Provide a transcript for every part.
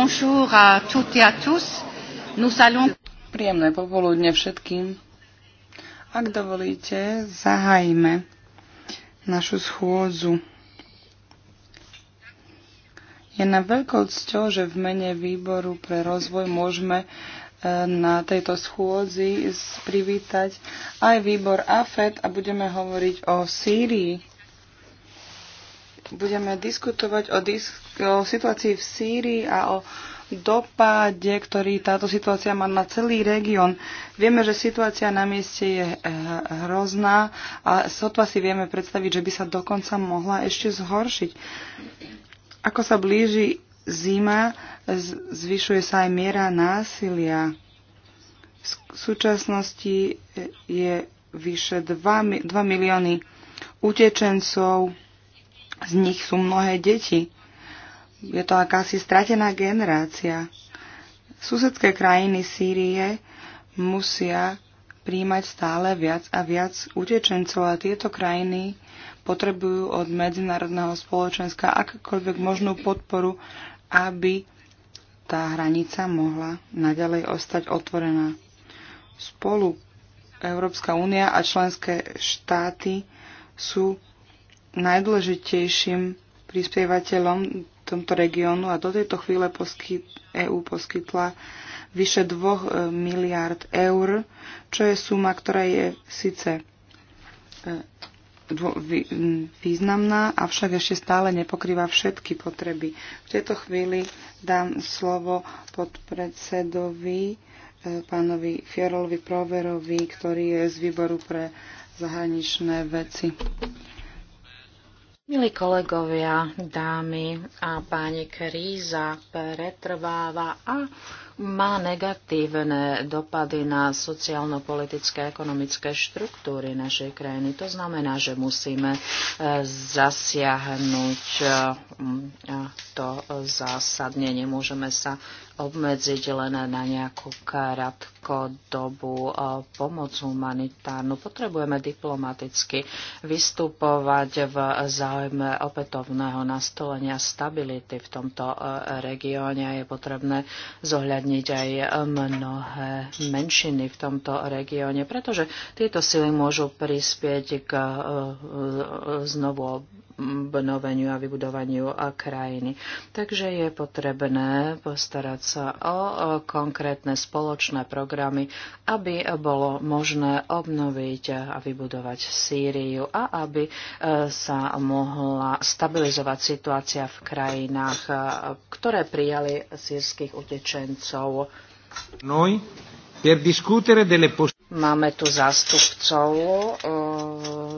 Bonjour à toutes et à tous. Nous allons... Príjemné popoludne všetkým. Ak dovolíte, zahajme našu schôdzu. Je na veľkou cťou, že v mene výboru pre rozvoj môžeme e, na tejto schôdzi privítať aj výbor AFED a budeme hovoriť o Sýrii budeme diskutovať o, disk- o situácii v Sýrii a o dopade, ktorý táto situácia má na celý región. Vieme, že situácia na mieste je eh, hrozná a sotva si vieme predstaviť, že by sa dokonca mohla ešte zhoršiť. Ako sa blíži zima, zvyšuje sa aj miera násilia. V súčasnosti eh, je vyše 2, 2 milióny utečencov z nich sú mnohé deti. Je to akási stratená generácia. Susedské krajiny Sýrie musia príjmať stále viac a viac utečencov a tieto krajiny potrebujú od medzinárodného spoločenstva akúkoľvek možnú podporu, aby tá hranica mohla naďalej ostať otvorená. Spolu Európska únia a členské štáty sú najdôležitejším prispievateľom tomto regiónu a do tejto chvíle poskyt, EÚ poskytla vyše 2 e, miliard eur, čo je suma, ktorá je síce e, významná, avšak ešte stále nepokrýva všetky potreby. V tejto chvíli dám slovo podpredsedovi e, pánovi Fierolovi Proverovi, ktorý je z výboru pre zahraničné veci. Milí kolegovia, dámy a páni, kríza pretrváva a má negatívne dopady na sociálno-politické a ekonomické štruktúry našej krajiny. To znamená, že musíme e, zasiahnuť e, to zásadne. Nemôžeme sa obmedziť len na nejakú krátko dobu eh, pomoc humanitárnu. Potrebujeme diplomaticky vystupovať v záujme opätovného nastolenia stability v tomto eh, regióne. Je potrebné zohľadniť aj mnohé menšiny v tomto regióne, pretože tieto sily môžu prispieť k eh, znovu obnoveniu a vybudovaniu krajiny. Takže je potrebné postarať práca o konkrétne spoločné programy, aby bolo možné obnoviť a vybudovať Sýriu a aby e, sa mohla stabilizovať situácia v krajinách, e, ktoré prijali sírskych utečencov. Noi per discutere delle Máme tu zástupcov e,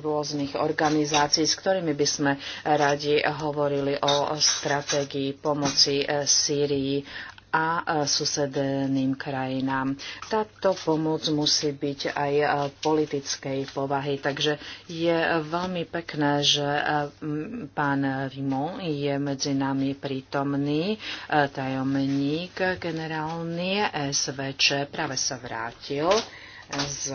rôznych organizácií, s ktorými by sme radi hovorili o stratégii pomoci Sýrii a susedným krajinám. Táto pomoc musí byť aj politickej povahy, takže je veľmi pekné, že pán Vimon je medzi nami prítomný, tajomník generálny SVČ práve sa vrátil z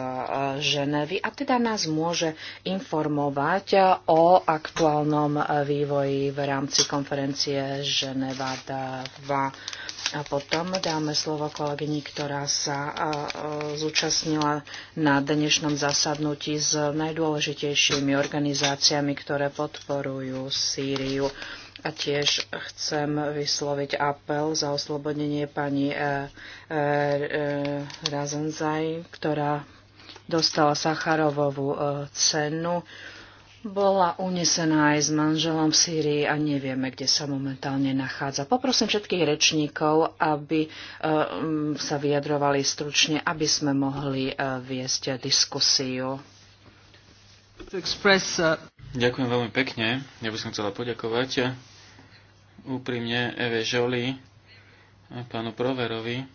Ženevy a teda nás môže informovať o aktuálnom vývoji v rámci konferencie Ženeva 2. A potom dáme slovo kolegyni, ktorá sa zúčastnila na dnešnom zasadnutí s najdôležitejšími organizáciami, ktoré podporujú Sýriu. A tiež chcem vysloviť apel za oslobodenie pani e, e, e, Razenzaj, ktorá dostala Sacharovovú e, cenu. E, bola unesená aj s manželom v Sýrii a nevieme, kde sa momentálne nachádza. Poprosím všetkých rečníkov, aby e, sa vyjadrovali stručne, aby sme mohli e, viesť diskusiu. E, Ďakujem veľmi pekne. Ja by som chcela poďakovať úprimne Eve Žoli, pánu Proverovi,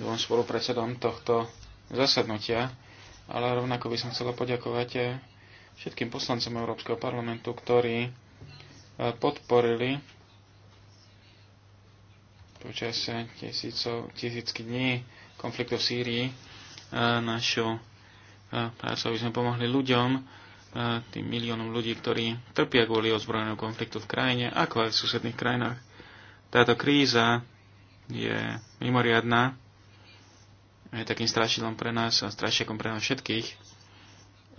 dvom spolupredsedom tohto zasadnutia, ale rovnako by som chcela poďakovať všetkým poslancom Európskeho parlamentu, ktorí e, podporili počas tisícov, tisícky dní konfliktu v Sýrii e, našu e, prácu, aby sme pomohli ľuďom, tým miliónom ľudí, ktorí trpia kvôli ozbrojenému konfliktu v krajine, ako aj v susedných krajinách. Táto kríza je mimoriadná, je takým strašidlom pre nás a strašiakom pre nás všetkých.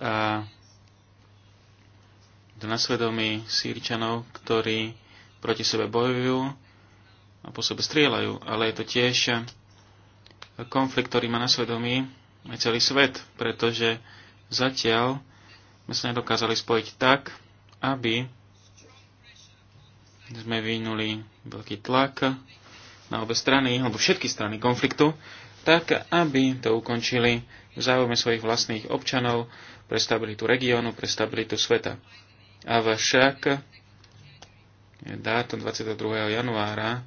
A na svedomí sírčanov, ktorí proti sebe bojujú a po sebe strieľajú, ale je to tiež konflikt, ktorý má na svedomí aj celý svet, pretože zatiaľ sme sa nedokázali spojiť tak, aby sme vynuli veľký tlak na obe strany, alebo všetky strany konfliktu, tak aby to ukončili v záujme svojich vlastných občanov pre stabilitu regiónu, pre stabilitu sveta. Avšak dátum 22. januára,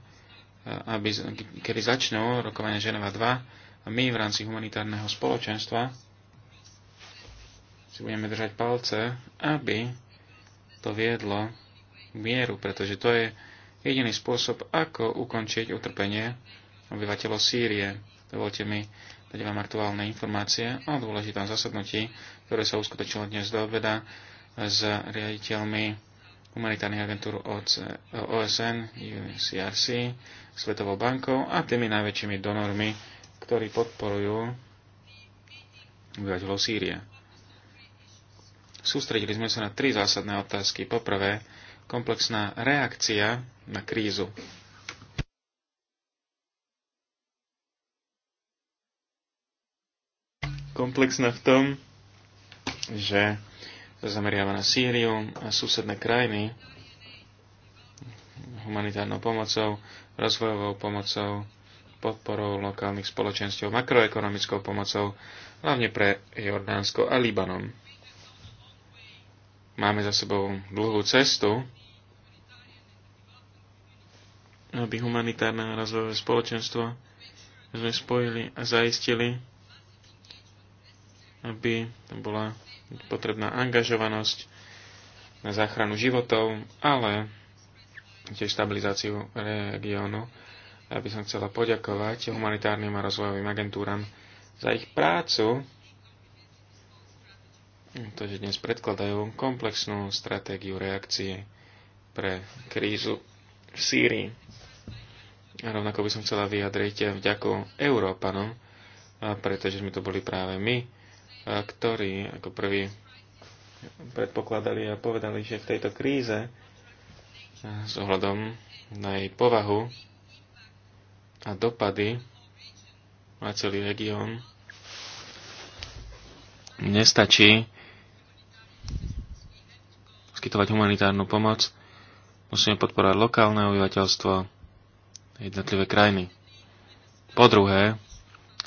aby, kedy začnú rokovania Ženeva 2, a my v rámci humanitárneho spoločenstva si budeme držať palce, aby to viedlo k mieru, pretože to je jediný spôsob, ako ukončiť utrpenie obyvateľov Sýrie. Dovolte mi dať vám aktuálne informácie o dôležitom zasadnutí, ktoré sa uskutočilo dnes do obeda s riaditeľmi humanitárnych agentúr OSN, UNCRC, Svetovou bankou a tými najväčšími donormi, ktorí podporujú obyvateľov Sýrie. Sústredili sme sa na tri zásadné otázky. Poprvé, komplexná reakcia na krízu. komplexná v tom, že zameriava na Sýriu a susedné krajiny humanitárnou pomocou, rozvojovou pomocou, podporou lokálnych spoločenstiev, makroekonomickou pomocou, hlavne pre Jordánsko a Libanon. Máme za sebou dlhú cestu, aby humanitárne a rozvojové spoločenstvo sme spojili a zaistili, aby to bola potrebná angažovanosť na záchranu životov, ale tiež stabilizáciu regiónu. Ja by som chcela poďakovať humanitárnym a rozvojovým agentúram za ich prácu, to, že dnes predkladajú komplexnú stratégiu reakcie pre krízu v Sýrii. A rovnako by som chcela vyjadriť vďaku Európanom, pretože sme to boli práve my, ktorí ako prví predpokladali a povedali, že v tejto kríze s ohľadom na jej povahu a dopady na celý región nestačí poskytovať humanitárnu pomoc, musíme podporovať lokálne obyvateľstvo jednotlivé krajiny. Po druhé,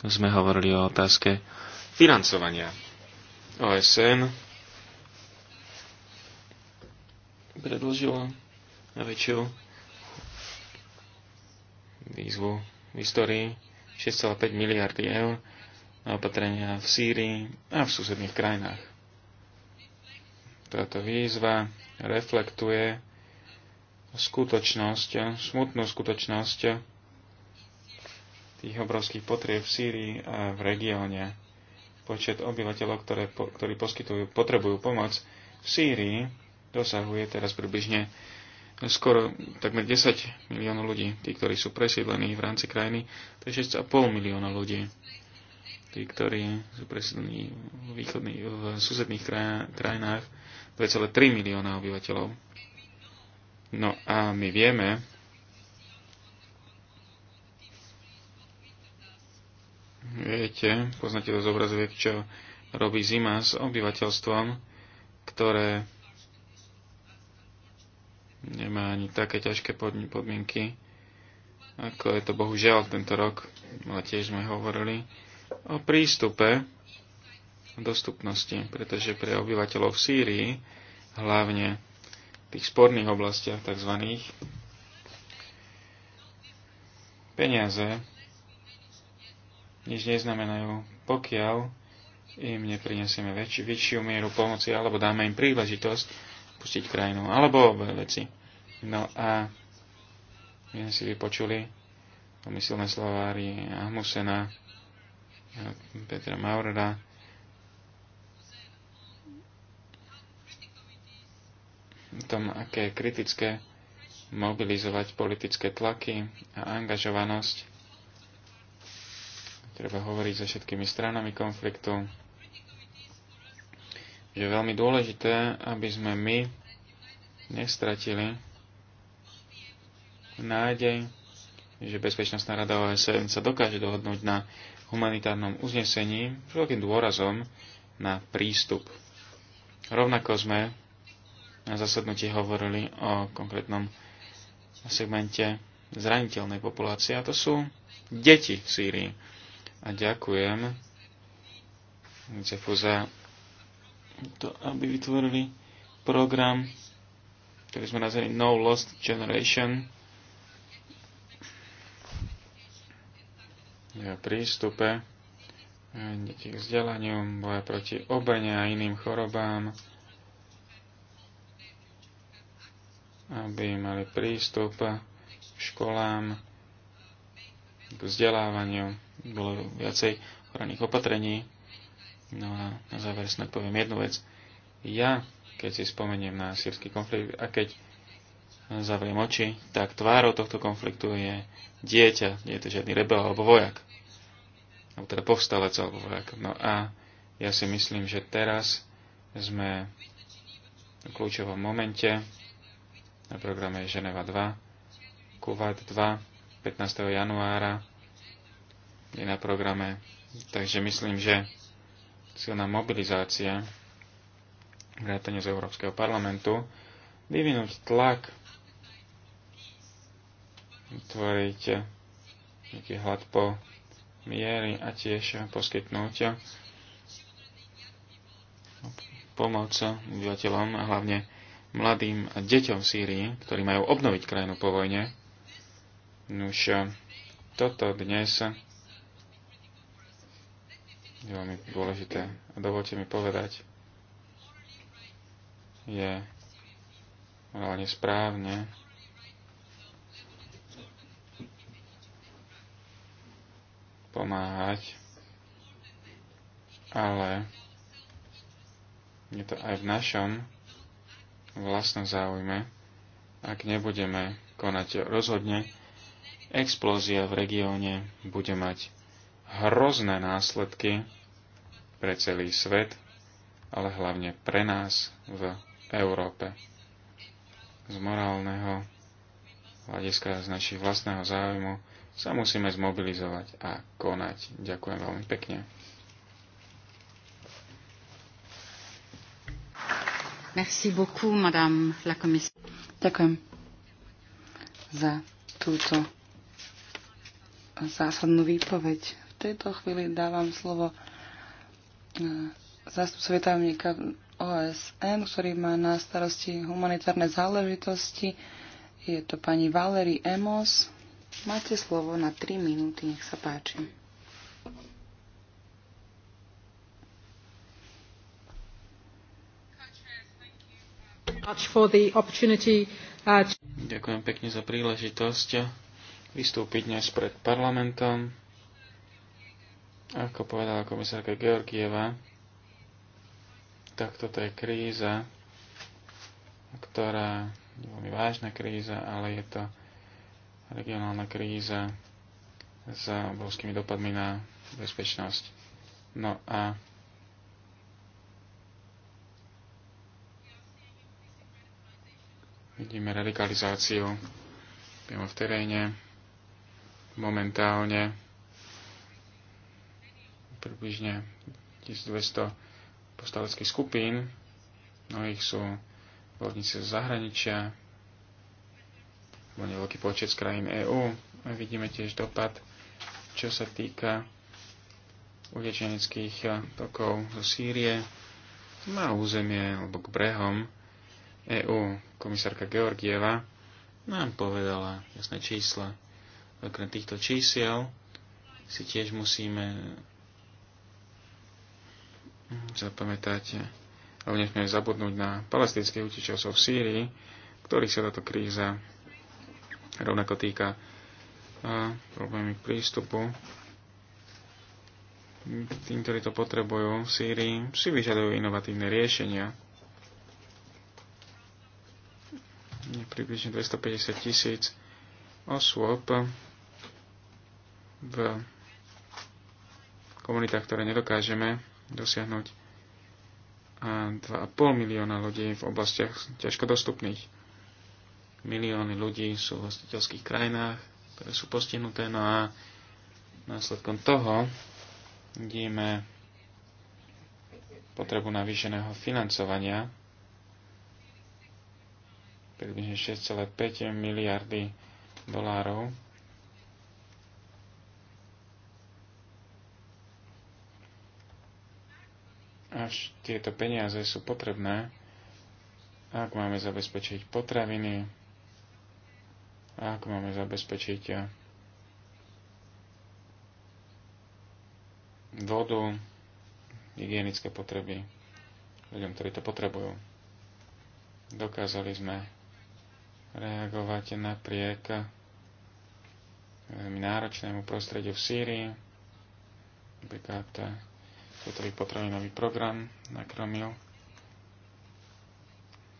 sme hovorili o otázke financovania. OSN na väčšiu výzvu v histórii 6,5 miliardy eur na opatrenia v Sýrii a v susedných krajinách. Táto výzva reflektuje skutočnosť, smutnú skutočnosť tých obrovských potrieb v Sýrii a v regióne Počet obyvateľov, ktoré, po, ktorí poskytujú, potrebujú pomoc v Sýrii, dosahuje teraz približne skoro takmer 10 miliónov ľudí. Tí, ktorí sú presídlení v rámci krajiny, to je 6,5 milióna ľudí. Tí, ktorí sú presídlení v, východný, v susedných krajinách, 2,3 milióna obyvateľov. No a my vieme, Viete, poznáte to z obrazoviek, čo robí zima s obyvateľstvom, ktoré nemá ani také ťažké podmienky, ako je to bohužiaľ tento rok, ale tiež sme hovorili o prístupe dostupnosti, pretože pre obyvateľov v Sýrii, hlavne v tých sporných oblastiach tzv. peniaze nič neznamenajú, pokiaľ im neprinesieme väč- väčšiu mieru pomoci alebo dáme im príležitosť pustiť krajinu, alebo obe veci. No a my sme si vypočuli pomyselné slovári Ahmusena, Petra Maurera, tom, aké kritické mobilizovať politické tlaky a angažovanosť treba hovoriť so všetkými stranami konfliktu. Je veľmi dôležité, aby sme my nestratili nádej, že Bezpečnostná rada OSN sa dokáže dohodnúť na humanitárnom uznesení s veľkým dôrazom na prístup. Rovnako sme na zasadnutí hovorili o konkrétnom segmente zraniteľnej populácie, a to sú deti v Sýrii a ďakujem UNICEFu za to, aby vytvorili program, ktorý sme nazvali No Lost Generation, Ja prístupe k vzdelaniu, boja proti obene a iným chorobám, aby mali prístup k školám, k vzdelávaniu bolo viacej ochranných opatrení. No a na záver snad poviem jednu vec. Ja, keď si spomeniem na sírsky konflikt a keď zavriem oči, tak tvárou tohto konfliktu je dieťa, nie je to žiadny rebel alebo vojak. Alebo teda povstalec alebo vojak. No a ja si myslím, že teraz sme v kľúčovom momente na programe Ženeva 2, Kuwait 2, 15. januára je na programe. Takže myslím, že silná mobilizácia vrátane z Európskeho parlamentu vyvinúť tlak vytvoriť nejaký hlad po miery a tiež poskytnúť pomoc obyvateľom a hlavne mladým a deťom v Sýrii, ktorí majú obnoviť krajinu po vojne. Nuž toto dnes je veľmi dôležité. A dovolte mi povedať, je morálne správne pomáhať, ale je to aj v našom vlastnom záujme, ak nebudeme konať rozhodne, explózia v regióne bude mať hrozné následky pre celý svet, ale hlavne pre nás v Európe. Z morálneho hľadiska z našich vlastného záujmu sa musíme zmobilizovať a konať. Ďakujem veľmi pekne. Merci beaucoup, madame la commissaire. Ďakujem za túto zásadnú výpoveď tejto chvíli dávam slovo e, zástupcovi svetavníka OSN, ktorý má na starosti humanitárne záležitosti. Je to pani Valery Emos. Máte slovo na 3 minúty, nech sa páči. Uh, Ďakujem pekne za príležitosť vystúpiť dnes pred parlamentom. Ako povedala komisárka Georgieva, tak toto je kríza, ktorá je veľmi vážna kríza, ale je to regionálna kríza s obrovskými dopadmi na bezpečnosť. No a vidíme radikalizáciu priamo v teréne momentálne približne 1200 postaveckých skupín, mnohých sú vodníci z zahraničia, veľký počet z krajín EÚ. My vidíme tiež dopad, čo sa týka utečeneckých tokov zo Sýrie na územie alebo k brehom EÚ. Komisárka Georgieva nám povedala jasné čísla. Okrem týchto čísiel si tiež musíme zapamätať, Ale nesmieme zabudnúť na palestinských utečencov v Sýrii, ktorých sa táto kríza rovnako týka a problémy prístupu tým, ktorí to potrebujú v Sýrii, si vyžadujú inovatívne riešenia. Je približne 250 tisíc osôb v komunitách, ktoré nedokážeme dosiahnuť 2,5 milióna ľudí v oblastiach ťažko dostupných. Milióny ľudí sú v hostiteľských krajinách, ktoré sú postihnuté, no a následkom toho vidíme potrebu navýšeného financovania približne 6,5 miliardy dolárov až tieto peniaze sú potrebné, ak máme zabezpečiť potraviny, ak máme zabezpečiť eh, vodu, hygienické potreby ľuďom, ktorí to potrebujú. Dokázali sme reagovať napriek eh, veľmi náročnému prostrediu v Sýrii, napríklad eh, svetový potravinový program nakromil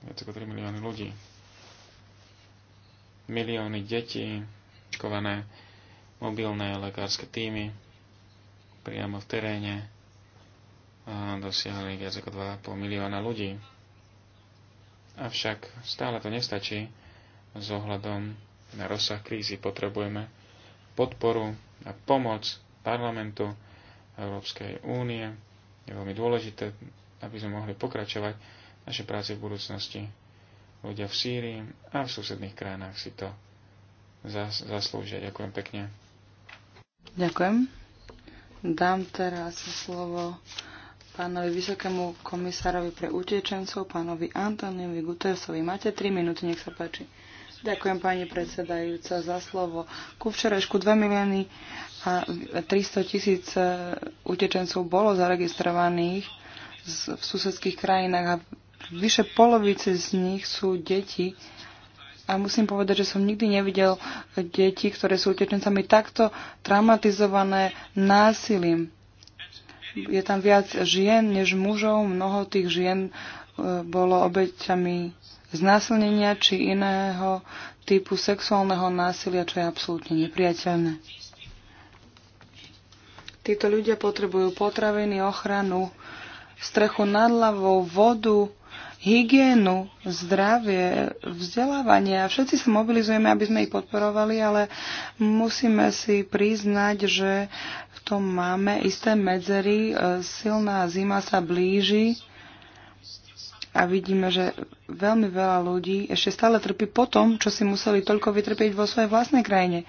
viac ako 3 milióny ľudí. Milióny detí, škované mobilné lekárske týmy priamo v teréne a dosiahli viac ako 2,5 milióna ľudí. Avšak stále to nestačí s ohľadom na rozsah krízy. Potrebujeme podporu a pomoc parlamentu, Európskej únie. Je veľmi dôležité, aby sme mohli pokračovať naše práce v budúcnosti. Ľudia v Sýrii a v susedných krajinách si to zas, zaslúžia. Ďakujem pekne. Ďakujem. Dám teraz slovo pánovi vysokému komisárovi pre utečencov, pánovi Antoniovi Gutersovi. Máte 3 minúty, nech sa páči. Ďakujem pani predsedajúca za slovo. Ku včerajšku 2 milióny a 300 tisíc e, utečencov bolo zaregistrovaných v susedských krajinách a vyše polovice z nich sú deti. A musím povedať, že som nikdy nevidel deti, ktoré sú utečencami takto traumatizované násilím. Je tam viac žien než mužov, mnoho tých žien e, bolo obeťami znásilnenia či iného typu sexuálneho násilia, čo je absolútne nepriateľné. Títo ľudia potrebujú potraviny, ochranu, strechu nad hlavou, vodu, hygienu, zdravie, vzdelávanie a všetci sa mobilizujeme, aby sme ich podporovali, ale musíme si priznať, že v tom máme isté medzery, silná zima sa blíži a vidíme, že veľmi veľa ľudí ešte stále trpí po tom, čo si museli toľko vytrpieť vo svojej vlastnej krajine.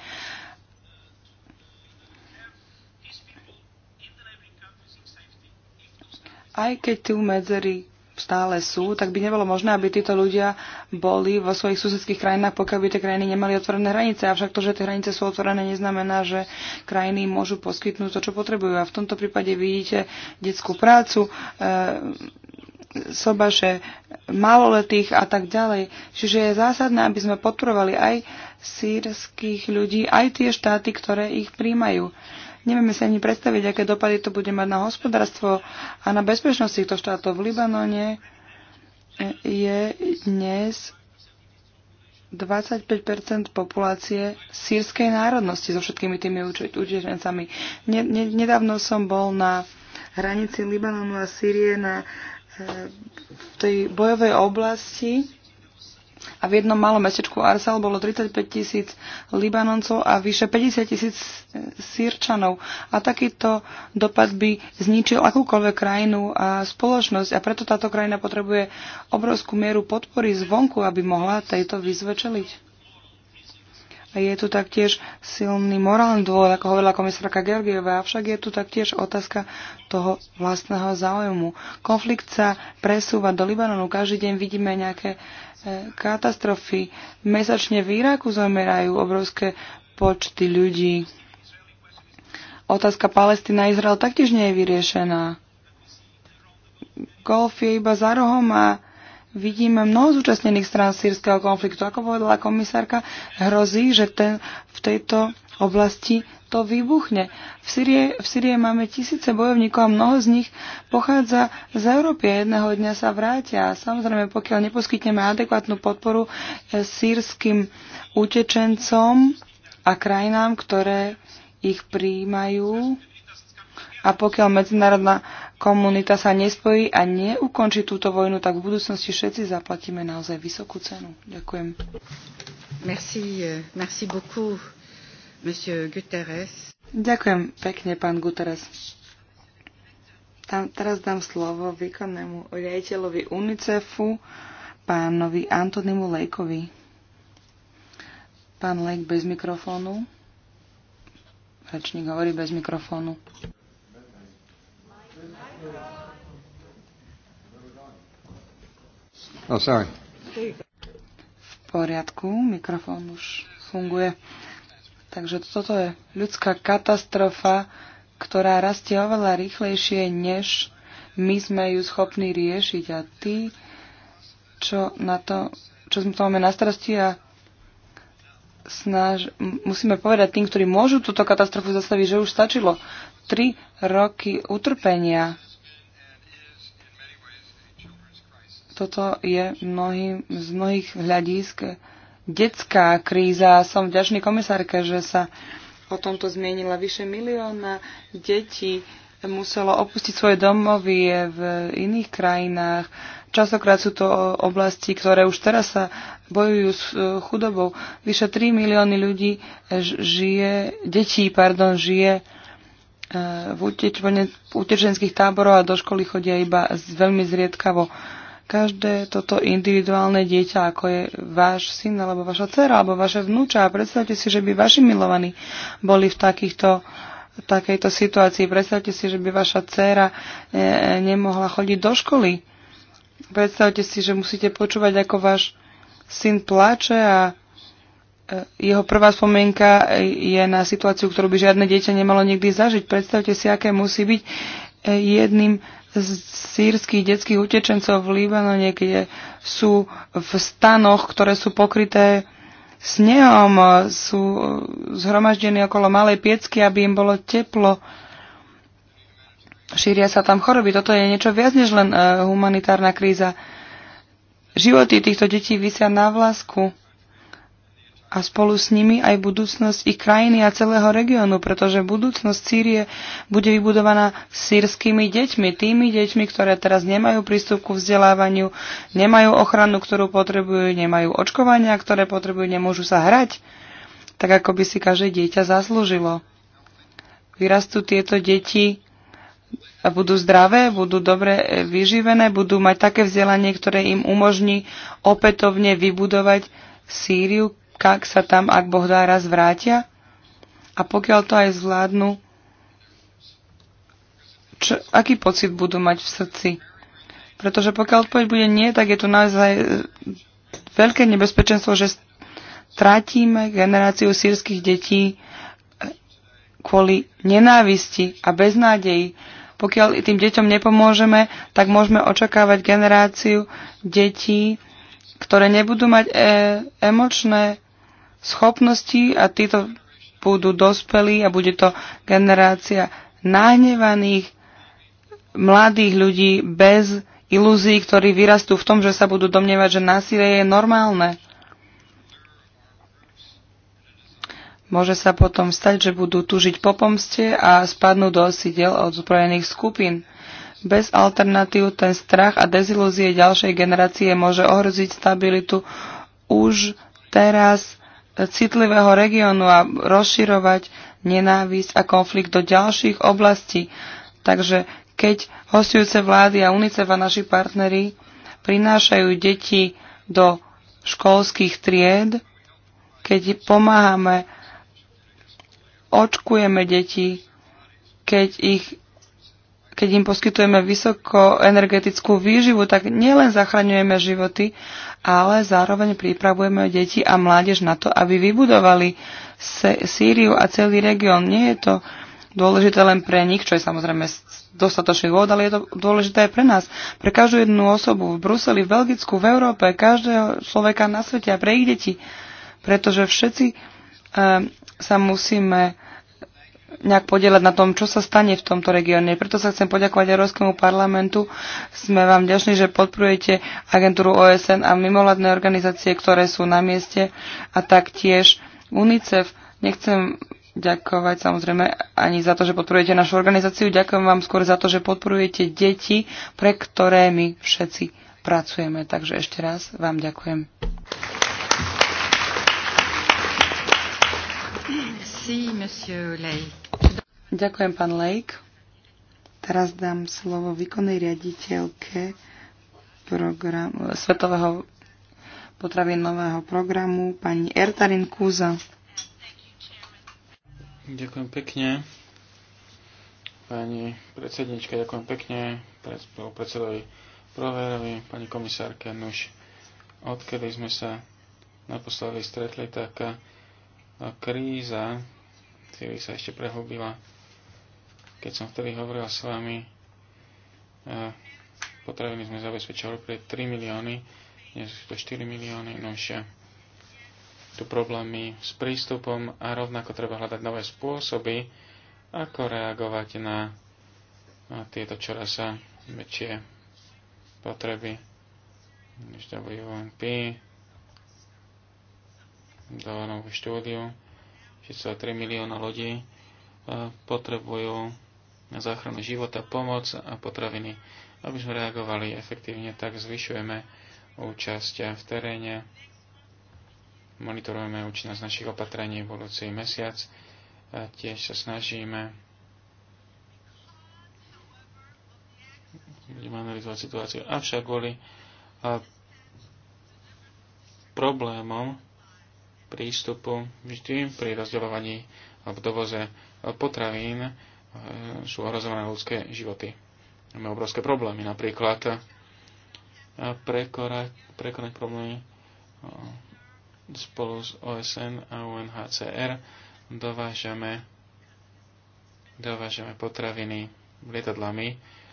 Aj keď tu medzery stále sú, tak by nebolo možné, aby títo ľudia boli vo svojich susedských krajinách, pokiaľ by tie krajiny nemali otvorené hranice. Avšak to, že tie hranice sú otvorené, neznamená, že krajiny môžu poskytnúť to, čo potrebujú. A v tomto prípade vidíte detskú prácu, e, sobaše maloletých a tak ďalej. Čiže je zásadné, aby sme podporovali aj sírských ľudí, aj tie štáty, ktoré ich príjmajú. Nevieme si ani predstaviť, aké dopady to bude mať na hospodárstvo a na bezpečnosť týchto štátov. V Libanone je dnes 25 populácie sírskej národnosti so všetkými tými utečencami. Nedávno som bol na hranici Libanonu a Sýrie na v tej bojovej oblasti a v jednom malom mestečku Arsal bolo 35 tisíc Libanoncov a vyše 50 tisíc Sýrčanov. A takýto dopad by zničil akúkoľvek krajinu a spoločnosť. A preto táto krajina potrebuje obrovskú mieru podpory zvonku, aby mohla tejto výzve čeliť. Je tu taktiež silný morálny dôvod, ako hovorila komisárka Georgieva, avšak je tu taktiež otázka toho vlastného záujmu. Konflikt sa presúva do Libanonu. Každý deň vidíme nejaké e, katastrofy. Mesačne v Iraku zomerajú obrovské počty ľudí. Otázka Palestina-Izrael taktiež nie je vyriešená. Golf je iba za rohom a vidíme mnoho zúčastnených strán sírskeho konfliktu. Ako povedala komisárka, hrozí, že ten v tejto oblasti to vybuchne. V Syrie, v Syrie máme tisíce bojovníkov a mnoho z nich pochádza z Európy a jedného dňa sa vrátia. Samozrejme, pokiaľ neposkytneme adekvátnu podporu eh, sírským utečencom a krajinám, ktoré ich príjmajú, a pokiaľ medzinárodná komunita sa nespojí a neukončí túto vojnu, tak v budúcnosti všetci zaplatíme naozaj vysokú cenu. Ďakujem. Merci, eh, merci beaucoup, monsieur Guterres. Ďakujem pekne, pán Guterres. Tam, teraz dám slovo výkonnému riaditeľovi UNICEFu, pánovi Antonimu Lejkovi. Pán Lejk bez mikrofónu. Rečník hovorí bez mikrofónu. Oh, sorry. V poriadku, mikrofón už funguje. Takže toto je ľudská katastrofa, ktorá rastie oveľa rýchlejšie, než my sme ju schopní riešiť. A tí, čo, na to, čo sme to máme na starosti a snaž, musíme povedať tým, ktorí môžu túto katastrofu zastaviť, že už stačilo Tri roky utrpenia Toto je mnohý, z mnohých hľadísk detská kríza. Som vďačný komisárke, že sa o tomto zmienila vyše milióna detí muselo opustiť svoje domovy v iných krajinách. Častokrát sú to oblasti, ktoré už teraz sa bojujú s e, chudobou. Vyše 3 milióny ľudí žije, detí, pardon, žije e, v utečenských táboroch a do školy chodia iba veľmi zriedkavo každé toto individuálne dieťa, ako je váš syn, alebo vaša dcera, alebo vaše vnúča. A predstavte si, že by vaši milovaní boli v takýchto takejto situácii. Predstavte si, že by vaša dcéra e, e, nemohla chodiť do školy. Predstavte si, že musíte počúvať, ako váš syn plače a e, jeho prvá spomienka je na situáciu, ktorú by žiadne dieťa nemalo nikdy zažiť. Predstavte si, aké musí byť jedným sírskych detských utečencov v Libanone, kde sú v stanoch, ktoré sú pokryté snehom, sú eh, zhromaždení okolo malej piecky, aby im bolo teplo. Šíria sa tam choroby. Toto je niečo viac než len eh, humanitárna kríza. Životy týchto detí vysia na vlasku a spolu s nimi aj budúcnosť ich krajiny a celého regiónu, pretože budúcnosť Sýrie bude vybudovaná sírskymi deťmi, tými deťmi, ktoré teraz nemajú prístup ku vzdelávaniu, nemajú ochranu, ktorú potrebujú, nemajú očkovania, ktoré potrebujú, nemôžu sa hrať, tak ako by si každé dieťa zaslúžilo. Vyrastú tieto deti a budú zdravé, budú dobre e, vyživené, budú mať také vzdelanie, ktoré im umožní opätovne vybudovať Sýriu, kak sa tam, ak Boh dá, raz vrátia. A pokiaľ to aj zvládnu, čo, aký pocit budú mať v srdci? Pretože pokiaľ odpoveď bude nie, tak je to naozaj e, veľké nebezpečenstvo, že stratíme generáciu sírskych detí e, kvôli nenávisti a beznádeji. Pokiaľ tým deťom nepomôžeme, tak môžeme očakávať generáciu detí, ktoré nebudú mať e, emočné schopností a títo budú dospelí a bude to generácia nahnevaných mladých ľudí bez ilúzií, ktorí vyrastú v tom, že sa budú domnievať, že násilie je normálne. Môže sa potom stať, že budú tužiť po pomste a spadnú do osidel zbrojených skupín. Bez alternatív ten strach a dezilúzie ďalšej generácie môže ohroziť stabilitu už teraz citlivého regiónu a rozširovať nenávisť a konflikt do ďalších oblastí. Takže keď hostujúce vlády a UNICEF a naši partneri prinášajú deti do školských tried, keď pomáhame, očkujeme deti, keď ich keď im poskytujeme vysokoenergetickú výživu, tak nielen zachraňujeme životy, ale zároveň pripravujeme deti a mládež na to, aby vybudovali Sýriu a celý región. Nie je to dôležité len pre nich, čo je samozrejme dostatočný dôvod, ale je to dôležité aj pre nás. Pre každú jednu osobu v Bruseli, v Belgicku, v Európe, každého človeka na svete a pre ich deti. Pretože všetci um, sa musíme nejak podielať na tom, čo sa stane v tomto regióne. Preto sa chcem poďakovať Európskemu parlamentu. Sme vám ďační, že podporujete agentúru OSN a mimoladné organizácie, ktoré sú na mieste a taktiež UNICEF. Nechcem ďakovať samozrejme ani za to, že podporujete našu organizáciu. Ďakujem vám skôr za to, že podporujete deti, pre ktoré my všetci pracujeme. Takže ešte raz vám ďakujem. Merci, monsieur Leigh. Ďakujem, pán Lake. Teraz dám slovo výkonnej riaditeľke program, Svetového potravinového programu, pani Ertarin Kúza. Ďakujem pekne. Pani predsednička, ďakujem pekne. Predsedovi Proverovi, pani komisárke, nuž, odkedy sme sa naposledy stretli, tak kríza, ktorý sa ešte prehlbila keď som vtedy hovoril s vami, eh, potraviny sme zabezpečovali pre 3 milióny, dnes sú to 4 milióny, no tu problémy s prístupom a rovnako treba hľadať nové spôsoby, ako reagovať na, tieto čoraz väčšie potreby. Než WMP, do novú štúdiu, 6,3 milióna ľudí eh, potrebujú na záchranu života, pomoc a potraviny. Aby sme reagovali efektívne, tak zvyšujeme účasť v teréne, monitorujeme účinnosť našich opatrení v budúci mesiac a tiež sa snažíme budeme analyzovať situáciu. Avšak kvôli problémom prístupu vždy pri rozdeľovaní v dovoze potravín E, sú ohrozované ľudské životy. Máme obrovské problémy, napríklad e, prekonať, prekonať problémy e, spolu s OSN a UNHCR dovážame, dovážame potraviny lietadlami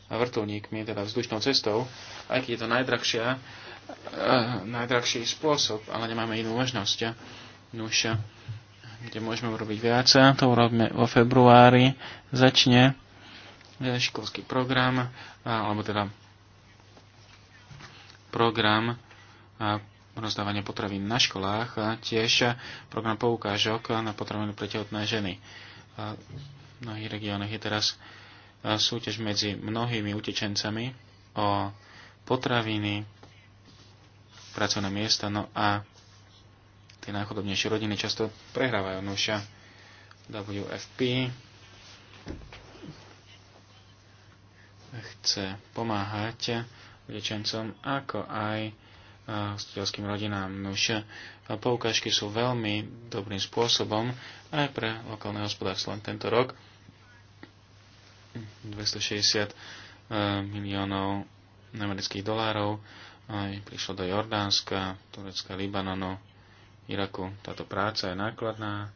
a vrtulníkmi, teda vzdušnou cestou, aj keď je to najdrahšia, najdrahší spôsob, ale nemáme inú možnosť. Nuž, kde môžeme urobiť viac, to urobíme vo februári, začne e, školský program, alebo teda program rozdávania potravín na školách a tiež program poukážok na potraviny pre tehotné ženy. V mnohých regiónoch je teraz súťaž medzi mnohými utečencami o potraviny, pracovné miesta, no a tie najchodobnejšie rodiny často prehrávajú. nošia WFP chce pomáhať utečencom, ako aj eh, hostiteľským rodinám. Nuž eh, poukážky sú veľmi dobrým spôsobom aj pre lokálne hospodárstvo. Len tento rok 260 eh, miliónov amerických dolárov prišlo do Jordánska, Turecka, Libanonu, Iraku. Táto práca je nákladná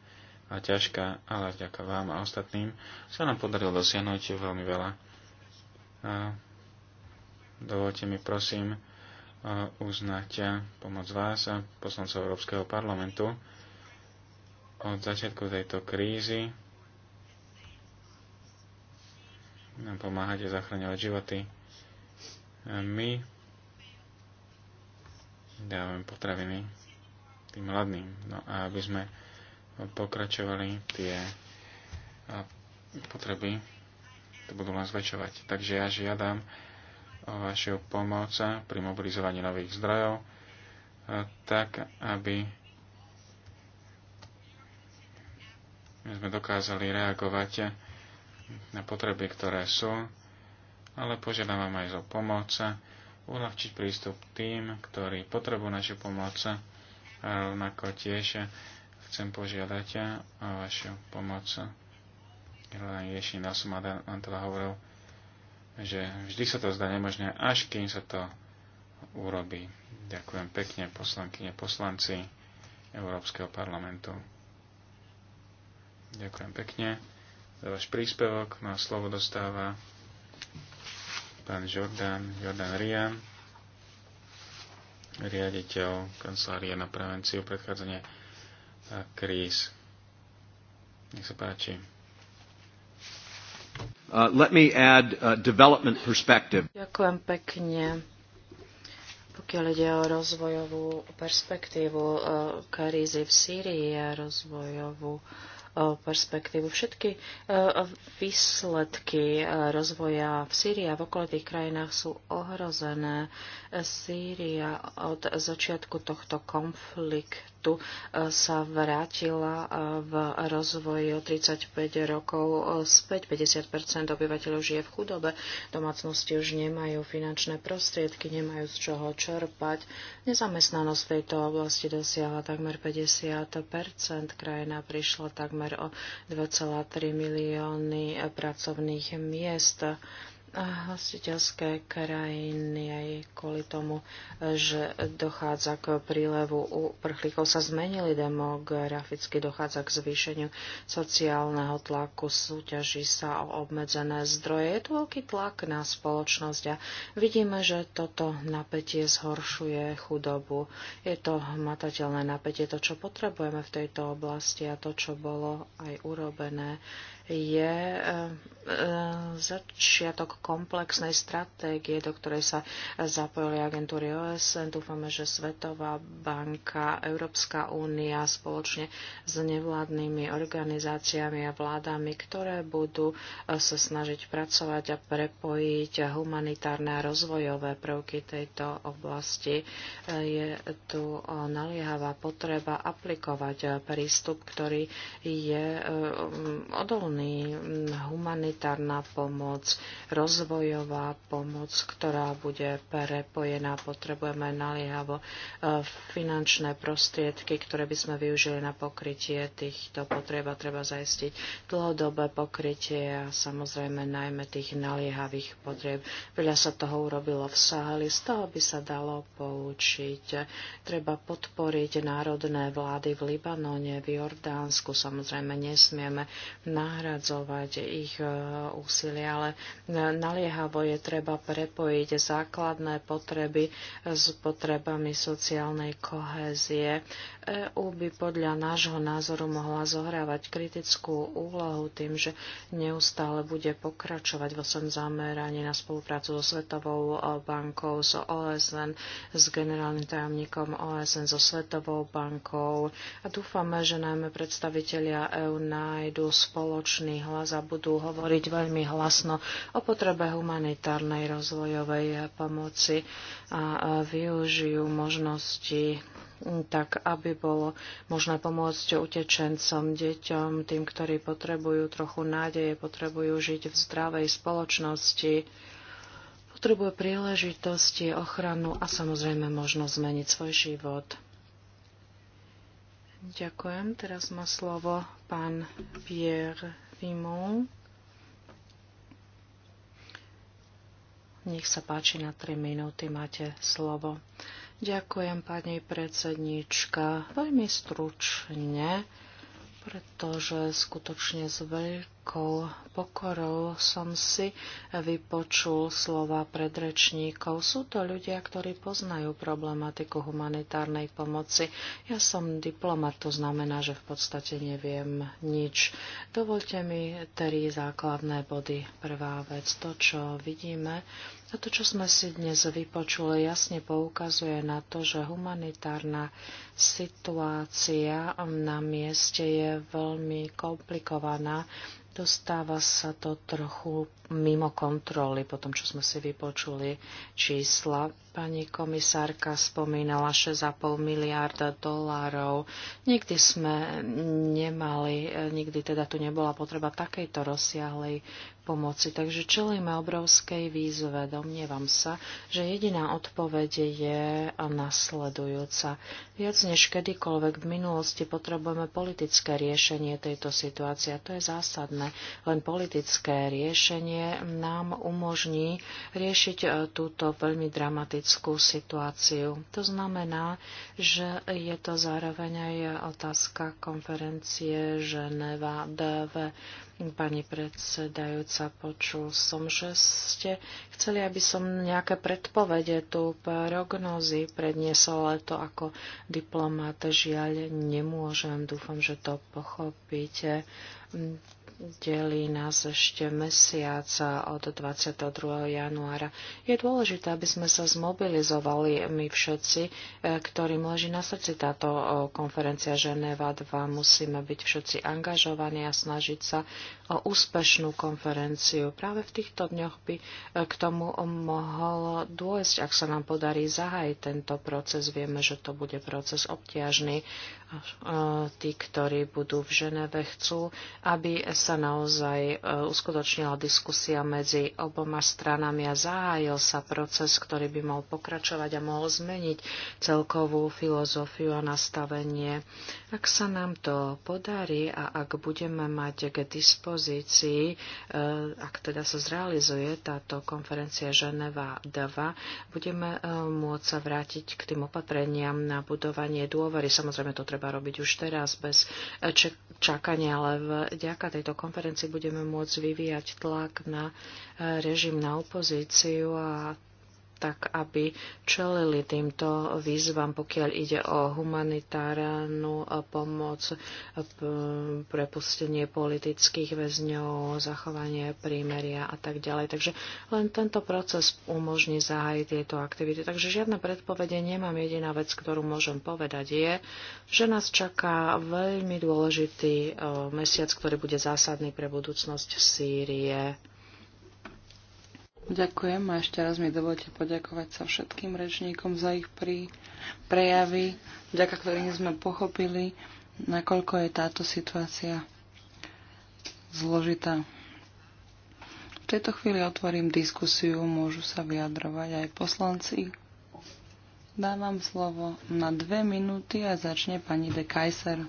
a ťažká, ale vďaka vám a ostatným sa nám podarilo dosiahnuť veľmi veľa. A dovolte mi prosím uznať pomoc vás a poslancov Európskeho parlamentu od začiatku tejto krízy nám pomáhate zachraňovať životy. My dávame potraviny tým hladným. No a aby sme pokračovali tie potreby, to budú len zväčšovať. Takže ja žiadam o vašu pomoc pri mobilizovaní nových zdrojov, tak aby sme dokázali reagovať na potreby, ktoré sú, ale požiadam vám aj o pomoc, uľahčiť prístup tým, ktorí potrebujú našu pomoc, a rovnako tiež chcem požiadať o vašu pomoc. Hľadám Ježiš, na som teda hovoril, že vždy sa to zdá nemožné, až kým sa to urobí. Ďakujem pekne poslankyne poslanci Európskeho parlamentu. Ďakujem pekne za váš príspevok. Má slovo dostáva pán Jordan, Jordan Rian riaditeľ Kancelárie na prevenciu predchádzania e, kríz. Nech sa páči. Uh, let me add a uh, development perspective. Ďakujem pekne. Pokiaľ ide o rozvojovú perspektívu uh, krízy v Sýrii a rozvojovú uh, perspektívu. Všetky e, výsledky e, rozvoja v Sýrii a v okolitých krajinách sú ohrozené. Sýria od začiatku tohto konfliktu štátu e, sa vrátila e, v rozvoji o 35 rokov e, späť. 50 obyvateľov žije v chudobe, domácnosti už nemajú finančné prostriedky, nemajú z čoho čerpať. Nezamestnanosť v tejto oblasti dosiahla takmer 50 Krajina prišla takmer o 2,3 milióny pracovných miest hostiteľské krajiny aj kvôli tomu, že dochádza k prílevu uprchlíkov, sa zmenili demograficky, dochádza k zvýšeniu sociálneho tlaku, súťaží sa o obmedzené zdroje. Je tu veľký tlak na spoločnosť a vidíme, že toto napätie zhoršuje chudobu. Je to hmatateľné napätie, to, čo potrebujeme v tejto oblasti a to, čo bolo aj urobené je eh, eh, začiatok komplexnej stratégie, do ktorej sa zapojili agentúry OSN. Dúfame, že Svetová banka, Európska únia spoločne s nevládnymi organizáciami a vládami, ktoré budú eh, sa snažiť pracovať a prepojiť humanitárne a rozvojové prvky tejto oblasti. Je tu naliehavá potreba aplikovať prístup, ktorý je odolný strany mm, humanitárna pomoc, rozvojová pomoc, ktorá bude prepojená. Potrebujeme naliehavo e, finančné prostriedky, ktoré by sme využili na pokrytie týchto potrieb a treba zaistiť dlhodobé pokrytie a samozrejme najmä tých naliehavých potrieb. Veľa sa toho urobilo v Saheli, z toho by sa dalo poučiť. Treba podporiť národné vlády v Libanone, v Jordánsku, samozrejme nesmieme nahradiť nahradzovať ich e, úsilie, ale e, naliehavo je treba prepojiť základné potreby s potrebami sociálnej kohézie. EU by podľa nášho názoru mohla zohrávať kritickú úlohu tým, že neustále bude pokračovať vo svojom zameraní na spoluprácu so Svetovou e, bankou, s so OSN, s generálnym tajomníkom OSN, so Svetovou bankou. A dúfame, že najmä predstavitelia EU nájdu spoločnosť spoločný hlas a budú hovoriť veľmi hlasno o potrebe humanitárnej rozvojovej pomoci a využijú možnosti tak aby bolo možné pomôcť utečencom, deťom, tým, ktorí potrebujú trochu nádeje, potrebujú žiť v zdravej spoločnosti, potrebujú príležitosti, ochranu a samozrejme možnosť zmeniť svoj život. Ďakujem. Teraz má slovo pán Pierre Vimon. Nech sa páči, na 3 minúty máte slovo. Ďakujem, pani predsednička. Veľmi stručne pretože skutočne s veľkou pokorou som si vypočul slova predrečníkov. Sú to ľudia, ktorí poznajú problematiku humanitárnej pomoci. Ja som diplomat, to znamená, že v podstate neviem nič. Dovolte mi tri základné body. Prvá vec, to, čo vidíme, toto, čo sme si dnes vypočuli, jasne poukazuje na to, že humanitárna situácia na mieste je veľmi komplikovaná. Dostáva sa to trochu mimo kontroly, potom, čo sme si vypočuli čísla Pani komisárka spomínala 6,5 miliarda dolárov. Nikdy sme nemali, nikdy teda tu nebola potreba takejto rozsiahlej pomoci. Takže čelíme obrovskej výzve. Domnievam sa, že jediná odpoveď je nasledujúca. Viac než kedykoľvek v minulosti potrebujeme politické riešenie tejto situácie. A to je zásadné. Len politické riešenie nám umožní riešiť e, túto veľmi dramatickú politickú situáciu. To znamená, že je to zároveň aj otázka konferencie Ženeva DV. Pani predsedajúca, počul som, že ste chceli, aby som nejaké predpovede tu prognozy predniesol, ale to ako diplomát. žiaľ nemôžem. Dúfam, že to pochopíte delí nás ešte mesiac od 22. januára. Je dôležité, aby sme sa zmobilizovali my všetci, eh, ktorým leží na srdci táto eh, konferencia Ženeva 2. Musíme byť všetci angažovaní a snažiť sa o úspešnú konferenciu. Práve v týchto dňoch by e, k tomu mohol dôjsť, ak sa nám podarí zahájiť tento proces. Vieme, že to bude proces obťažný. E, tí, ktorí budú v Ženeve, chcú, aby sa naozaj e, uskutočnila diskusia medzi oboma stranami a zahájil sa proces, ktorý by mal pokračovať a mohol zmeniť celkovú filozofiu a nastavenie. Ak sa nám to podarí a ak budeme mať k dispozícii, dispozícii, e, ak teda sa zrealizuje táto konferencia Ženeva 2, budeme e, môcť sa vrátiť k tým opatreniam na budovanie dôvery. Samozrejme, to treba robiť už teraz bez e, čakania, ale vďaka tejto konferencii budeme môcť vyvíjať tlak na režim, na opozíciu a tak aby čelili týmto výzvam, pokiaľ ide o humanitárnu pomoc, prepustenie politických väzňov, zachovanie prímeria a tak ďalej. Takže len tento proces umožní zahájiť tieto aktivity. Takže žiadne predpovede nemám. Jediná vec, ktorú môžem povedať je, že nás čaká veľmi dôležitý eh, mesiac, ktorý bude zásadný pre budúcnosť Sýrie. Ďakujem a ešte raz mi dovolte poďakovať sa všetkým rečníkom za ich prí, prejavy, vďaka ktorým sme pochopili, nakoľko je táto situácia zložitá. V tejto chvíli otvorím diskusiu, môžu sa vyjadrovať aj poslanci. Dávam slovo na dve minúty a začne pani de Kaiser.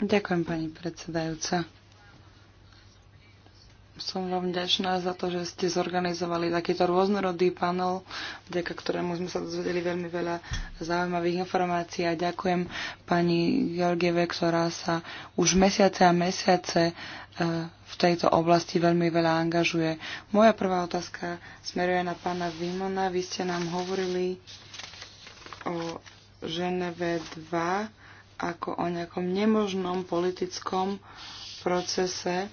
Ďakujem, pani predsedajúca. Som vám vďačná za to, že ste zorganizovali takýto rôznorodý panel, vďaka ktorému sme sa dozvedeli veľmi veľa zaujímavých informácií a ďakujem pani Georgieve, ktorá sa už mesiace a mesiace e, v tejto oblasti veľmi veľa angažuje. Moja prvá otázka smeruje na pána Vimona. Vy ste nám hovorili o Ženeve 2 ako o nejakom nemožnom politickom procese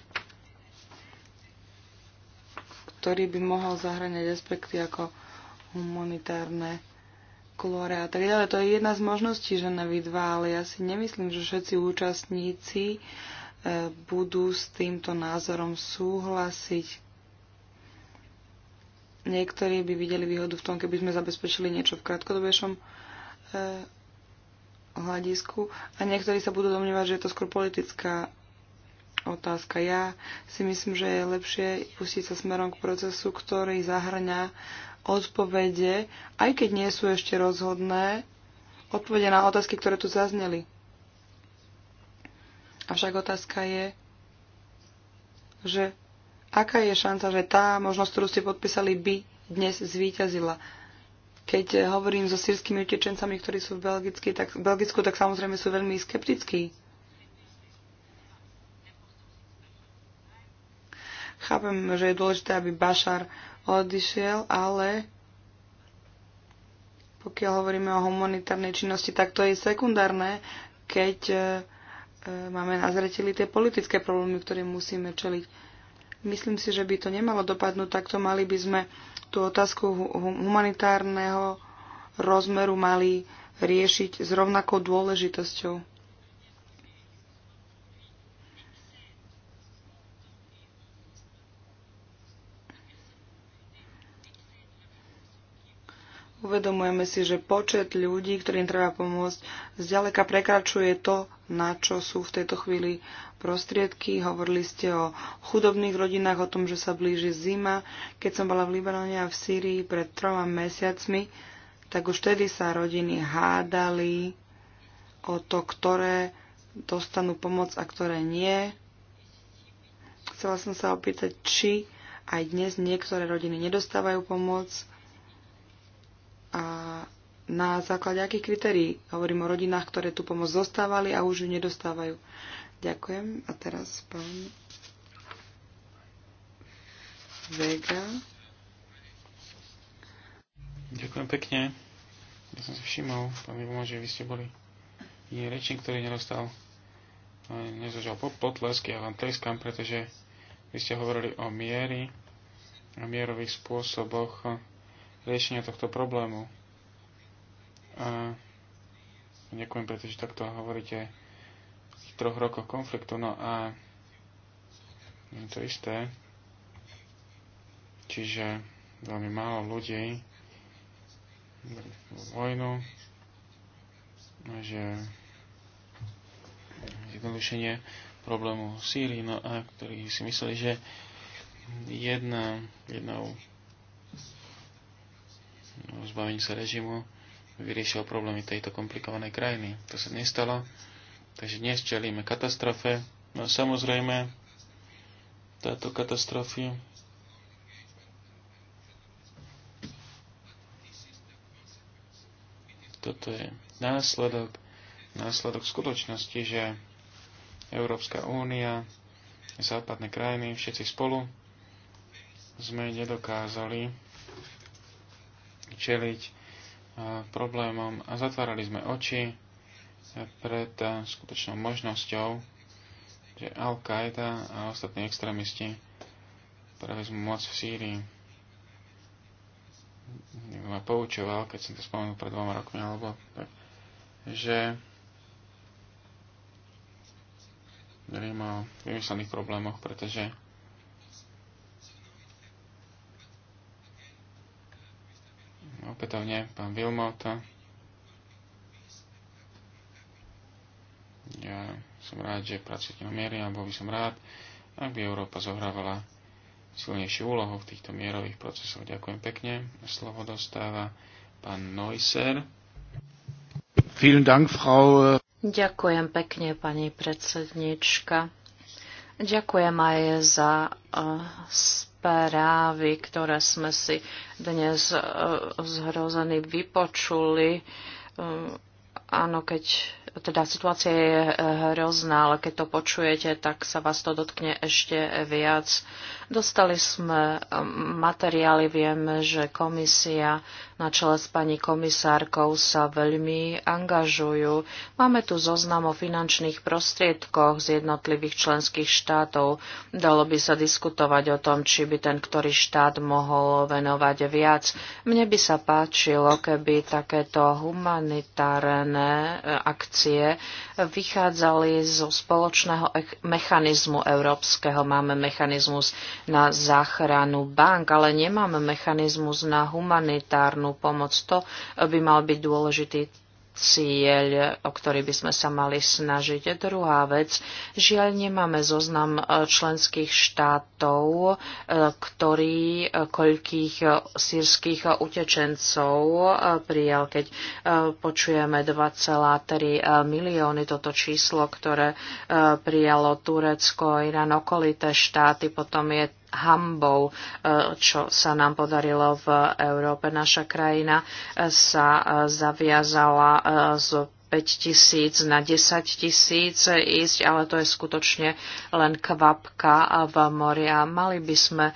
ktorý by mohol zahraniať aspekty ako humanitárne klóre a tak ďalej. To je jedna z možností, že na vidva, ale ja si nemyslím, že všetci účastníci e, budú s týmto názorom súhlasiť. Niektorí by videli výhodu v tom, keby sme zabezpečili niečo v krátkodobejšom e, hľadisku a niektorí sa budú domnievať, že je to skôr politická otázka. Ja si myslím, že je lepšie pustiť sa smerom k procesu, ktorý zahrňa odpovede, aj keď nie sú ešte rozhodné, odpovede na otázky, ktoré tu zazneli. Avšak otázka je, že aká je šanca, že tá možnosť, ktorú ste podpísali, by dnes zvíťazila. Keď hovorím so sírskými utečencami, ktorí sú v, tak, v Belgicku, tak samozrejme sú veľmi skeptickí Chápem, že je dôležité, aby Bašar odišiel, ale pokiaľ hovoríme o humanitárnej činnosti, tak to je sekundárne, keď e, e, máme na zreteli tie politické problémy, ktoré musíme čeliť. Myslím si, že by to nemalo dopadnúť takto. Mali by sme tú otázku humanitárneho rozmeru mali riešiť s rovnakou dôležitosťou. Uvedomujeme si, že počet ľudí, ktorým treba pomôcť, zďaleka prekračuje to, na čo sú v tejto chvíli prostriedky. Hovorili ste o chudobných rodinách, o tom, že sa blíži zima. Keď som bola v Libanone a v Sýrii pred troma mesiacmi, tak už vtedy sa rodiny hádali o to, ktoré dostanú pomoc a ktoré nie. Chcela som sa opýtať, či aj dnes niektoré rodiny nedostávajú pomoc a na základe akých kritérií? Hovorím o rodinách, ktoré tu pomoc dostávali a už ju nedostávajú. Ďakujem. A teraz pán Vega. Ďakujem pekne. Ja som si všimol, pán Ivo, že vy ste boli jediný rečník, ktorý nedostal no, nezažal potlesky, ja vám tleskám, pretože vy ste hovorili o miery a mierových spôsoboch riešenia tohto problému. A ďakujem, pretože takto hovoríte v troch rokoch konfliktu. No a je to isté. Čiže veľmi málo ľudí vojnu, že zjednodušenie problému Sýrii, no a ktorí si mysleli, že jedna, jednou No, zbavení sa režimu vyriešil problémy tejto komplikovanej krajiny. To sa nestalo, takže dnes čelíme katastrofe. No samozrejme, táto katastrofy toto je následok, následok skutočnosti, že Európska únia, západné krajiny, všetci spolu sme nedokázali čeliť e, problémom a zatvárali sme oči pred e, skutočnou možnosťou, že al qaeda a ostatní extrémisti prevezmú moc v Sýrii. Ma poučoval, keď som to spomenul pred dvoma rokmi, alebo tak, že hovorím o vymyslených problémoch, pretože Opätovne pán Vilmota. Ja som rád, že pracujete na miery a bol by som rád, ak by Európa zohrávala silnejšiu úlohu v týchto mierových procesoch. Ďakujem pekne. Slovo dostáva pán Neusser. Vielen Dank, Frau. Äh, Ďakujem pekne, pani predsednička. Ďakujem aj za uh, správy, ktoré sme si dnes e, zhrozený vypočuli. E, áno, keď teda situácia je e, hrozná, ale keď to počujete, tak sa vás to dotkne ešte viac. Dostali sme materiály, vieme, že komisia na čele s pani komisárkou sa veľmi angažujú. Máme tu zoznam o finančných prostriedkoch z jednotlivých členských štátov. Dalo by sa diskutovať o tom, či by ten ktorý štát mohol venovať viac. Mne by sa páčilo, keby takéto humanitárne e, akcie vychádzali zo spoločného mechanizmu európskeho. Máme mechanizmus na záchranu bank, ale nemáme mechanizmus na humanitárnu humanitárnu pomoc. To by mal byť dôležitý cieľ, o ktorý by sme sa mali snažiť. Druhá vec, žiaľ nemáme zoznam e, členských štátov, e, ktorí e, koľkých sírskych utečencov prijal. Keď počujeme 2,3 milióny, toto číslo, ktoré prijalo Turecko, Irán, okolité štáty, potom je hambou, e, čo sa nám podarilo v Európe. Naša krajina e, sa e, zaviazala z 5 tisíc na 10 tisíc ísť, ale to je skutočne len kvapka v mori a mali by sme e,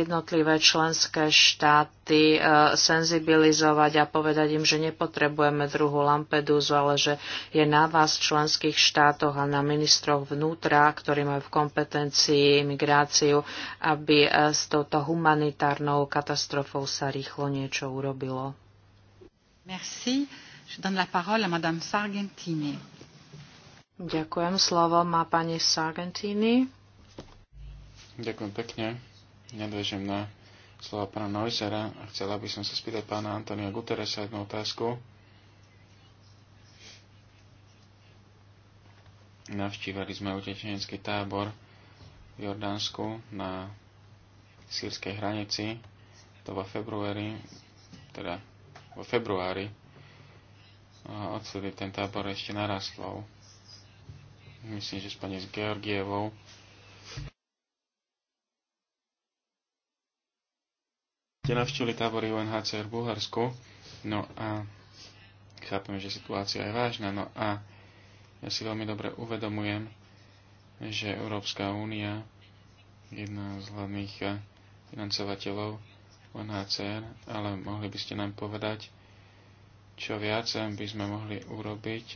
jednotlivé členské štáty e, senzibilizovať a povedať im, že nepotrebujeme druhú Lampedúzu, ale že je na vás členských štátoch a na ministroch vnútra, ktorí majú v kompetencii migráciu, aby e, s touto humanitárnou katastrofou sa rýchlo niečo urobilo. Merci. Je donne la parole à Madame Sargentini. Ďakujem. Slovo má pani Sargentini. Ďakujem pekne. Nadvežem na slova pána Neusera a chcela by som sa spýtať pána Antonia Guteresa jednu otázku. Navštívali sme utečenecký tábor v Jordánsku na sírskej hranici. To vo februári, teda vo februári a ten tábor ešte narastol. Myslím, že s s Georgievou kde navštívili tábory UNHCR v Bulharsku. No a chápem, že situácia je vážna. No a ja si veľmi dobre uvedomujem, že Európska únia jedna z hlavných eh, financovateľov UNHCR, ale mohli by ste nám povedať, čo viac by sme mohli urobiť,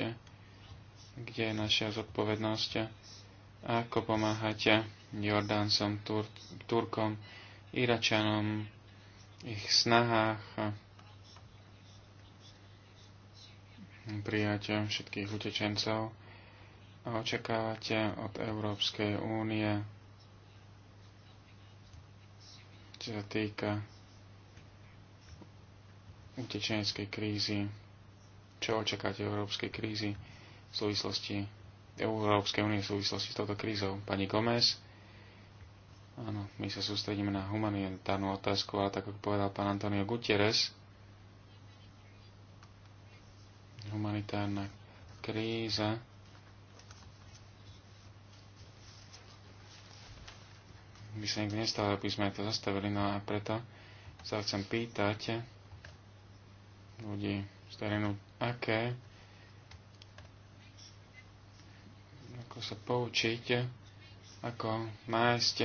kde je naša zodpovednosť, ako pomáhať Jordáncom, Tur- Turkom, Iračanom, ich snahách prijať všetkých utečencov a očakávate od Európskej únie, čo sa týka utečenskej krízy, čo očakáte európskej krízy v súvislosti Európskej únie v súvislosti s touto krízou. Pani Gomez, áno, my sa sústredíme na humanitárnu otázku, ale tak ako povedal pán Antonio Gutierrez, humanitárna kríza by sa nikdy nestalo, aby sme to zastavili, no a preto sa chcem pýtať, ľudí z terénu, aké, ako sa poučiť, ako nájsť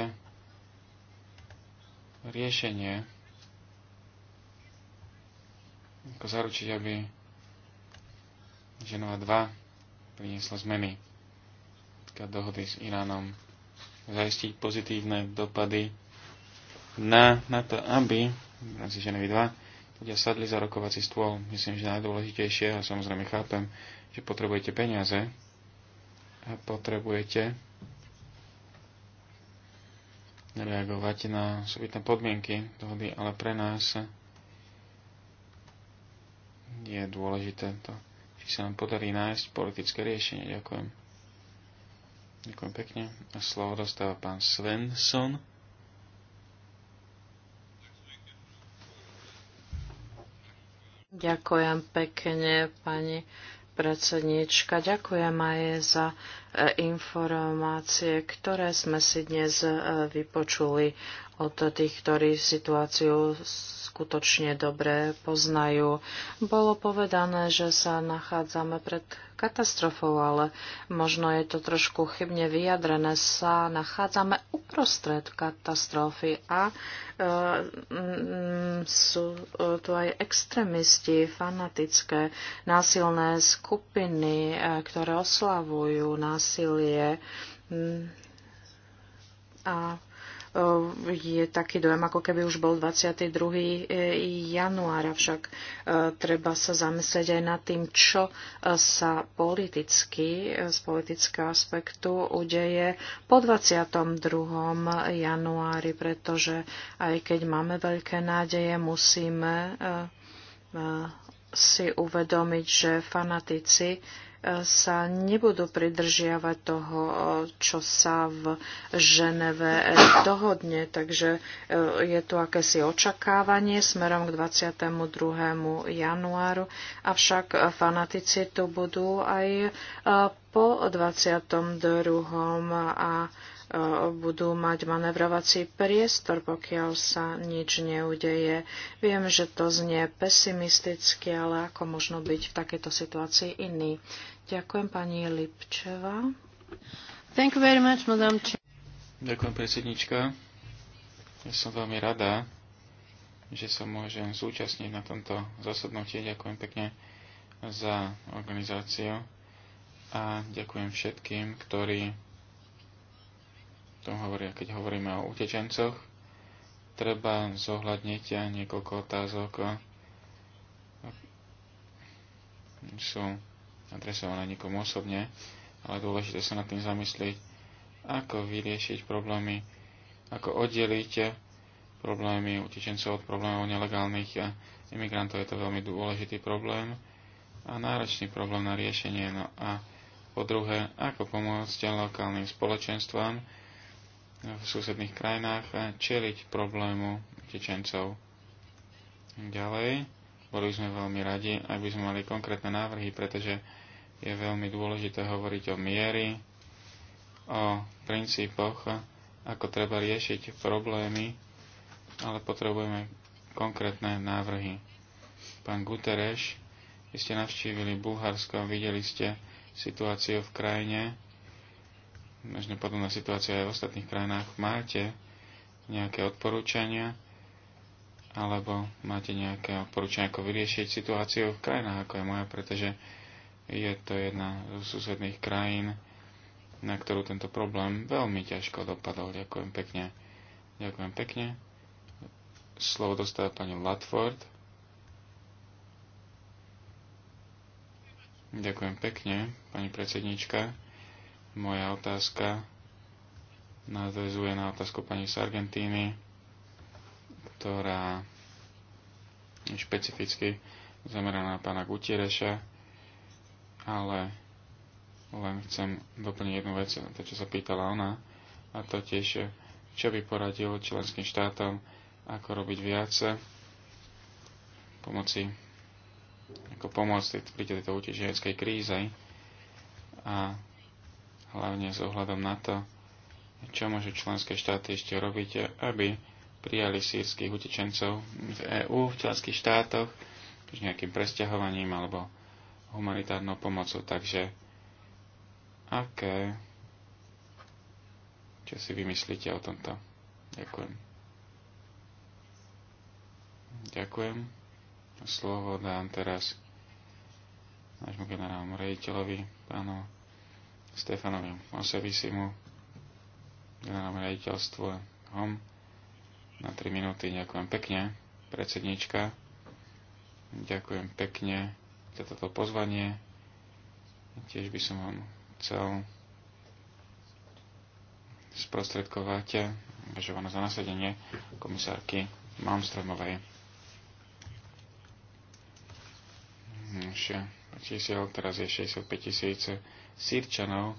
riešenie, ako zaručiť, aby Ženova 2 priniesla zmeny týka dohody s Iránom, zaistiť pozitívne dopady na, na to, aby v rámci Ženovy 2 ľudia sadli za rokovací stôl. Myslím, že najdôležitejšie, a samozrejme chápem, že potrebujete peniaze a potrebujete reagovať na osobitné podmienky dohody, ale pre nás je dôležité to, či sa nám podarí nájsť politické riešenie. Ďakujem. Ďakujem pekne. A slovo dostáva pán Svensson. Ďakujem pekne, pani predsednička. Ďakujem aj za e, informácie, ktoré sme si dnes e, vypočuli od tých, ktorí situáciu skutočne dobre poznajú. Bolo povedané, že sa nachádzame pred katastrofou, ale možno je to trošku chybne vyjadrené. Sa nachádzame uprostred katastrofy a e, m, sú e, tu aj extrémisti, fanatické, násilné skupiny, e, ktoré oslavujú násilie. Mm, a je taký dojem, ako keby už bol 22. E, januára. Však e, treba sa zamyslieť aj nad tým, čo e, sa politicky, z politického aspektu udeje po 22. januári, pretože aj keď máme veľké nádeje, musíme si uvedomiť, že fanatici sa nebudú pridržiavať toho, čo sa v Ženeve dohodne. Takže e, je tu akési očakávanie smerom k 22. januáru, avšak fanatici tu budú aj e, po 22. a e, budú mať manevrovací priestor, pokiaľ sa nič neudeje. Viem, že to znie pesimisticky, ale ako možno byť v takejto situácii iný. Ďakujem pani Lipčeva. Thank you very much, madam. Ďakujem predsednička. Ja som veľmi rada, že sa môžem zúčastniť na tomto zasadnutí. Ďakujem pekne za organizáciu a ďakujem všetkým, ktorí tom hovoria, keď hovoríme o utečencoch. Treba zohľadniť niekoľko otázok. Sú adresované nikomu osobne, ale dôležité sa nad tým zamyslieť, ako vyriešiť problémy, ako oddeliť problémy utečencov od problémov nelegálnych imigrantov. Je to veľmi dôležitý problém a náročný problém na riešenie. No a po druhé, ako pomôcť lokálnym spoločenstvám v susedných krajinách a čeliť problému utečencov. Ďalej, boli sme veľmi radi, aby sme mali konkrétne návrhy, pretože je veľmi dôležité hovoriť o miery, o princípoch, ako treba riešiť problémy, ale potrebujeme konkrétne návrhy. Pán Gutereš, vy ste navštívili Bulharsko, videli ste situáciu v krajine, možno podobná situácia aj v ostatných krajinách. Máte nejaké odporúčania? Alebo máte nejaké odporúčania, ako vyriešiť situáciu v krajinách, ako je moja, pretože je to jedna z susedných krajín, na ktorú tento problém veľmi ťažko dopadol. Ďakujem pekne. Ďakujem pekne. Slovo dostáva pani Latford. Ďakujem pekne, pani predsednička. Moja otázka nadvezuje na otázku pani z Argentíny, ktorá špecificky zameraná na pána Gutiereša ale len chcem doplniť jednu vec, to, čo sa pýtala ona, a to tiež čo by poradil členským štátom, ako robiť viac pomoci, ako pomôcť pri tejto utečeneckej kríze a hlavne s ohľadom na to, čo môžu členské štáty ešte robiť, aby prijali sírskych utečencov v EÚ, v členských štátoch, nejakým presťahovaním alebo humanitárnou pomocou. Takže aké, čo si vymyslíte o tomto? Ďakujem. Ďakujem. Slovo dám teraz nášmu generálnu rediteľovi, pánu Stefanovi Osevisimu, generálne rediteľstvu HOM. Na 3 minúty ďakujem pekne, predsednička. Ďakujem pekne za toto pozvanie. Tiež by som vám chcel sprostredkovať angažované za nasadenie komisárky Malmstromovej. Čísiel teraz je 65 tisíc sírčanov,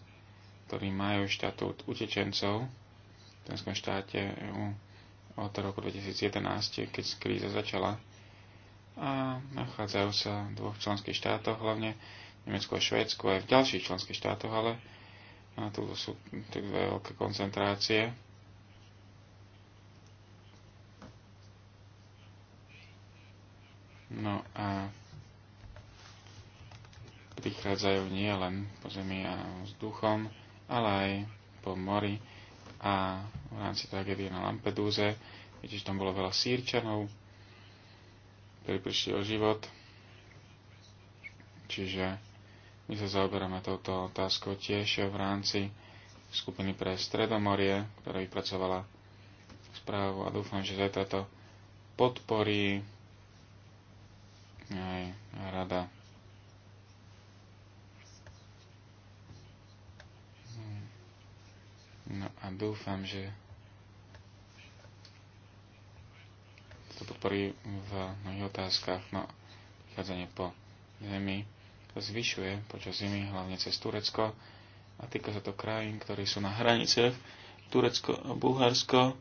ktorí majú štatút utečencov v tenskom štáte EU od roku 2011, keď kríza začala a nachádzajú sa v dvoch členských štátoch, hlavne Nemecku a Švédsku, aj v ďalších členských štátoch, ale tu sú tie dve veľké koncentrácie. No a prichádzajú nie len po zemi a vzduchom, ale aj po mori a v rámci tragédie na Lampedúze, keďže tam bolo veľa sírčanov, ktorý prišiel o život. Čiže my sa zaoberáme touto otázkou tiež v rámci skupiny pre Stredomorie, ktorá vypracovala správu a dúfam, že zajtra to podporí aj rada. No a dúfam, že to podporí v mnohých otázkach. na no, vychádzanie po zemi to zvyšuje počas zimy, hlavne cez Turecko. A týka sa to krajín, ktorí sú na hraniciach. Turecko a Bulharsko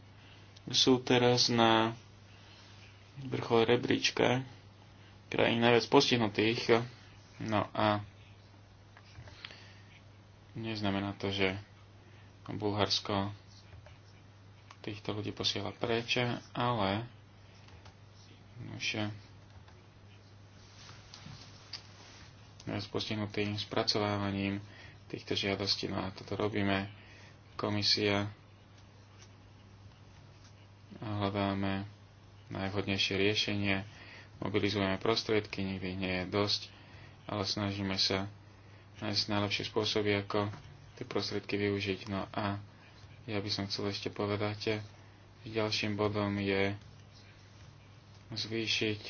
sú teraz na vrchole rebríčka krajín najviac postihnutých. No a neznamená to, že Bulharsko týchto ľudí posiela preč, ale už nás spracovávaním týchto žiadostí. No a toto robíme. Komisia a hľadáme najvhodnejšie riešenie, mobilizujeme prostriedky, nikdy nie je dosť, ale snažíme sa nájsť najlepšie spôsoby, ako tie prostriedky využiť. No a ja by som chcel ešte povedať, že ďalším bodom je zvýšiť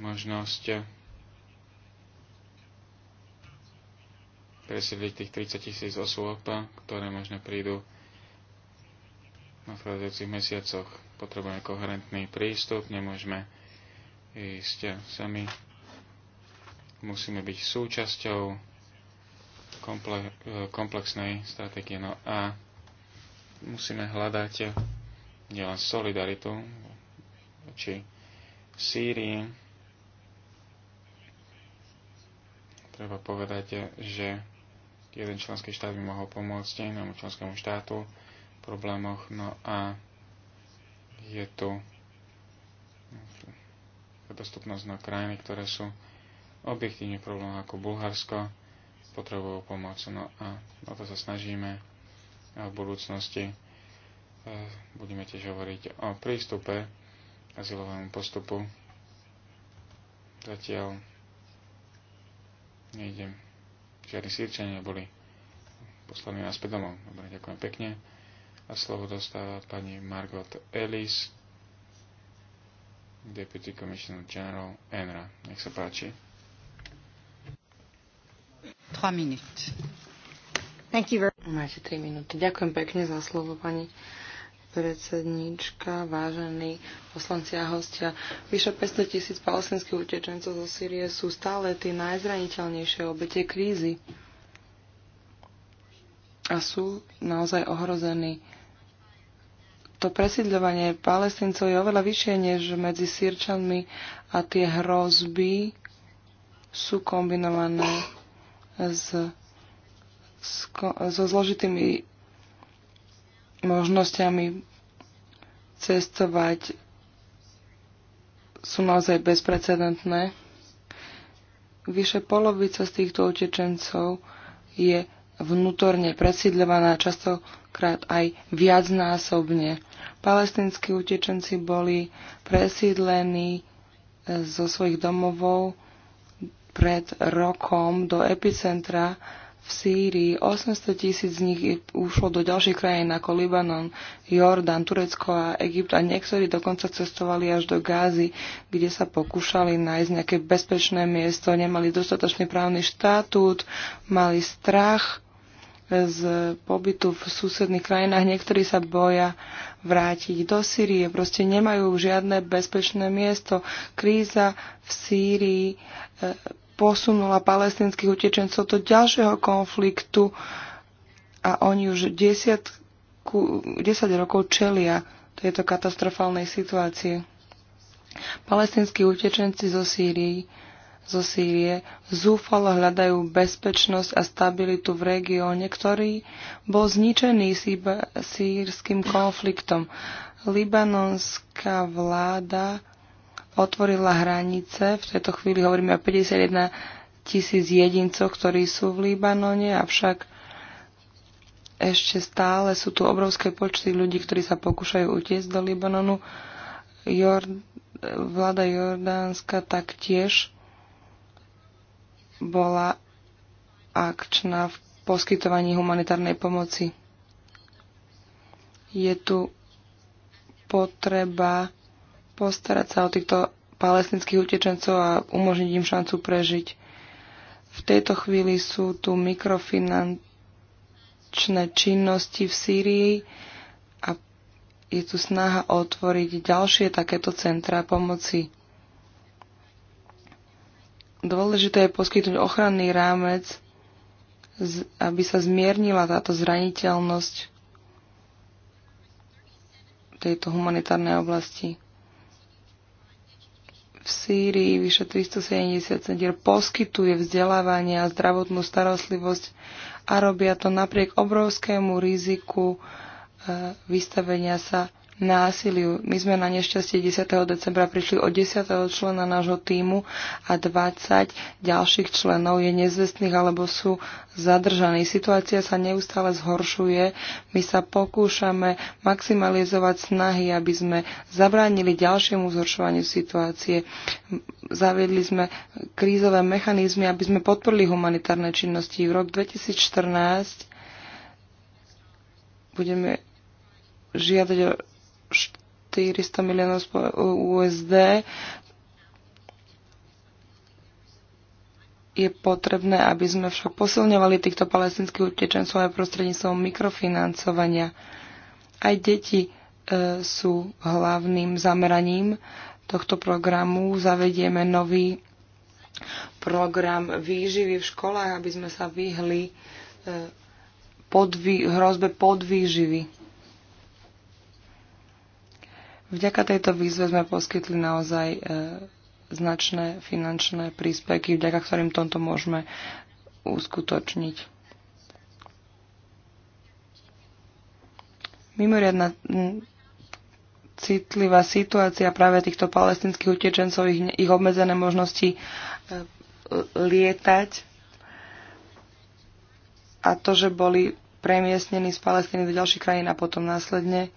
možnosť presiedliť tých 30 tisíc osôb, ktoré možno prídu v nasledujúcich mesiacoch. Potrebujeme koherentný prístup, nemôžeme ísť sami. Musíme byť súčasťou komplexnej stratégie. No a musíme hľadať nielen solidaritu či Sýrii. Treba povedať, že jeden členský štát by mohol pomôcť inému členskému štátu v problémoch. No a je tu dostupnosť na krajiny, ktoré sú objektívne problém ako Bulharsko, potrebujú pomoc. No a o to sa snažíme a v budúcnosti Hm, budeme tiež hovoriť o prístupe azylovému postupu. Zatiaľ nejdem. Žiadni sírčania boli poslaní naspäť domov. Dobre, ďakujem pekne. A slovo dostáva pani Margot Ellis, Deputy Commissioner General ENRA. Nech sa páči. 3 minúty. Máte 3 minúty. Ďakujem pekne za slovo, pani predsednička, vážení poslanci a hostia. Vyše 500 tisíc palestinských utečencov zo Sýrie sú stále tie najzraniteľnejšie obete krízy a sú naozaj ohrození. To presídľovanie palestincov je oveľa vyššie než medzi sírčanmi a tie hrozby sú kombinované s, s, so zložitými možnosťami cestovať sú naozaj bezprecedentné. Vyše polovica z týchto utečencov je vnútorne presídľovaná, častokrát aj viacnásobne. Palestinskí utečenci boli presídlení e, zo svojich domovov pred rokom do epicentra v Sýrii. 800 tisíc z nich ušlo do ďalších krajín ako Libanon, Jordán, Turecko a Egypt a niektorí dokonca cestovali až do Gázy, kde sa pokúšali nájsť nejaké bezpečné miesto, nemali dostatočný právny štatút, mali strach z pobytu v susedných krajinách. Niektorí sa boja vrátiť do Sýrie. Proste nemajú žiadne bezpečné miesto. Kríza v Sýrii e, posunula palestinských utečencov do ďalšieho konfliktu a oni už 10, 10 rokov čelia tejto katastrofálnej situácie. Palestinskí utečenci zo Sýrii zo Sýrie zúfalo hľadajú bezpečnosť a stabilitu v regióne, ktorý bol zničený sírským konfliktom. Libanonská vláda otvorila hranice. V tejto chvíli hovoríme o 51 tisíc jedincoch, ktorí sú v Libanone, avšak ešte stále sú tu obrovské počty ľudí, ktorí sa pokúšajú utiecť do Libanonu. Jord- vláda Jordánska taktiež bola akčná v poskytovaní humanitárnej pomoci. Je tu potreba postarať sa o týchto palestinských utečencov a umožniť im šancu prežiť. V tejto chvíli sú tu mikrofinančné činnosti v Sýrii a je tu snaha otvoriť ďalšie takéto centra pomoci. Dôležité je poskytnúť ochranný rámec, aby sa zmiernila táto zraniteľnosť tejto humanitárnej oblasti. Sýrii vyše 370 centier poskytuje vzdelávanie a zdravotnú starostlivosť a robia to napriek obrovskému riziku eh, vystavenia sa násiliu. My sme na nešťastie 10. decembra prišli od 10. člena nášho týmu a 20 ďalších členov je nezvestných alebo sú zadržaní. Situácia sa neustále zhoršuje. My sa pokúšame maximalizovať snahy, aby sme zabránili ďalšiemu zhoršovaniu situácie. Zaviedli sme krízové mechanizmy, aby sme podporili humanitárne činnosti. V rok 2014 budeme žiadať o 400 miliónov USD je potrebné, aby sme však posilňovali týchto palestinských utečencov aj prostredníctvom mikrofinancovania. Aj deti e, sú hlavným zameraním tohto programu. Zavedieme nový program výživy v školách, aby sme sa vyhli e, podvý, hrozbe podvýživy. Vďaka tejto výzve sme poskytli naozaj e, značné finančné príspevky, vďaka ktorým tomto môžeme uskutočniť. Mimoriadna citlivá situácia práve týchto palestinských utečencov, ich, ich obmedzené možnosti e, lietať a to, že boli premiestnení z Palestiny do ďalších krajín a potom následne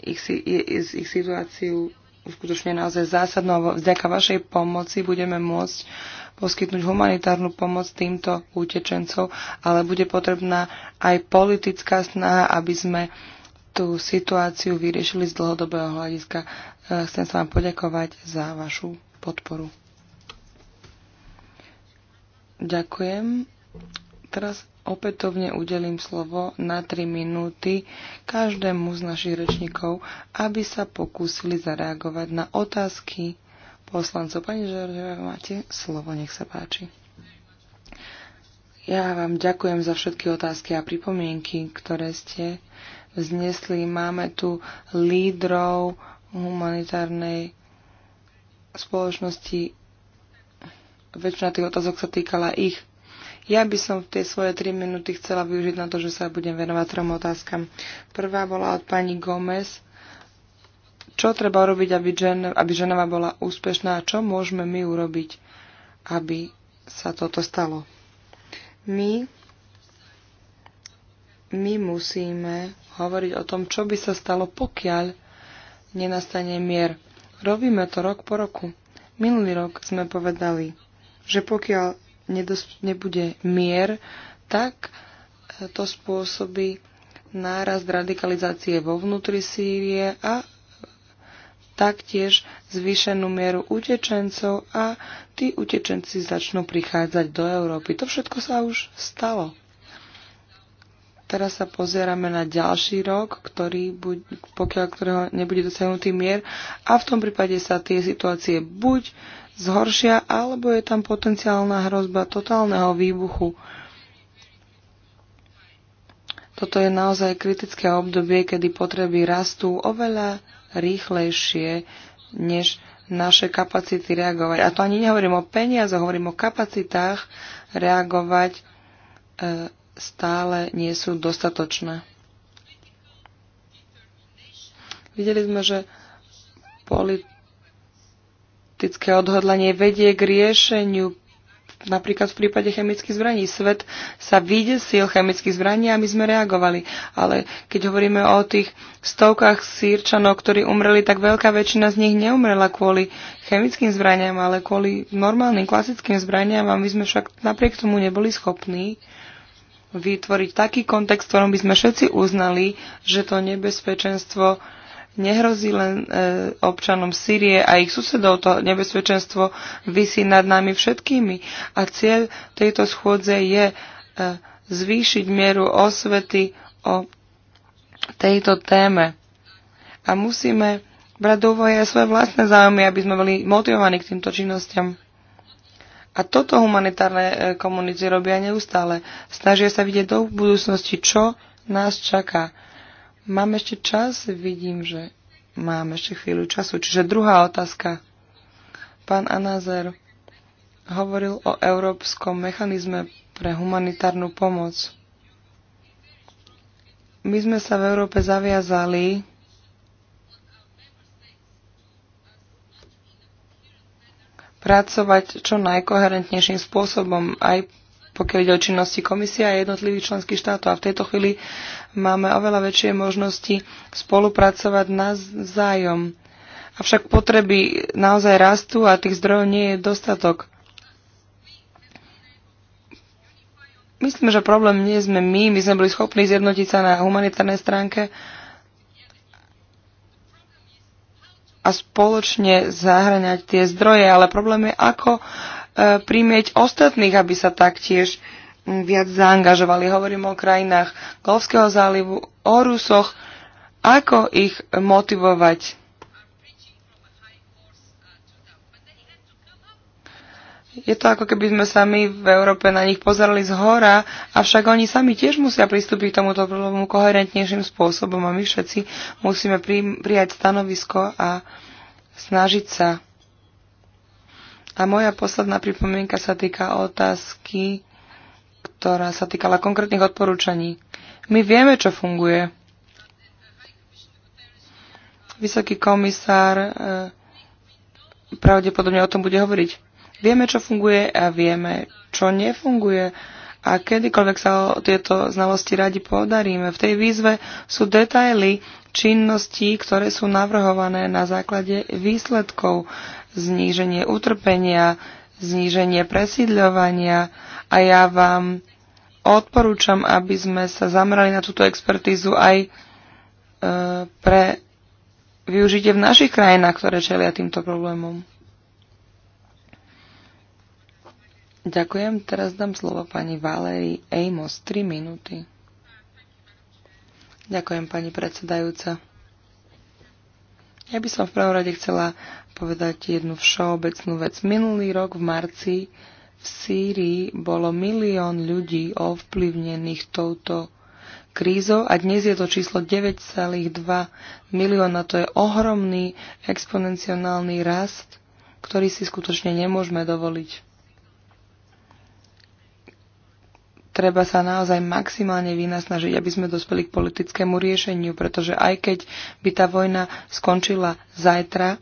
ich, ich, ich situáciu skutočne naozaj zásadnou. Vďaka vašej pomoci budeme môcť poskytnúť humanitárnu pomoc týmto utečencov, ale bude potrebná aj politická snaha, aby sme tú situáciu vyriešili z dlhodobého hľadiska. E, chcem sa vám poďakovať za vašu podporu. Ďakujem. Teraz opätovne udelím slovo na 3 minúty každému z našich rečníkov, aby sa pokúsili zareagovať na otázky poslancov. Pani Žoržieva, máte slovo, nech sa páči. Ja vám ďakujem za všetky otázky a pripomienky, ktoré ste vznesli. Máme tu lídrov humanitárnej spoločnosti. Väčšina tých otázok sa týkala ich ja by som v tej svoje 3 minúty chcela využiť na to, že sa budem venovať trom otázkam. Prvá bola od pani Gomez. Čo treba urobiť, aby, žen, aby Ženeva bola úspešná a čo môžeme my urobiť, aby sa toto stalo? My, my musíme hovoriť o tom, čo by sa stalo, pokiaľ nenastane mier. Robíme to rok po roku. Minulý rok sme povedali, že pokiaľ nebude mier, tak e, to spôsobí nárast radikalizácie vo vnútri Sýrie a taktiež zvýšenú mieru utečencov a tí utečenci začnú prichádzať do Európy. To všetko sa už stalo. Teraz sa pozeráme na ďalší rok, ktorý, buď, pokiaľ ktorého nebude dosiahnutý mier a v tom prípade sa tie situácie buď zhoršia, alebo je tam potenciálna hrozba totálneho výbuchu. Toto je naozaj kritické obdobie, kedy potreby rastú oveľa rýchlejšie než naše kapacity reagovať. A to ani nehovorím o peniazoch, hovorím o kapacitách reagovať e, stále nie sú dostatočné. Videli sme, že politi- politické odhodlanie vedie k riešeniu napríklad v prípade chemických zbraní. Svet sa vydesil chemických zbraní a my sme reagovali. Ale keď hovoríme o tých stovkách sírčanov, ktorí umreli, tak veľká väčšina z nich neumrela kvôli chemickým zbraniam, ale kvôli normálnym, klasickým zbraniam a my sme však napriek tomu neboli schopní vytvoriť taký kontext, v ktorom by sme všetci uznali, že to nebezpečenstvo uh, nehrozí len e, občanom Sýrie a ich susedov. To nebezpečenstvo vysí nad nami všetkými. A cieľ tejto schôdze je e, zvýšiť mieru osvety o tejto téme. A musíme brať do úvahy aj svoje vlastné záujmy, aby sme boli motivovaní k týmto činnostiam. A toto humanitárne e, komunity robia neustále. Snažia sa vidieť do budúcnosti, čo nás čaká Mám ešte čas, vidím, že mám ešte chvíľu času. Čiže druhá otázka. Pán Anázer hovoril o európskom mechanizme pre humanitárnu pomoc. My sme sa v Európe zaviazali pracovať čo najkoherentnejším spôsobom, aj pokiaľ ide o činnosti komisia a jednotlivých členských štátov. A v tejto chvíli máme oveľa väčšie možnosti spolupracovať navzájom. Avšak potreby naozaj rastú a tých zdrojov nie je dostatok. Myslím, že problém nie sme my, my sme boli schopní zjednotiť sa na humanitárnej stránke a spoločne zahraňať tie zdroje, ale problém je, ako e, primieť ostatných, aby sa taktiež viac zaangažovali. Hovorím o krajinách Golfského zálivu, o Rusoch, ako ich motivovať. Je to ako keby sme sa my v Európe na nich pozerali z hora, avšak oni sami tiež musia pristúpiť k tomuto problému koherentnejším spôsobom a my všetci musíme pri, prijať stanovisko a snažiť sa. A moja posledná pripomienka sa týka otázky ktorá sa týkala konkrétnych odporúčaní. My vieme, čo funguje. Vysoký komisár e, pravdepodobne o tom bude hovoriť. Vieme, čo funguje a vieme, čo nefunguje. A kedykoľvek sa o tieto znalosti radi podaríme. V tej výzve sú detaily činností, ktoré sú navrhované na základe výsledkov, zníženie utrpenia, zníženie presídľovania a ja vám odporúčam, aby sme sa zamerali na túto expertízu aj e, pre využitie v našich krajinách, ktoré čelia týmto problémom. Ďakujem. Teraz dám slovo pani Valérii Amos. 3 minúty. Ďakujem, pani predsedajúca. Ja by som v prvom rade chcela povedať jednu všeobecnú vec. Minulý rok v marci v Sýrii bolo milión ľudí ovplyvnených touto krízou a dnes je to číslo 9,2 milióna. To je ohromný exponenciálny rast, ktorý si skutočne nemôžeme dovoliť. treba sa naozaj maximálne vynasnažiť, aby sme dospeli k politickému riešeniu, pretože aj keď by tá vojna skončila zajtra,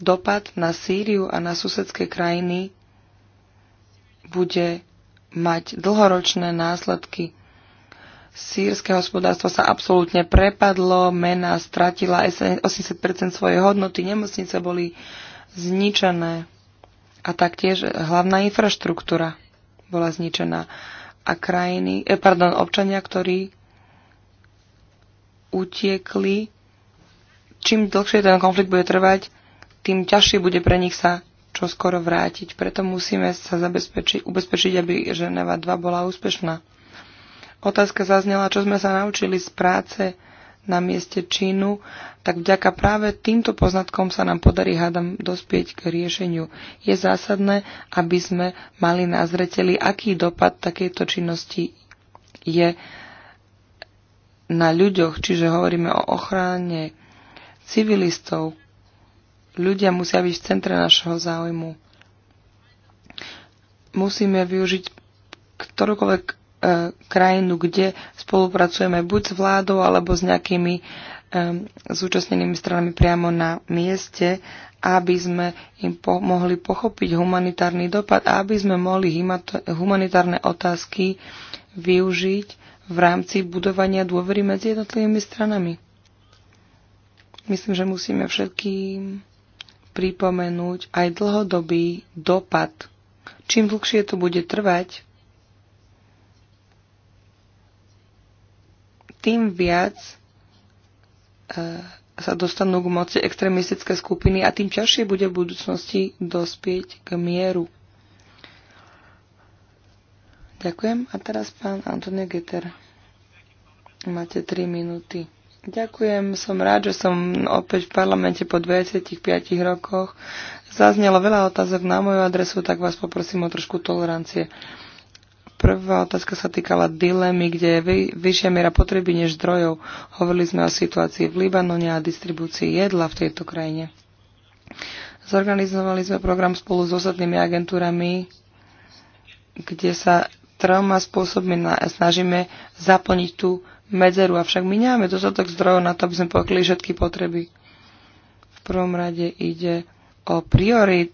dopad na Sýriu a na susedské krajiny bude mať dlhoročné následky. Sýrske hospodárstvo sa absolútne prepadlo, mena stratila 80% svojej hodnoty, nemocnice boli zničené a taktiež hlavná infraštruktúra bola zničená a krajiny, eh, pardon, občania, ktorí utiekli, čím dlhšie ten konflikt bude trvať, tým ťažšie bude pre nich sa čo skoro vrátiť. Preto musíme sa zabezpečiť, ubezpečiť, aby Ženeva 2 bola úspešná. Otázka zaznela, čo sme sa naučili z práce na mieste činu, tak vďaka práve týmto poznatkom sa nám podarí, hádam, dospieť k riešeniu. Je zásadné, aby sme mali na zreteli, aký dopad takejto činnosti je na ľuďoch, čiže hovoríme o ochrane civilistov. Ľudia musia byť v centre našeho záujmu. Musíme využiť ktorúkoľvek E, krajinu, kde spolupracujeme buď s vládou alebo s nejakými zúčastnenými e, stranami priamo na mieste, aby sme im po- mohli pochopiť humanitárny dopad a aby sme mohli humanitárne otázky využiť v rámci budovania dôvery medzi jednotlivými stranami. Myslím, že musíme všetkým pripomenúť aj dlhodobý dopad. Čím dlhšie to bude trvať, tým viac e, sa dostanú k moci extrémistické skupiny a tým ťažšie bude v budúcnosti dospieť k mieru. Ďakujem. A teraz pán Antonio Geter. Máte 3 minúty. Ďakujem, som rád, že som opäť v parlamente po 25 rokoch. Zaznelo veľa otázok na moju adresu, tak vás poprosím o trošku tolerancie. Uh, Prvá otázka sa týkala dilemy, kde je vyššia miera potreby než zdrojov. Hovorili sme o situácii v Libanone a distribúcii jedla v tejto krajine. Zorganizovali sme program spolu s ostatnými agentúrami, kde sa troma spôsobmi snažíme zaplniť tú medzeru, avšak my nemáme dostatok zdrojov na to, aby sme pokryli všetky potreby. V prvom rade ide o priorit,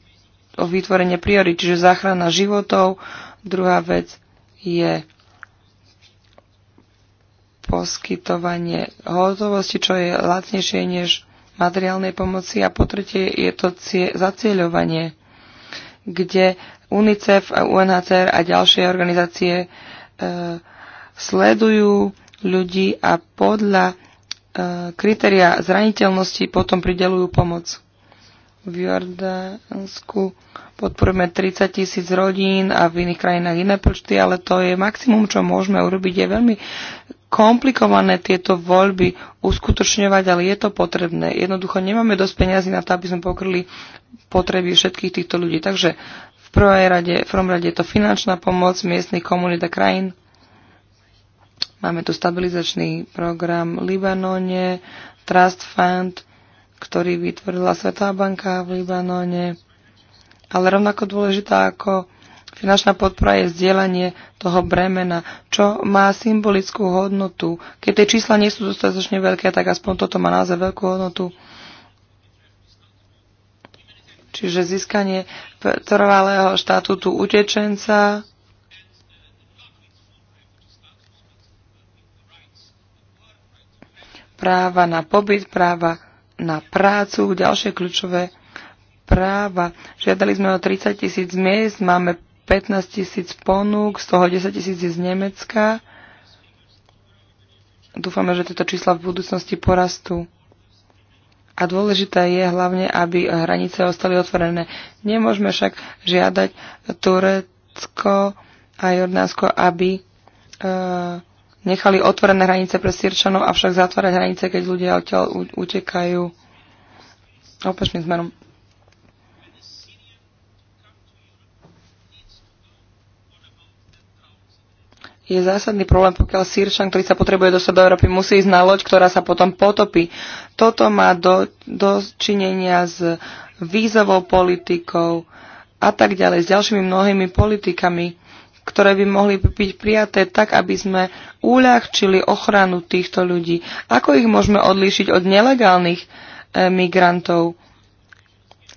o vytvorenie priorit, čiže záchrana životov, Druhá vec je poskytovanie hotovosti, čo je lacnejšie než materiálnej pomoci a po tretie je to cie- zacieľovanie, kde UNICEF, UNHCR a ďalšie organizácie e, sledujú ľudí a podľa e, kritéria zraniteľnosti potom pridelujú pomoc v Jordánsku podporujeme 30 tisíc rodín a v iných krajinách iné počty, ale to je maximum, čo môžeme urobiť. Je veľmi komplikované tieto voľby uskutočňovať, ale je to potrebné. Jednoducho nemáme dosť peniazy na to, aby sme pokryli potreby všetkých týchto ľudí. Takže v prvej rade, v prvom rade je to finančná pomoc miestnych komunít a krajín. Máme tu stabilizačný program v Libanone, Trust Fund, ktorý vytvorila Svetá banka v Libanone. Ale rovnako dôležitá ako finančná podpora je zdieľanie toho bremena, čo má symbolickú hodnotu. Keď tie čísla nie sú dostatočne veľké, tak aspoň toto má naozaj veľkú hodnotu. Čiže získanie trvalého štatútu utečenca, práva na pobyt, práva na prácu, ďalšie kľúčové práva. Žiadali sme o 30 tisíc miest, máme 15 tisíc ponúk, z toho 10 tisíc je z Nemecka. Dúfame, že tieto čísla v budúcnosti porastú. A dôležité je hlavne, aby hranice ostali otvorené. Nemôžeme však žiadať Turecko a Jordánsko, aby uh, nechali otvorené hranice pre Sirčanov, avšak zatvárať hranice, keď ľudia odtiaľ utekajú opačným smerom. je zásadný problém, pokiaľ Sirčan, ktorý sa potrebuje dostať do Európy, musí ísť na loď, ktorá sa potom potopí. Toto má do, do činenia s vízovou politikou a tak ďalej, s ďalšími mnohými politikami ktoré by mohli byť prijaté tak, aby sme uľahčili ochranu týchto ľudí. Ako ich môžeme odlíšiť od nelegálnych e, migrantov?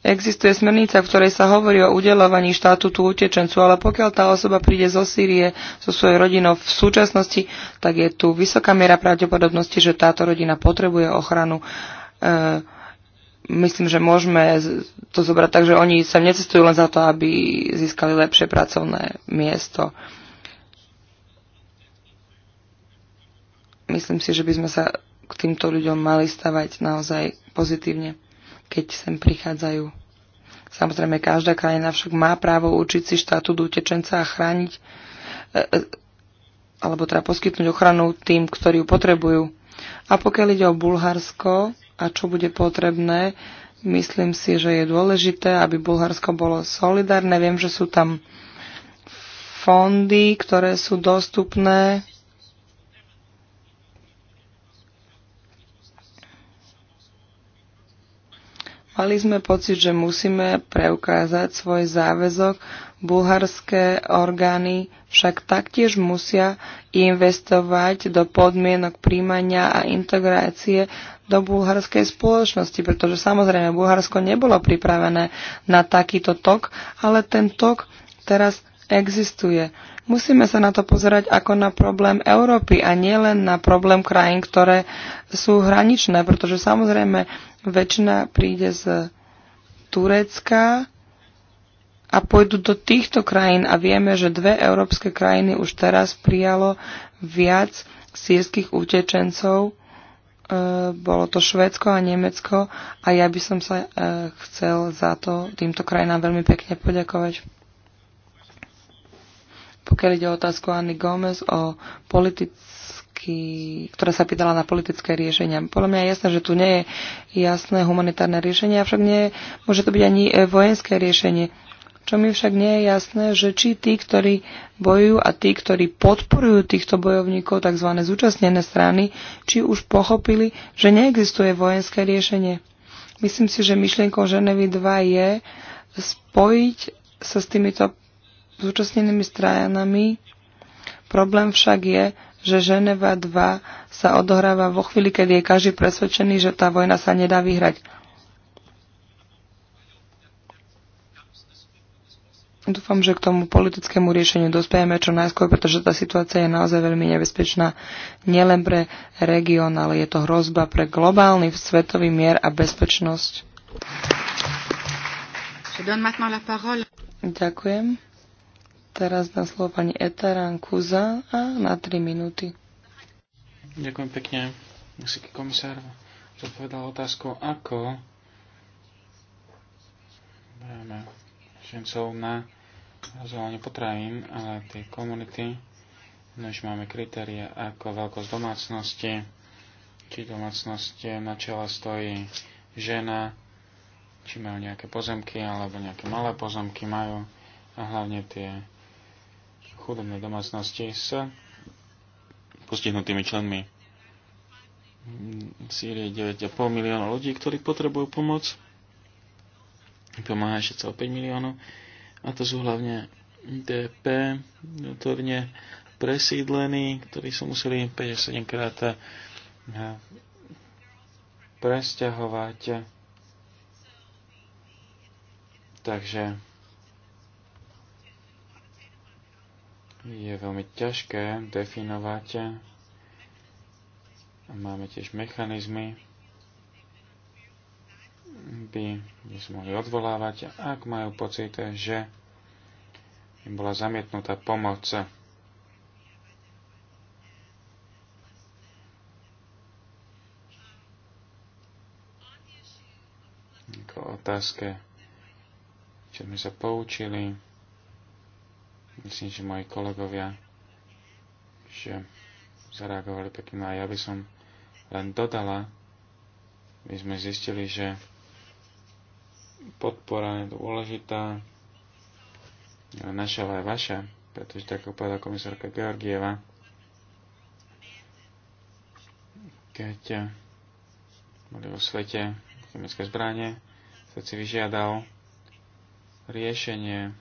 Existuje smernica, v ktorej sa hovorí o udelovaní štatútu utečencu, ale pokiaľ tá osoba príde zo Sýrie so svojou rodinou v súčasnosti, tak je tu vysoká miera pravdepodobnosti, že táto rodina potrebuje ochranu e, myslím, že môžeme to zobrať tak, že oni sa necestujú len za to, aby získali lepšie pracovné miesto. Myslím si, že by sme sa k týmto ľuďom mali stavať naozaj pozitívne, keď sem prichádzajú. Samozrejme, každá krajina však má právo učiť si štátu utečenca a chrániť e, e, alebo teda poskytnúť ochranu tým, ktorí ju potrebujú. A pokiaľ ide o Bulharsko, a čo bude potrebné. Myslím si, že je dôležité, aby Bulharsko bolo solidárne. Viem, že sú tam fondy, ktoré sú dostupné. Mali sme pocit, že musíme preukázať svoj záväzok. Bulharské orgány však taktiež musia investovať do podmienok príjmania a integrácie do bulharskej spoločnosti, pretože samozrejme Bulharsko nebolo pripravené na takýto tok, ale ten tok teraz existuje. Musíme sa na to pozerať ako na problém Európy a nielen na problém krajín, ktoré sú hraničné, pretože samozrejme väčšina príde z Turecka a pôjdu do týchto krajín a vieme, že dve európske krajiny už teraz prijalo viac sírskych utečencov E, bolo to Švédsko a Nemecko a ja by som sa e, chcel za to týmto krajinám veľmi pekne poďakovať. Pokiaľ ide o otázku Anny Gomez o politicky, ktorá sa pýtala na politické riešenia. Podľa mňa je jasné, že tu nie je jasné humanitárne riešenie, avšak nie, môže to byť ani e, vojenské riešenie čo mi však nie je jasné, že či tí, ktorí bojujú a tí, ktorí podporujú týchto bojovníkov, tzv. zúčastnené strany, či už pochopili, že neexistuje vojenské riešenie. Myslím si, že myšlienkou Ženevy 2 je spojiť sa s týmito zúčastnenými stranami. Problém však je, že Ženeva 2 sa odohráva vo chvíli, keď je každý presvedčený, že tá vojna sa nedá vyhrať. Dúfam, že k tomu politickému riešeniu dospejeme čo najskôr, pretože tá situácia je naozaj veľmi nebezpečná nielen pre región, ale je to hrozba pre globálny svetový mier a bezpečnosť. Ďakujem. Teraz na slovo pani Etaran Kuza a na 3 minúty. Ďakujem pekne. Vysoký komisár zodpovedal otázku, ako žencov na rozvoľanie potravín, ale tie komunity, no už máme kritéria ako veľkosť domácnosti, či domácnosť na čele stojí žena, či majú nejaké pozemky, alebo nejaké malé pozemky majú a hlavne tie chudobné domácnosti s postihnutými členmi. V Sýrii 9,5 milióna ľudí, ktorí potrebujú pomoc. Pomáha 5 miliónov a to sú hlavne DP, notorne presídlení, ktorí sú museli 57 krát eh, presťahovať. Takže je veľmi ťažké definovať. Máme tiež mechanizmy, by sa mohli odvolávať, ak majú pocit, že im bola zamietnutá pomoc. Ako otázke, čo sme sa poučili, myslím, že moji kolegovia, že zareagovali pekne a ja by som len dodala, my sme zistili, že podpora je dôležitá, naša ale aj vaša, pretože tak ako povedala komisárka Georgieva, keď boli vo svete chemické zbranie, sa si vyžiadal riešenie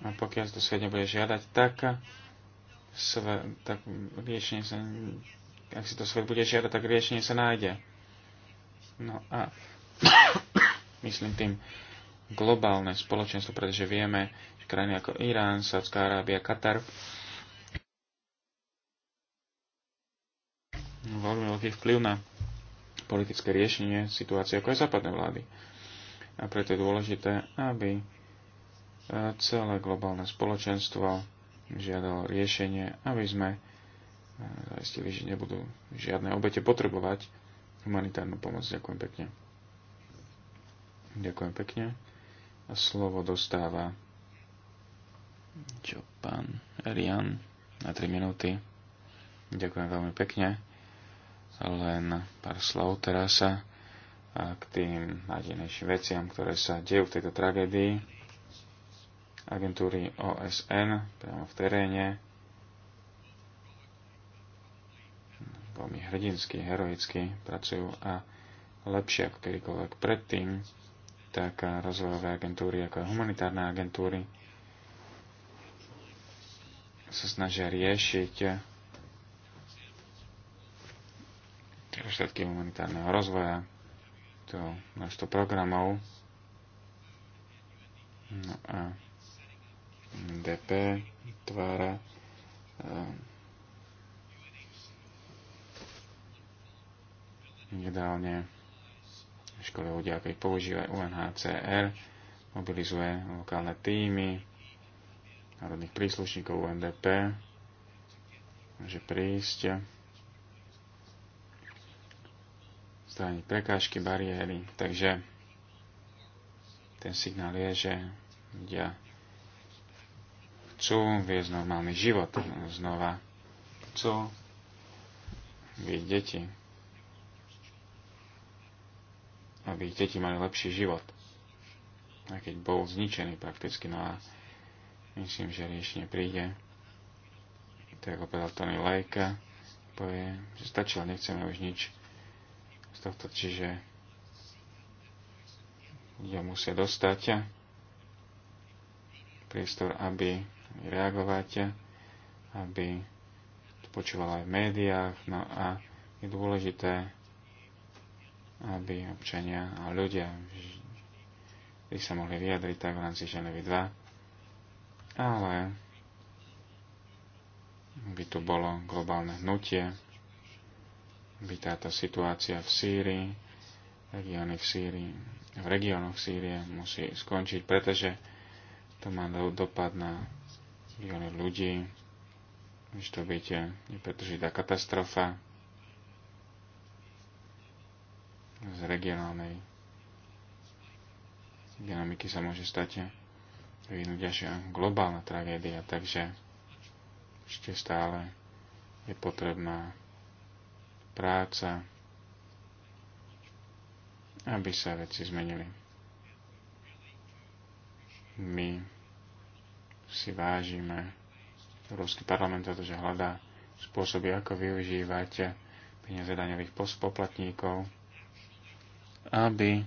a pokiaľ to svet nebude žiadať, tak, sve, tak riešenie sa, ak si to svet bude žiadať, tak riešenie sa nájde. No a myslím tým globálne spoločenstvo, pretože vieme, že krajiny ako Irán, Sádzka Arábia, Katar veľmi veľký vplyv na politické riešenie situácie, ako aj západné vlády. A preto je dôležité, aby e, celé globálne spoločenstvo žiadalo riešenie, aby sme e, zaistili, že nebudú žiadne obete potrebovať humanitárnu pomoc. Ďakujem pekne. Ďakujem pekne. A slovo dostáva čo pán Rian na 3 minúty. Ďakujem veľmi pekne. Len pár slov teraz sa k tým nádejnejším veciam, ktoré sa dejú v tejto tragédii. Agentúry OSN priamo v teréne. Veľmi hrdinsky, heroicky pracujú a lepšie ako kedykoľvek predtým tak rozvojové agentúry, ako aj humanitárne agentúry sa snažia riešiť všetky humanitárneho rozvoja, to množstvo programov. No a DP tvára nedávne ehm, škole ľudia, keď používajú UNHCR, mobilizuje lokálne týmy národných príslušníkov UNDP, môže prísť, strániť prekážky, bariéry, takže ten signál je, že ľudia chcú viesť normálny život znova, chcú byť deti, aby ich deti mali lepší život. A keď bol zničený prakticky, no a myslím, že riešenie príde. Tak ako Tony Lajka, povie, že stačilo, nechceme už nič z tohto, čiže ľudia musia dostať priestor, aby reagovať, aby to počúvalo aj v médiách, no a je dôležité aby občania a ľudia by sa mohli vyjadriť tak v rámci Ženevy 2, ale by tu bolo globálne hnutie, by táto situácia v Sýrii, regióny v Sýrii, v regiónoch Sýrie musí skončiť, pretože to má dopad na milióny ľudí, že to byť nepretržitá katastrofa, z regionálnej dynamiky sa môže stať vyvinúť až globálna tragédia, takže ešte stále je potrebná práca, aby sa veci zmenili. My si vážime Európsky parlament za to, že hľadá spôsoby, ako využívať peniaze daňových poplatníkov, aby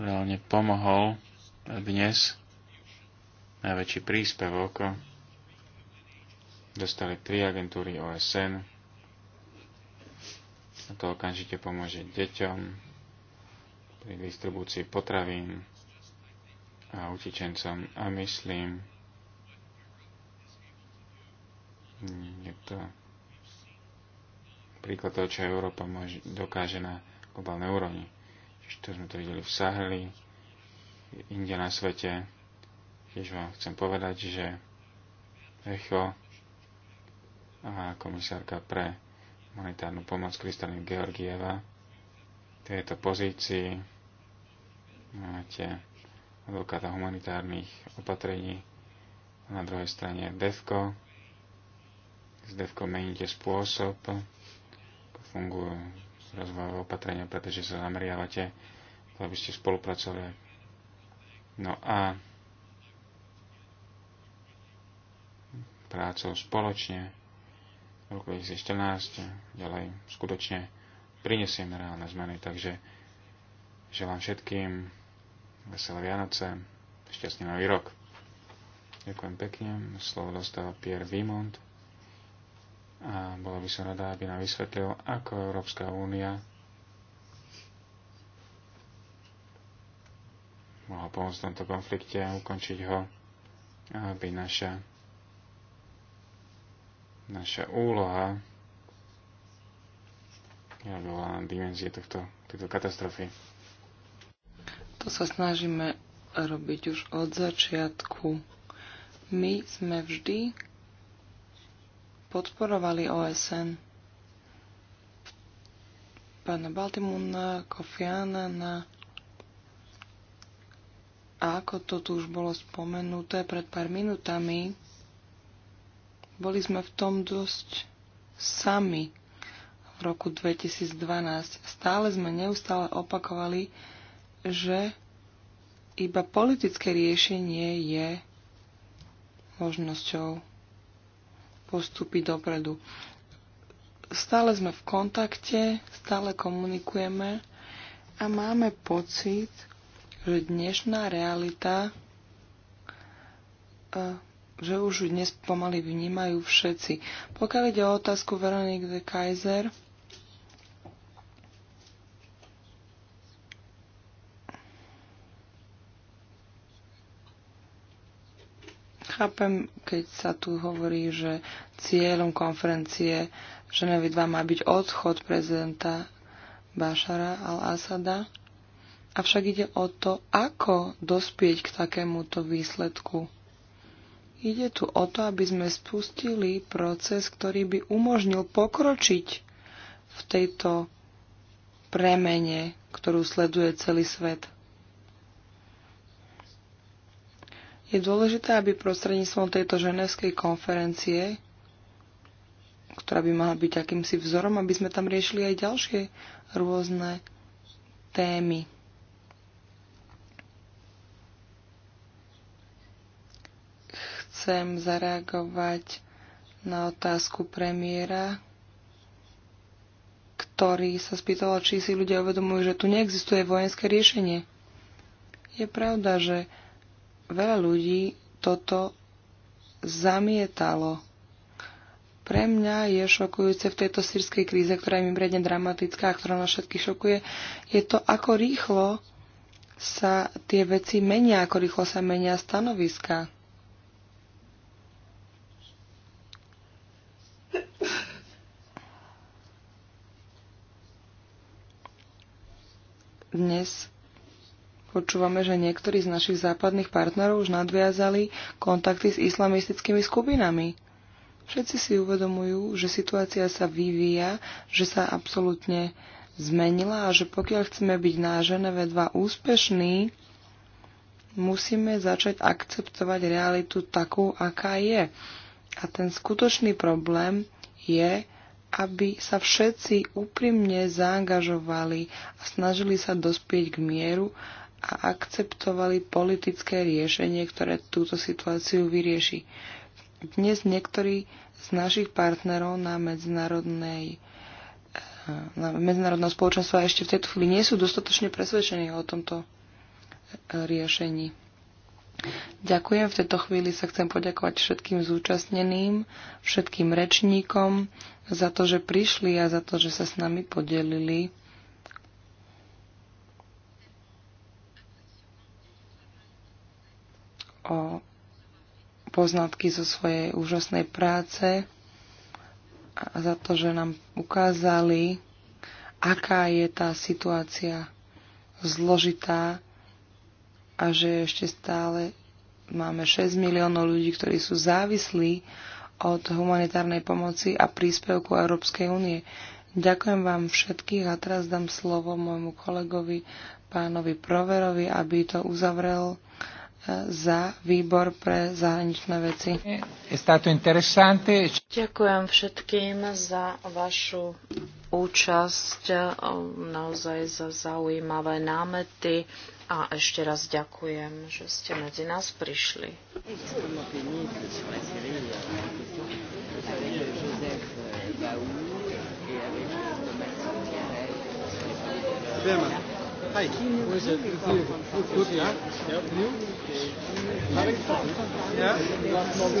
reálne pomohol dnes najväčší príspevok dostali tri agentúry OSN a to okamžite pomôže deťom pri distribúcii potravín a utečencom a myslím je to príklad toho, čo Európa môže, dokáže na globálnej úrovni. Čiže to sme to videli v Saheli, inde na svete. Tiež vám chcem povedať, že ECHO a komisárka pre humanitárnu pomoc Kristalina Georgieva tejto pozícii máte advokáta humanitárnych opatrení a na druhej strane DEFCO. S DEFCO meníte spôsob, fungujú rozvojové opatrenia, pretože sa zameriavate, aby ste spolupracovali. No a prácou spoločne v roku 2014 ďalej skutočne prinesieme reálne zmeny. Takže želám všetkým veselé Vianoce, šťastný nový rok. Ďakujem pekne. Slovo dostáva Pierre Vimont a bola by som rada, aby nám vysvetlil, ako Európska únia mohla pomôcť v tomto konflikte a ukončiť ho, aby naša, naša úloha ja bola dimenzie tohto, tejto katastrofy. To sa snažíme robiť už od začiatku. My sme vždy podporovali OSN. Pána Baltimuna, Kofiana na a ako to tu už bolo spomenuté pred pár minutami, boli sme v tom dosť sami v roku 2012. Stále sme neustále opakovali, že iba politické riešenie je možnosťou postupy dopredu. Stále sme v kontakte, stále komunikujeme a máme pocit, že dnešná realita, e, že už dnes pomaly vnímajú všetci. Pokiaľ ide o otázku Veronique de Kaiser, Chápem, keď sa tu hovorí, že cieľom konferencie Ženevy 2 má byť odchod prezidenta Bašara al-Asada, avšak ide o to, ako dospieť k takémuto výsledku. Ide tu o to, aby sme spustili proces, ktorý by umožnil pokročiť v tejto premene, ktorú sleduje celý svet. Je dôležité, aby prostredníctvom tejto ženevskej konferencie, ktorá by mala byť akýmsi vzorom, aby sme tam riešili aj ďalšie rôzne témy. Chcem zareagovať na otázku premiéra, ktorý sa spýtal, či si ľudia uvedomujú, že tu neexistuje vojenské riešenie. Je pravda, že veľa ľudí toto zamietalo. Pre mňa je šokujúce v tejto sírskej kríze, ktorá je mimoriadne dramatická a ktorá nás všetkých šokuje, je to, ako rýchlo sa tie veci menia, ako rýchlo sa menia stanoviska. Dnes Počúvame, že niektorí z našich západných partnerov už nadviazali kontakty s islamistickými skupinami. Všetci si uvedomujú, že situácia sa vyvíja, že sa absolútne zmenila a že pokiaľ chceme byť na Ženeve 2 úspešní, musíme začať akceptovať realitu takú, aká je. A ten skutočný problém je, aby sa všetci úprimne zaangažovali a snažili sa dospieť k mieru a akceptovali politické riešenie, ktoré túto situáciu vyrieši. Dnes niektorí z našich partnerov na medzinárodnej na spoločenstvo a ešte v tejto chvíli nie sú dostatočne presvedčení o tomto riešení. Ďakujem. V tejto chvíli sa chcem poďakovať všetkým zúčastneným, všetkým rečníkom za to, že prišli a za to, že sa s nami podelili o poznatky zo svojej úžasnej práce a za to, že nám ukázali, aká je tá situácia zložitá a že ešte stále máme 6 miliónov ľudí, ktorí sú závislí od humanitárnej pomoci a príspevku Európskej únie. Ďakujem vám všetkých a teraz dám slovo môjmu kolegovi pánovi Proverovi, aby to uzavrel za výbor pre zahraničné veci. Ďakujem všetkým za vašu účasť, naozaj za zaujímavé námety a ešte raz ďakujem, že ste medzi nás prišli. Bien, Hi, where is it? It's you. Good, good, yeah? Yep. And you? Having fun? Yeah? It's a bit Now it's not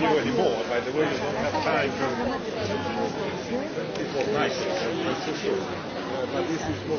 new anymore, by the way, you don't have time to... It nice, but this is more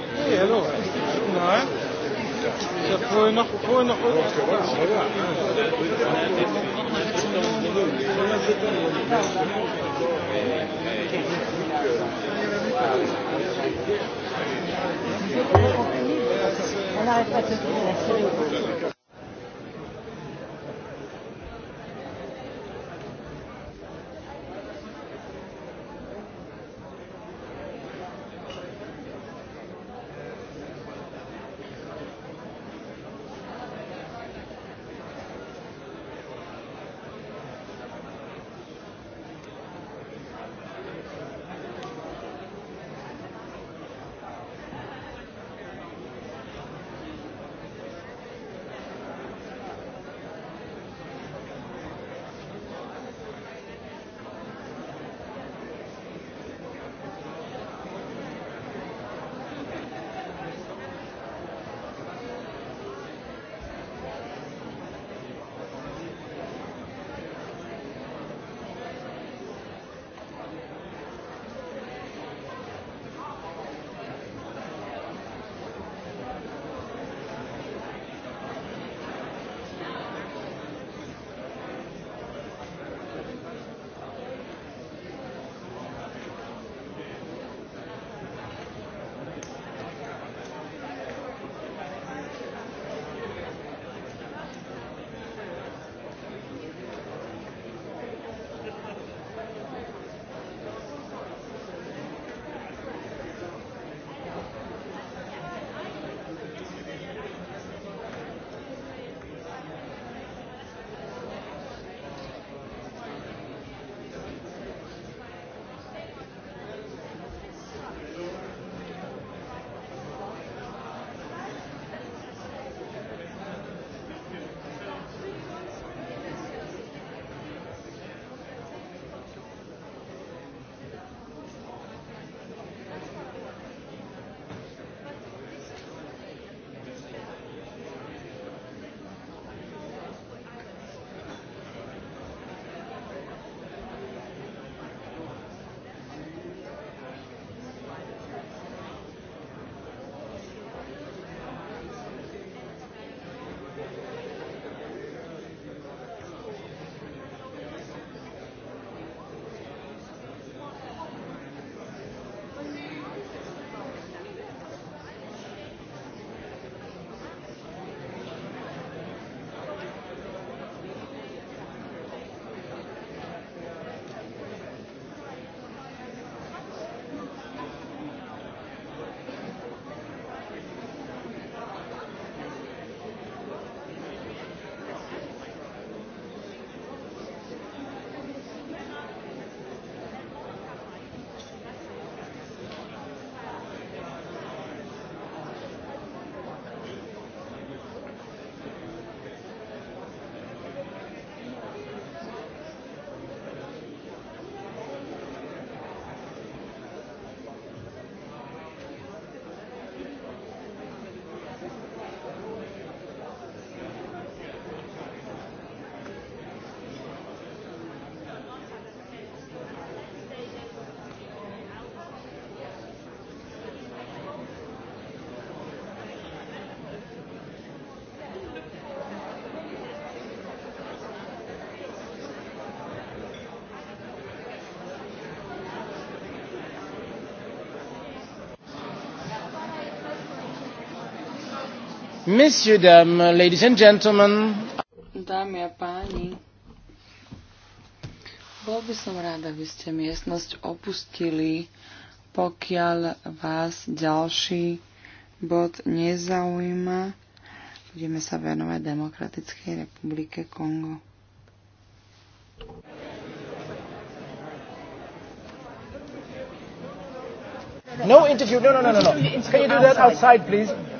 Hé, hey, hallo. Nou, hè? Ik heb voor je nog... Voor je Messieurs, dames, ladies and gentlemen. Dámy a páni, bol by som rád, aby ste miestnosť opustili, pokiaľ vás ďalší bod nezaujíma. Budeme sa venovať Demokratickej republike Kongo. No interview, no, no, no, no. no. Can you do that outside, please?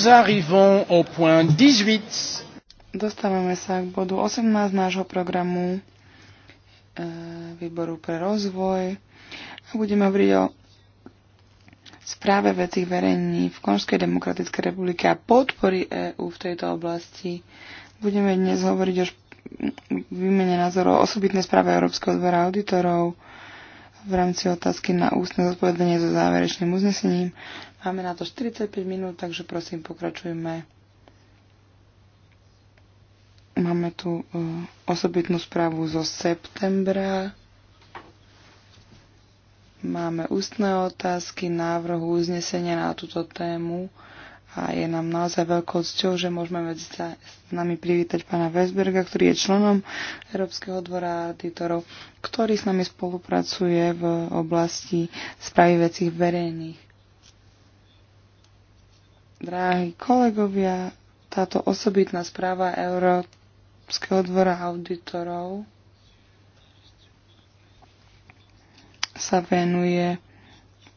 Nous arrivons au point 18. Dostávame sa k bodu 18 nášho programu e, výboru pre rozvoj a budeme hovoriť o správe vecí verejní v Konžskej demokratickej republike a podpory EÚ v tejto oblasti. Budeme dnes hovoriť o výmene názorov o osobitnej správe Európskeho dvora auditorov, v rámci otázky na ústne zodpovedanie so záverečným uznesením. Máme na to 45 minút, takže prosím, pokračujme. Máme tu eh, osobitnú správu zo septembra. Máme ústne otázky, návrhu uznesenia na túto tému a je nám naozaj veľkou cťou, že môžeme medzi sa s nami privítať pána Vesberga, ktorý je členom Európskeho dvora auditorov, ktorý s nami spolupracuje v oblasti správy vecí verejných. Drahí kolegovia, táto osobitná správa Európskeho dvora auditorov sa venuje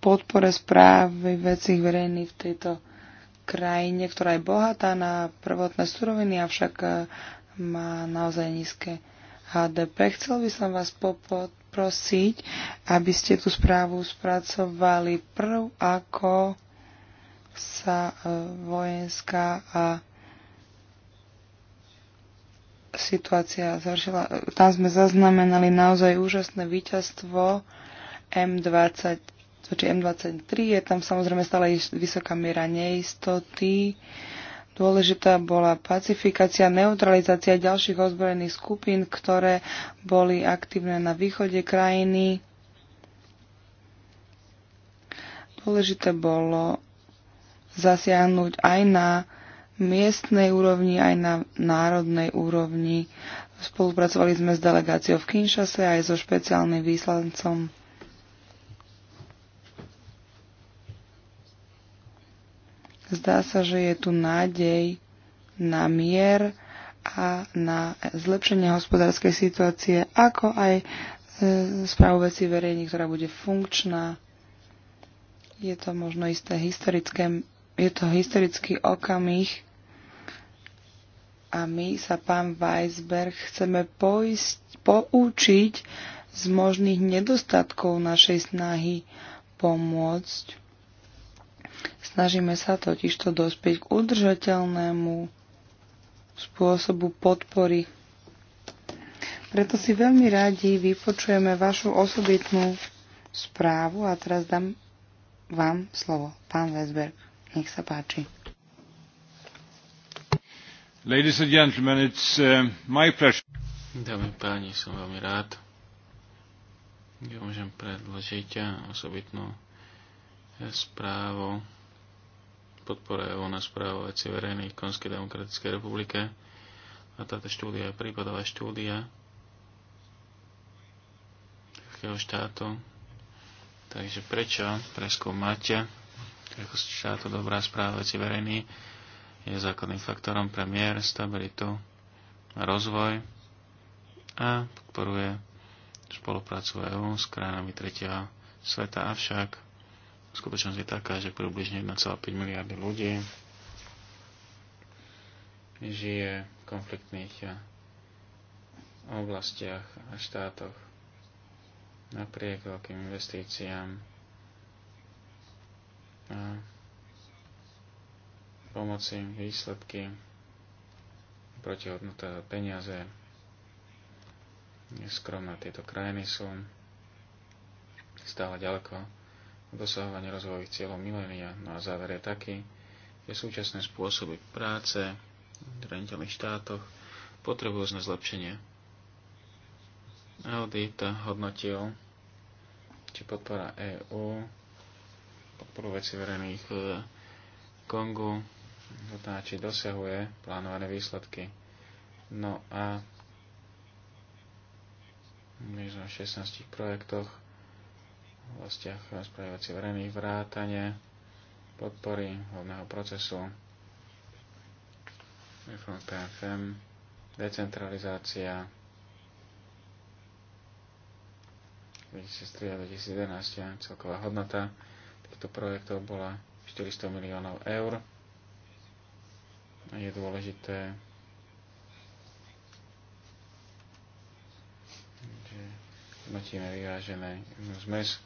podpore správy vecí verejných v tejto krajine, ktorá je bohatá na prvotné suroviny, avšak eh, má naozaj nízke HDP. Chcel by som vás poprosiť, aby ste tú správu spracovali prv, ako sa eh, vojenská a situácia zhoršila. Tam sme zaznamenali naozaj úžasné víťazstvo M23 voči M23. Je tam samozrejme stále vysoká miera neistoty. Dôležitá bola pacifikácia, neutralizácia ďalších ozbrojených skupín, ktoré boli aktívne na východe krajiny. Dôležité bolo zasiahnuť aj na miestnej úrovni, aj na národnej úrovni. Spolupracovali sme s delegáciou v Kinshase aj so špeciálnym výslancom Zdá sa, že je tu nádej na mier a na zlepšenie hospodárskej situácie, ako aj e, správu veci verejných, ktorá bude funkčná. Je to možno isté historické, je to historický okamih a my sa, pán Weisberg, chceme poísť, poučiť z možných nedostatkov našej snahy pomôcť Snažíme sa totižto dospieť k udržateľnému spôsobu podpory. Preto si veľmi radi vypočujeme vašu osobitnú správu a teraz dám vám slovo. Pán Vesberg, nech sa páči. Ladies and gentlemen, it's uh, my pleasure. Dámy páni, som veľmi rád, kde ja môžem predložiť osobitnú správu podpore o nás správu veci v Konskej demokratickej republike. A táto štúdia je prípadová štúdia Takého štátu. Takže prečo preskúmať, ako štátu dobrá správa veci verejný je základným faktorom pre mier, stabilitu a rozvoj a podporuje spoluprácu EÚ s krajinami tretieho sveta. Avšak Skutočnosť je taká, že približne 1,5 miliardy ľudí žije v konfliktných eh, oblastiach a štátoch. Napriek veľkým investíciám a eh, pomoci, výsledky, protihodnoté peniaze, neskromné tieto krajiny sú stále ďaleko dosahovanie rozvojových cieľov milénia. No a záver je taký, že súčasné spôsoby práce v zraniteľných štátoch potrebujú zne zlepšenie. Audit hodnotil, či podpora EÚ, podporu veci verejných v e, Kongu, či dosahuje plánované výsledky. No a v 16 projektoch oblastiach rozprávací verejných vrátane, podpory hlavného procesu, reform PFM, decentralizácia 2003 a 2011 celková hodnota týchto projektov bola 400 miliónov eur. Je dôležité že hodnotíme vyvážené zmes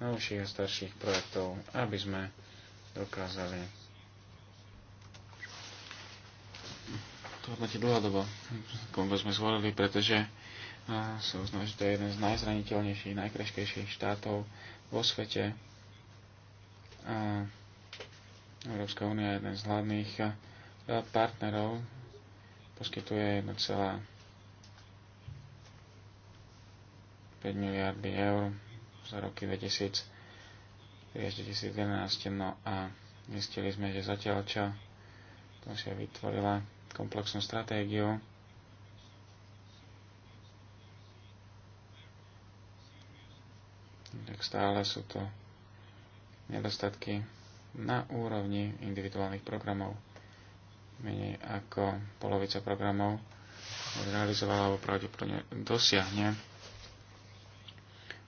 novších a starších projektov, aby sme dokázali to hodnotiť dlhodobo. Kongo sme zvolili, pretože sa uznal, že to je jeden z najzraniteľnejších, najkreškejších štátov vo svete. A Európska únia je jeden z hlavných partnerov, poskytuje 1,5 miliardy eur za roky 2000 2011. No a zistili sme, že zatiaľ čo komisia vytvorila komplexnú stratégiu tak stále sú to nedostatky na úrovni individuálnych programov. Menej ako polovica programov realizovala alebo pravdepodobne dosiahne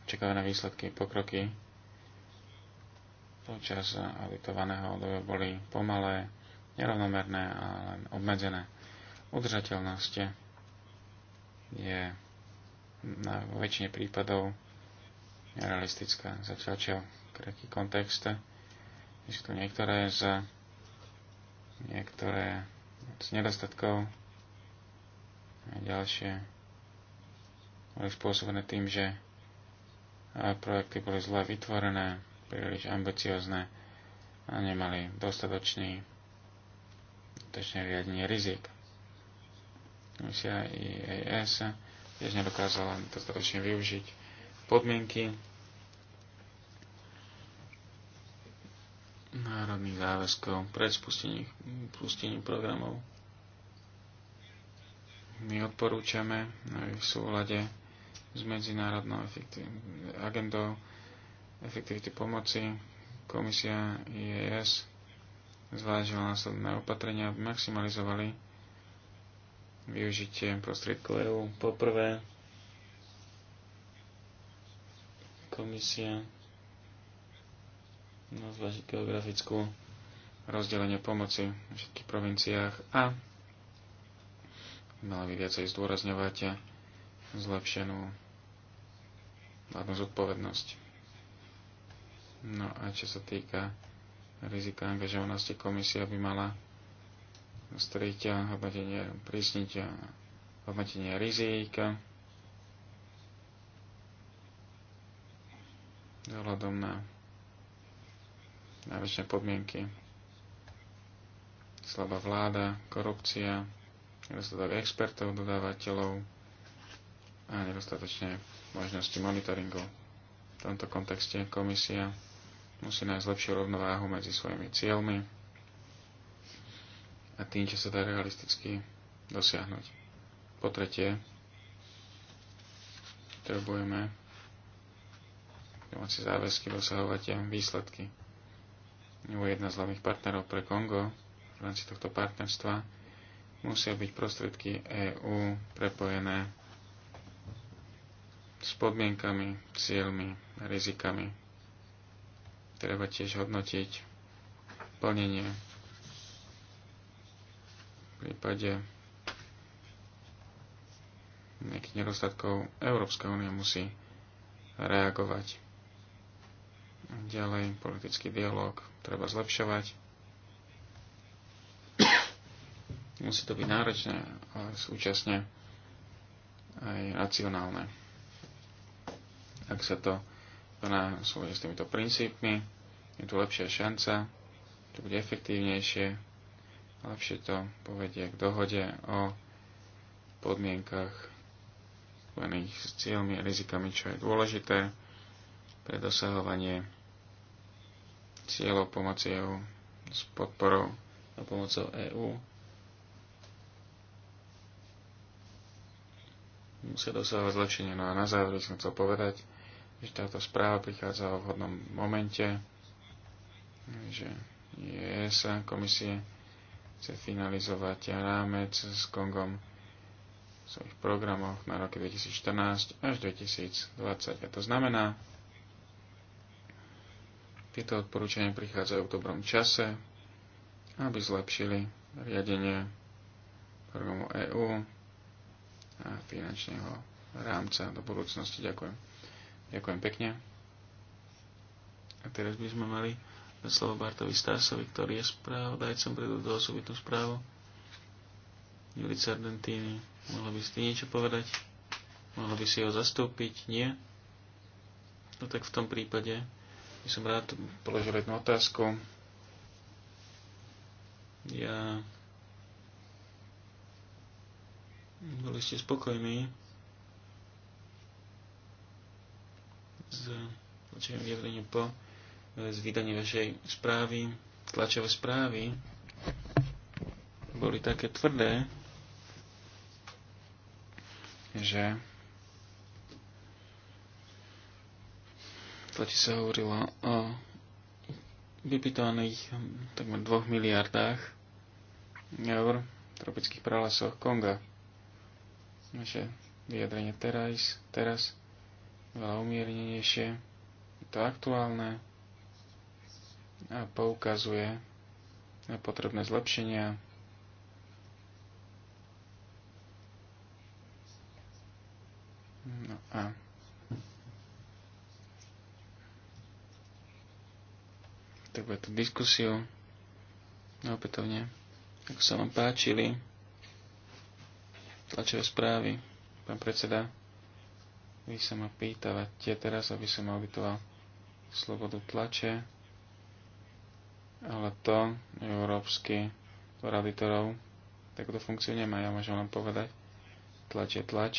čakajú na výsledky, pokroky. Počas auditovaného obdobia boli pomalé, nerovnomerné a len obmedzené. Udržateľnosť je na väčšine prípadov realistická. Zatiaľ čo krátký kontext, sú tu niektoré z niektoré z nedostatkov a ďalšie boli spôsobené tým, že projekty boli zle vytvorené, príliš ambiciozne a nemali dostatočný dostatočné riadenie rizik. Komisia IAS e tiež nedokázala dostatočne využiť podmienky národných záväzkov pred spustením, spustením programov. My odporúčame, aby v súlade s medzinárodnou agendou efektivity pomoci. Komisia IES zvážila následné opatrenia, aby maximalizovali využitie prostriedkov EU. Poprvé, komisia na zvlášť geografickú rozdelenie pomoci v všetkých provinciách a mala by viacej zdôrazňovať zlepšenú alebo zodpovednosť. No a čo sa týka rizika angažovanosti, komisia by mala striť hodnotenie, prísniť hodnotenie rizika vzhľadom na náročné podmienky, slabá vláda, korupcia, nedostatok expertov, dodávateľov a nedostatočne možnosti monitoringu. V tomto kontexte komisia musí nájsť lepšiu rovnováhu medzi svojimi cieľmi a tým, čo sa dá realisticky dosiahnuť. Po tretie, potrebujeme domáce záväzky dosahovať výsledky. Nebo jedna z hlavných partnerov pre Kongo v rámci tohto partnerstva musia byť prostriedky EÚ prepojené s podmienkami, cieľmi, rizikami. Treba tiež hodnotiť plnenie. V prípade nejakých nedostatkov Európska únia musí reagovať. Ďalej politický dialog treba zlepšovať. Musí to byť náročné, ale súčasne aj racionálne ak sa to koná súvisí s týmito princípmi, je tu lepšia šanca, to bude efektívnejšie, lepšie to povedie k dohode o podmienkach spojených s cieľmi a rizikami, čo je dôležité pre dosahovanie cieľov pomoci EU s podporou a pomocou EU. Musia dosahovať zlepšenie. No a na záver som chcel povedať, že táto správa prichádza v vhodnom momente, že ESA komisie chce finalizovať rámec s Kongom v svojich programoch na roky 2014 až 2020. A to znamená, tieto odporúčania prichádzajú v dobrom čase, aby zlepšili riadenie programu EÚ a finančného rámca do budúcnosti. Ďakujem. Ďakujem pekne. A teraz by sme mali slovo Bartovi Stasovi, ktorý je správodajcom pre túto osobitnú správu. Julica Ardentíny, mohla by si niečo povedať? Mohla by si ho zastúpiť? Nie? No tak v tom prípade by som rád položil jednu otázku. Ja... Boli ste spokojní s tlačovým vyjadrením po e, z vydaní vašej správy, tlačové správy boli také tvrdé, že tlači sa hovorilo o vypytovaných takmer 2 miliardách eur v tropických pralesoch Konga. Naše vyjadrenie teraz, teraz oveľa umiernenejšie, je to aktuálne a poukazuje na potrebné zlepšenia. No a tak bude tu diskusiu no, opätovne, ako sa vám páčili tlačové správy, pán predseda. Vy sa ma pýtate teraz, aby som auditoval slobodu tlače, ale to európsky dvor tak takúto funkciu nemá. Ja môžem len povedať, tlač je tlač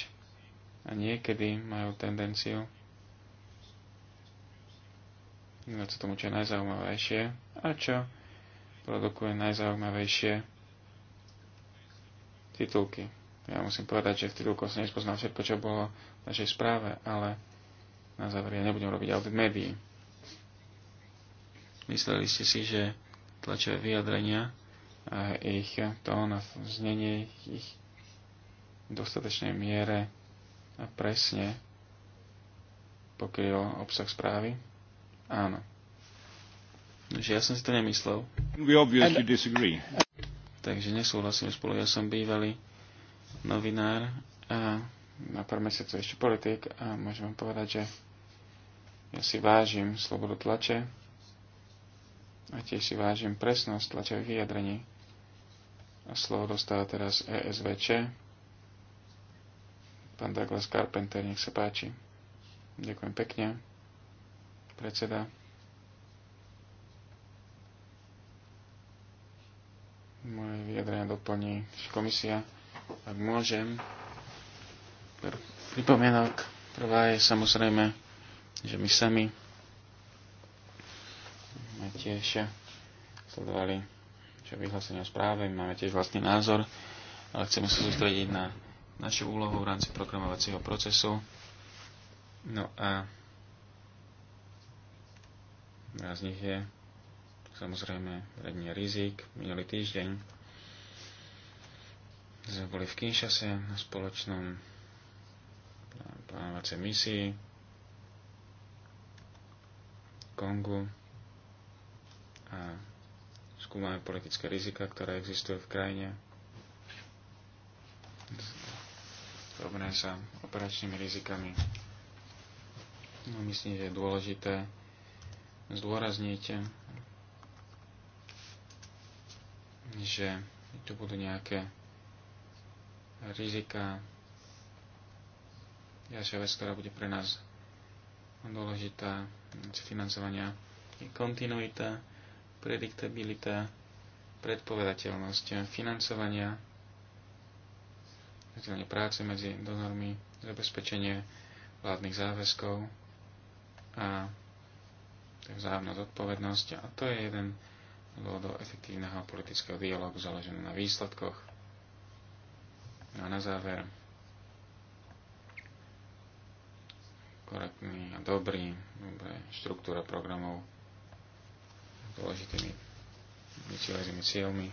a niekedy majú tendenciu venovať sa tomu, čo je najzaujímavejšie a čo produkuje najzaujímavejšie titulky. Ja musím povedať, že v titulku som nespoznal všetko, čo bolo v našej správe, ale na záver ja nebudem robiť audit médií. Mysleli ste si, že tlačové vyjadrenia a ich tón a znenie ich v dostatečnej miere a presne pokryl obsah správy? Áno. Takže ja som si to nemyslel. We obviously disagree. Takže nesúhlasím spolu. Ja som bývalý novinár a na pár mesiacov ešte politik a môžem vám povedať, že ja si vážim slobodu tlače a tiež si vážim presnosť tlačových vyjadrení. A slovo dostáva teraz ESVČ. Pán Douglas Carpenter, nech sa páči. Ďakujem pekne. Predseda. Moje vyjadrenia doplní komisia ak môžem, pripomienok. Prvá je samozrejme, že my sami sme tiež sledovali čo vyhlásenie o správe, my máme tiež vlastný názor, ale chceme sa sústrediť na našu úlohu v rámci programovacieho procesu. No a z nich je samozrejme redenie rizik minulý týždeň sme boli v Kinshase na spoločnom plánovacej misii Kongu a skúmame politické rizika, ktoré existujú v krajine. Robné sa operačnými rizikami. No, myslím, že je dôležité zdôrazniť, že tu budú nejaké rizika. Ďalšia vec, ktorá bude pre nás dôležitá či financovania, je kontinuita, prediktabilita, predpovedateľnosť financovania, rozdelenie práce medzi donormi, zabezpečenie vládnych záväzkov a vzájomná zodpovednosť. A to je jeden dôvodov efektívneho politického dialogu založený na výsledkoch. No a na záver, korektný a dobrý, dobré štruktúra programov dôležitými vysielajúcimi cieľmi.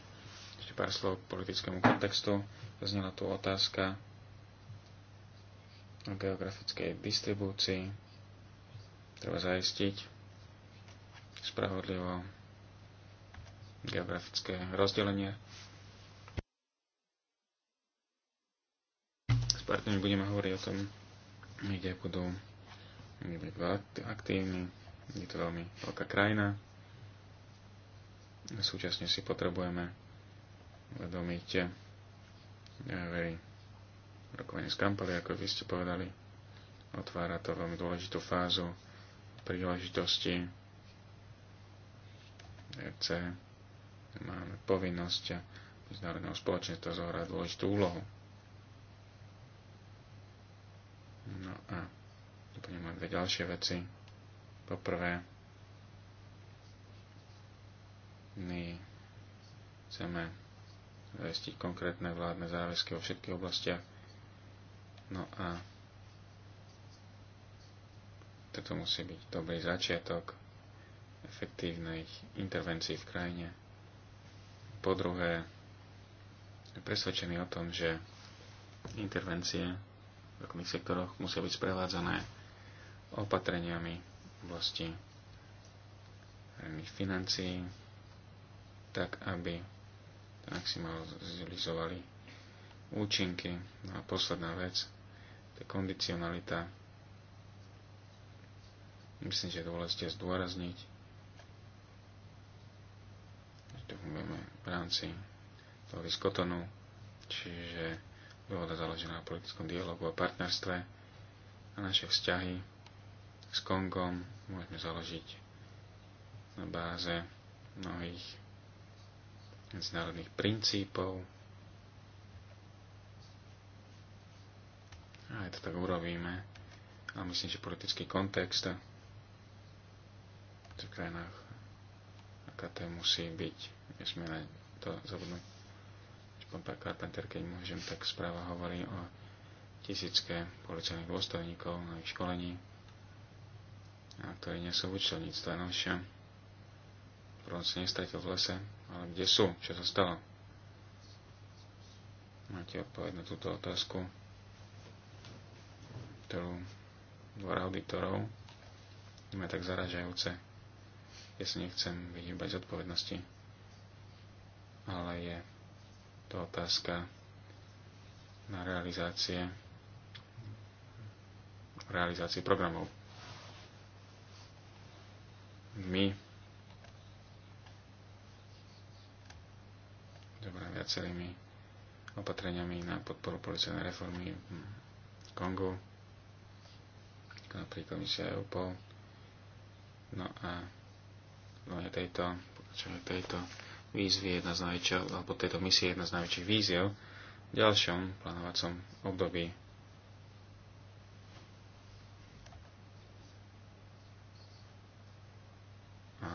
Ešte pár slov k politickému kontextu. Zaznela tu otázka o geografickej distribúcii. Treba zaistiť spravodlivo geografické rozdelenie partnermi budeme hovoriť o tom, kde budú aktívni. Je to veľmi veľká krajina. Súčasne si potrebujeme uvedomiť e, veri rokovanie z Kampaly, ako vy ste povedali. Otvára to veľmi dôležitú fázu príležitosti EC. Máme povinnosť medzinárodného spoločenstva zohrať dôležitú úlohu No a doplňujem len dve ďalšie veci. Poprvé, my chceme zajistiť konkrétne vládne záväzky vo všetkých oblastiach. No a toto musí byť dobrý začiatok efektívnej intervencií v krajine. Po druhé, presvedčený o tom, že intervencie v rôznych sektoroch musia byť sprevádzané opatreniami v oblasti financií, tak aby maximalizovali účinky. No a posledná vec, to je kondicionalita. Myslím, že je dôležité zdôrazniť, že to budeme v rámci toho diskotonu, čiže dohoda založená na politickom dialogu a partnerstve a naše vzťahy s Kongom môžeme založiť na báze mnohých medzinárodných princípov. A aj to tak urobíme. a myslím, že politický kontext v krajinách to musí byť, nesmieme to zabudnúť pán Carpenter, keď môžem, tak správa hovorí o tisícké policajných dôstojníkov na ich školení, a ktorí nie sú v účelníctve, No však, prvom si nestratil v lese, ale kde sú, čo sa stalo? Máte odpoveď na túto otázku, ktorú dvor auditorov je tak zaražajúce. Ja si nechcem vyhýbať zodpovednosti, ale je to otázka na realizácie, realizácie programov. My dobre viacerými opatreniami na podporu policajnej reformy v Kongu, ako napríklad misia EUPOL. No a v tejto, pokračujeme tejto výzvy, jedna z najväčšia, alebo tejto misie jedna z najväčších víziev v ďalšom plánovacom období. A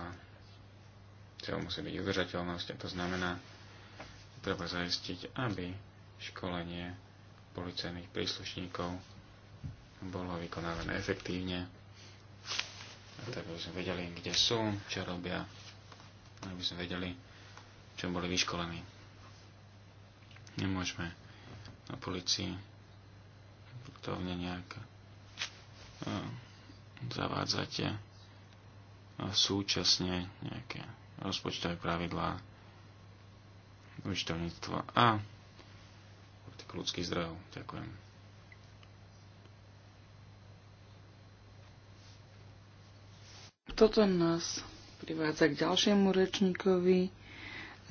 cieľ musí byť udržateľnosť a to znamená, treba zaistiť, aby školenie policajných príslušníkov bolo vykonávané efektívne, tak aby sme vedeli, kde sú, čo robia, aby sme vedeli, čo boli vyškolení. Nemôžeme na policii to nejak e, zavádzať e, súčasne nejaké rozpočtové pravidlá, účtovníctvo a politiku ľudských zdrojov. Ďakujem. Toto nás privádza k ďalšiemu rečníkovi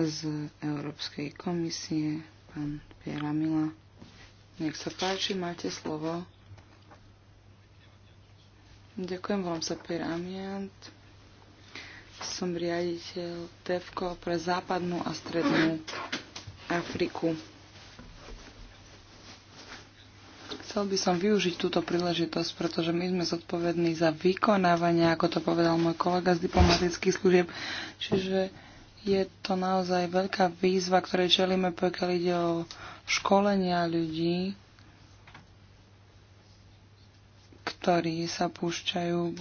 z Európskej komisie, pán Piera Mila. Nech sa páči, máte slovo. Ďakujem, volám sa Pier Amiant. Som riaditeľ TEFCO pre západnú a strednú Afriku. Chcel by som využiť túto príležitosť, pretože my sme zodpovední za vykonávanie, ako to povedal môj kolega z diplomatických služieb. Čiže je to naozaj veľká výzva, ktorej čelíme, pokiaľ ide o školenia ľudí, ktorí sa púšťajú k,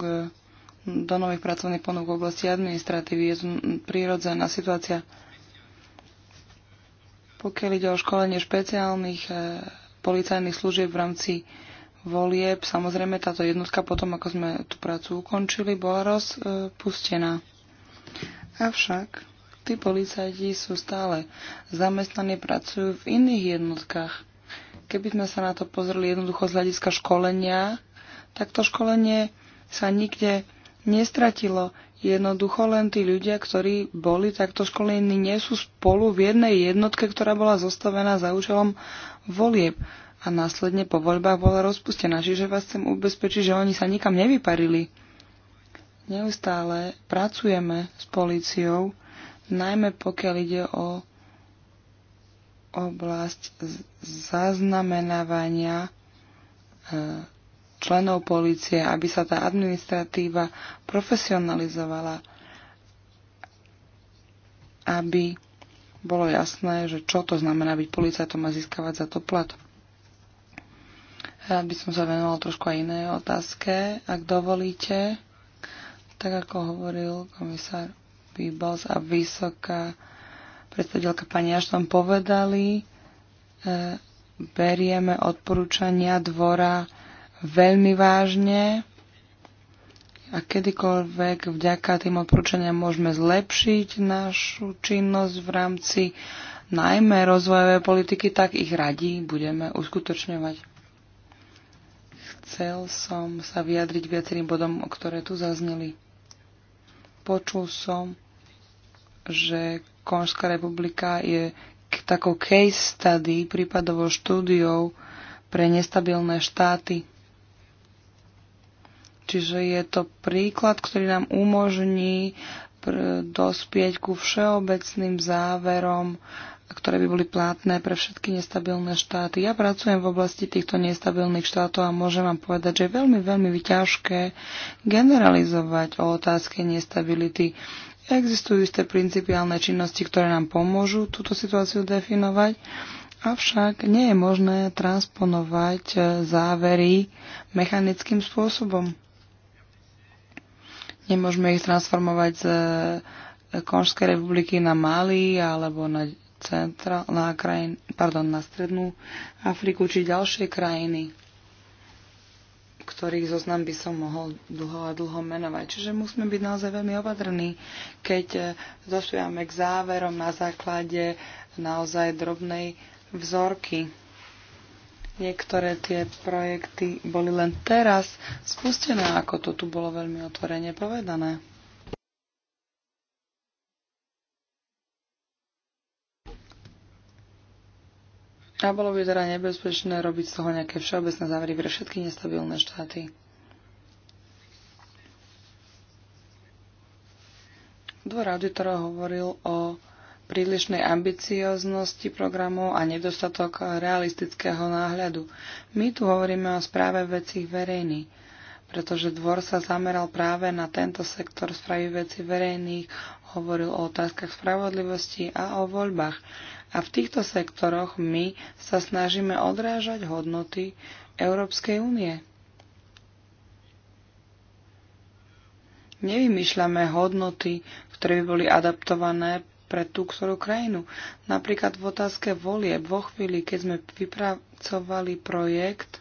do nových pracovných ponúk v oblasti administratívy. Je to prírodzená situácia. Pokiaľ ide o školenie špeciálnych e, policajných služieb v rámci volieb, samozrejme táto jednotka potom, ako sme tú prácu ukončili, bola rozpustená. Avšak tí policajti sú stále zamestnaní, pracujú v iných jednotkách. Keby sme sa na to pozreli jednoducho z hľadiska školenia, tak to školenie sa nikde nestratilo. Jednoducho len tí ľudia, ktorí boli takto školení, nie sú spolu v jednej jednotke, ktorá bola zostavená za účelom volieb a následne po voľbách bola rozpustená. Čiže vás chcem ubezpečiť, že oni sa nikam nevyparili. Neustále pracujeme s policiou najmä pokiaľ ide o oblasť zaznamenávania e, členov policie, aby sa tá administratíva profesionalizovala, aby bolo jasné, že čo to znamená byť policajtom a získavať za to plat. Rád by som sa venoval trošku aj inej otázke, ak dovolíte, tak ako hovoril komisár Bibos a vysoká predstaviteľka pani Ašton povedali, e, berieme odporúčania dvora veľmi vážne a kedykoľvek vďaka tým odporúčaniam môžeme zlepšiť našu činnosť v rámci najmä rozvojovej politiky, tak ich radi budeme uskutočňovať. Chcel som sa vyjadriť viacerým bodom, o ktoré tu zazneli. Počul som, že Konžská republika je takou case study, prípadovou štúdiou pre nestabilné štáty. Čiže je to príklad, ktorý nám umožní dospieť ku všeobecným záverom ktoré by boli platné pre všetky nestabilné štáty. Ja pracujem v oblasti týchto nestabilných štátov a môžem vám povedať, že je veľmi, veľmi ťažké generalizovať o otázke nestability. Existujú isté principiálne činnosti, ktoré nám pomôžu túto situáciu definovať, avšak nie je možné transponovať e, závery mechanickým spôsobom. Nemôžeme ich transformovať z e, Konžskej republiky na Mali alebo na centra, na, krajin, pardon, na strednú Afriku či ďalšie krajiny, ktorých zoznam by som mohol dlho a dlho menovať. Čiže musíme byť naozaj veľmi opatrní, keď eh, dospievame k záverom na základe naozaj drobnej vzorky. Niektoré tie projekty boli len teraz spustené, ako to tu bolo veľmi otvorene povedané. A bolo by teda nebezpečné robiť z toho nejaké všeobecné závery pre všetky nestabilné štáty. Dvor auditorov hovoril o prílišnej ambicioznosti programov a nedostatok realistického náhľadu. My tu hovoríme o správe vecí verejných pretože dvor sa zameral práve na tento sektor spravy veci verejných, hovoril o otázkach spravodlivosti a o voľbách. A v týchto sektoroch my sa snažíme odrážať hodnoty Európskej únie. Nevymýšľame hodnoty, ktoré by boli adaptované pre tú ktorú krajinu. Napríklad v otázke volie vo chvíli, keď sme vypracovali projekt,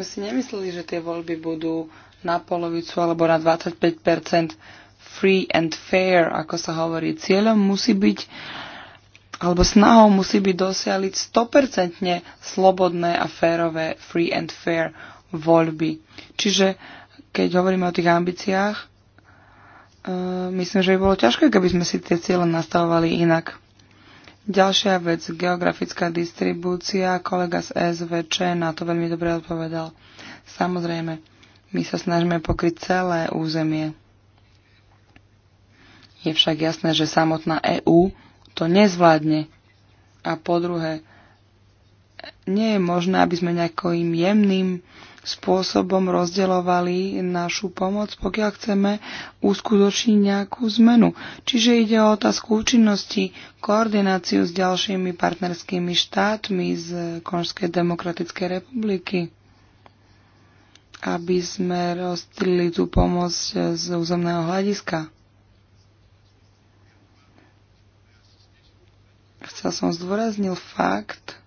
sme si nemysleli, že tie voľby budú na polovicu alebo na 25 free and fair, ako sa hovorí. Cieľom musí byť alebo snahou musí byť dosialiť 100% slobodné a férové free and fair voľby. Čiže keď hovoríme o tých ambíciách, uh, myslím, že by bolo ťažké, keby sme si tie ciele nastavovali inak. Ďalšia vec, geografická distribúcia. Kolega z SVČ na to veľmi dobre odpovedal. Samozrejme, my sa snažíme pokryť celé územie. Je však jasné, že samotná EÚ to nezvládne. A po druhé, nie je možné, aby sme nejakým jemným spôsobom rozdeľovali našu pomoc, pokiaľ chceme uskutočniť nejakú zmenu. Čiže ide o otázku účinnosti, koordináciu s ďalšími partnerskými štátmi z Konžskej demokratickej republiky aby sme rozstrili tú pomoc z územného hľadiska. Chcel som zdôraznil fakt,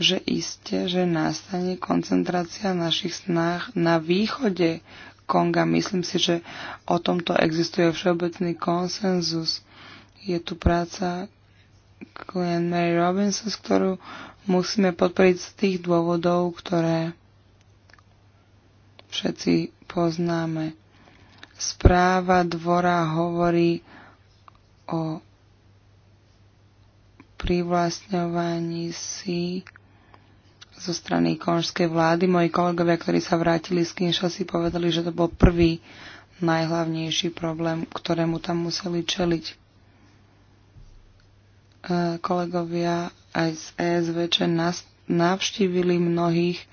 že iste, že nastane koncentrácia našich snách na východe Konga. Myslím si, že o tomto existuje všeobecný konsenzus. Je tu práca Glenn Mary Robinson, ktorú musíme podporiť z tých dôvodov, ktoré všetci poznáme. Správa dvora hovorí o privlastňovaní si zo strany konžskej vlády. Moji kolegovia, ktorí sa vrátili z Kinša, si povedali, že to bol prvý najhlavnejší problém, ktorému tam museli čeliť. E, kolegovia aj z ESVČ navštívili mnohých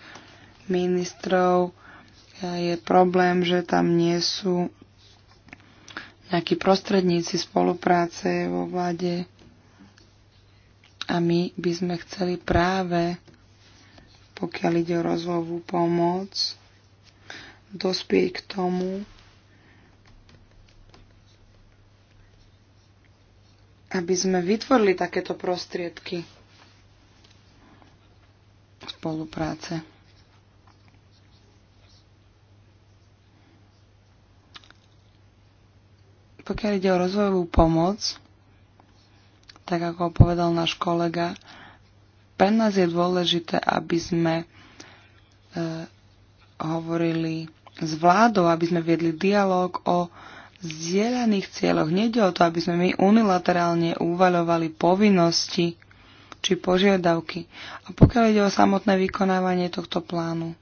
ministrov. E, je problém, že tam nie sú nejakí prostredníci spolupráce vo vláde. A my by sme chceli práve pokiaľ ide o rozvojovú pomoc, dospieť k tomu, aby sme vytvorili takéto prostriedky spolupráce. Pokiaľ ide o rozvojovú pomoc, tak ako povedal náš kolega, pre nás je dôležité, aby sme e, hovorili s vládou, aby sme viedli dialog o zdieľaných cieľoch. Nede o to, aby sme my unilaterálne uvaľovali povinnosti či požiadavky. A pokiaľ ide o samotné vykonávanie tohto plánu,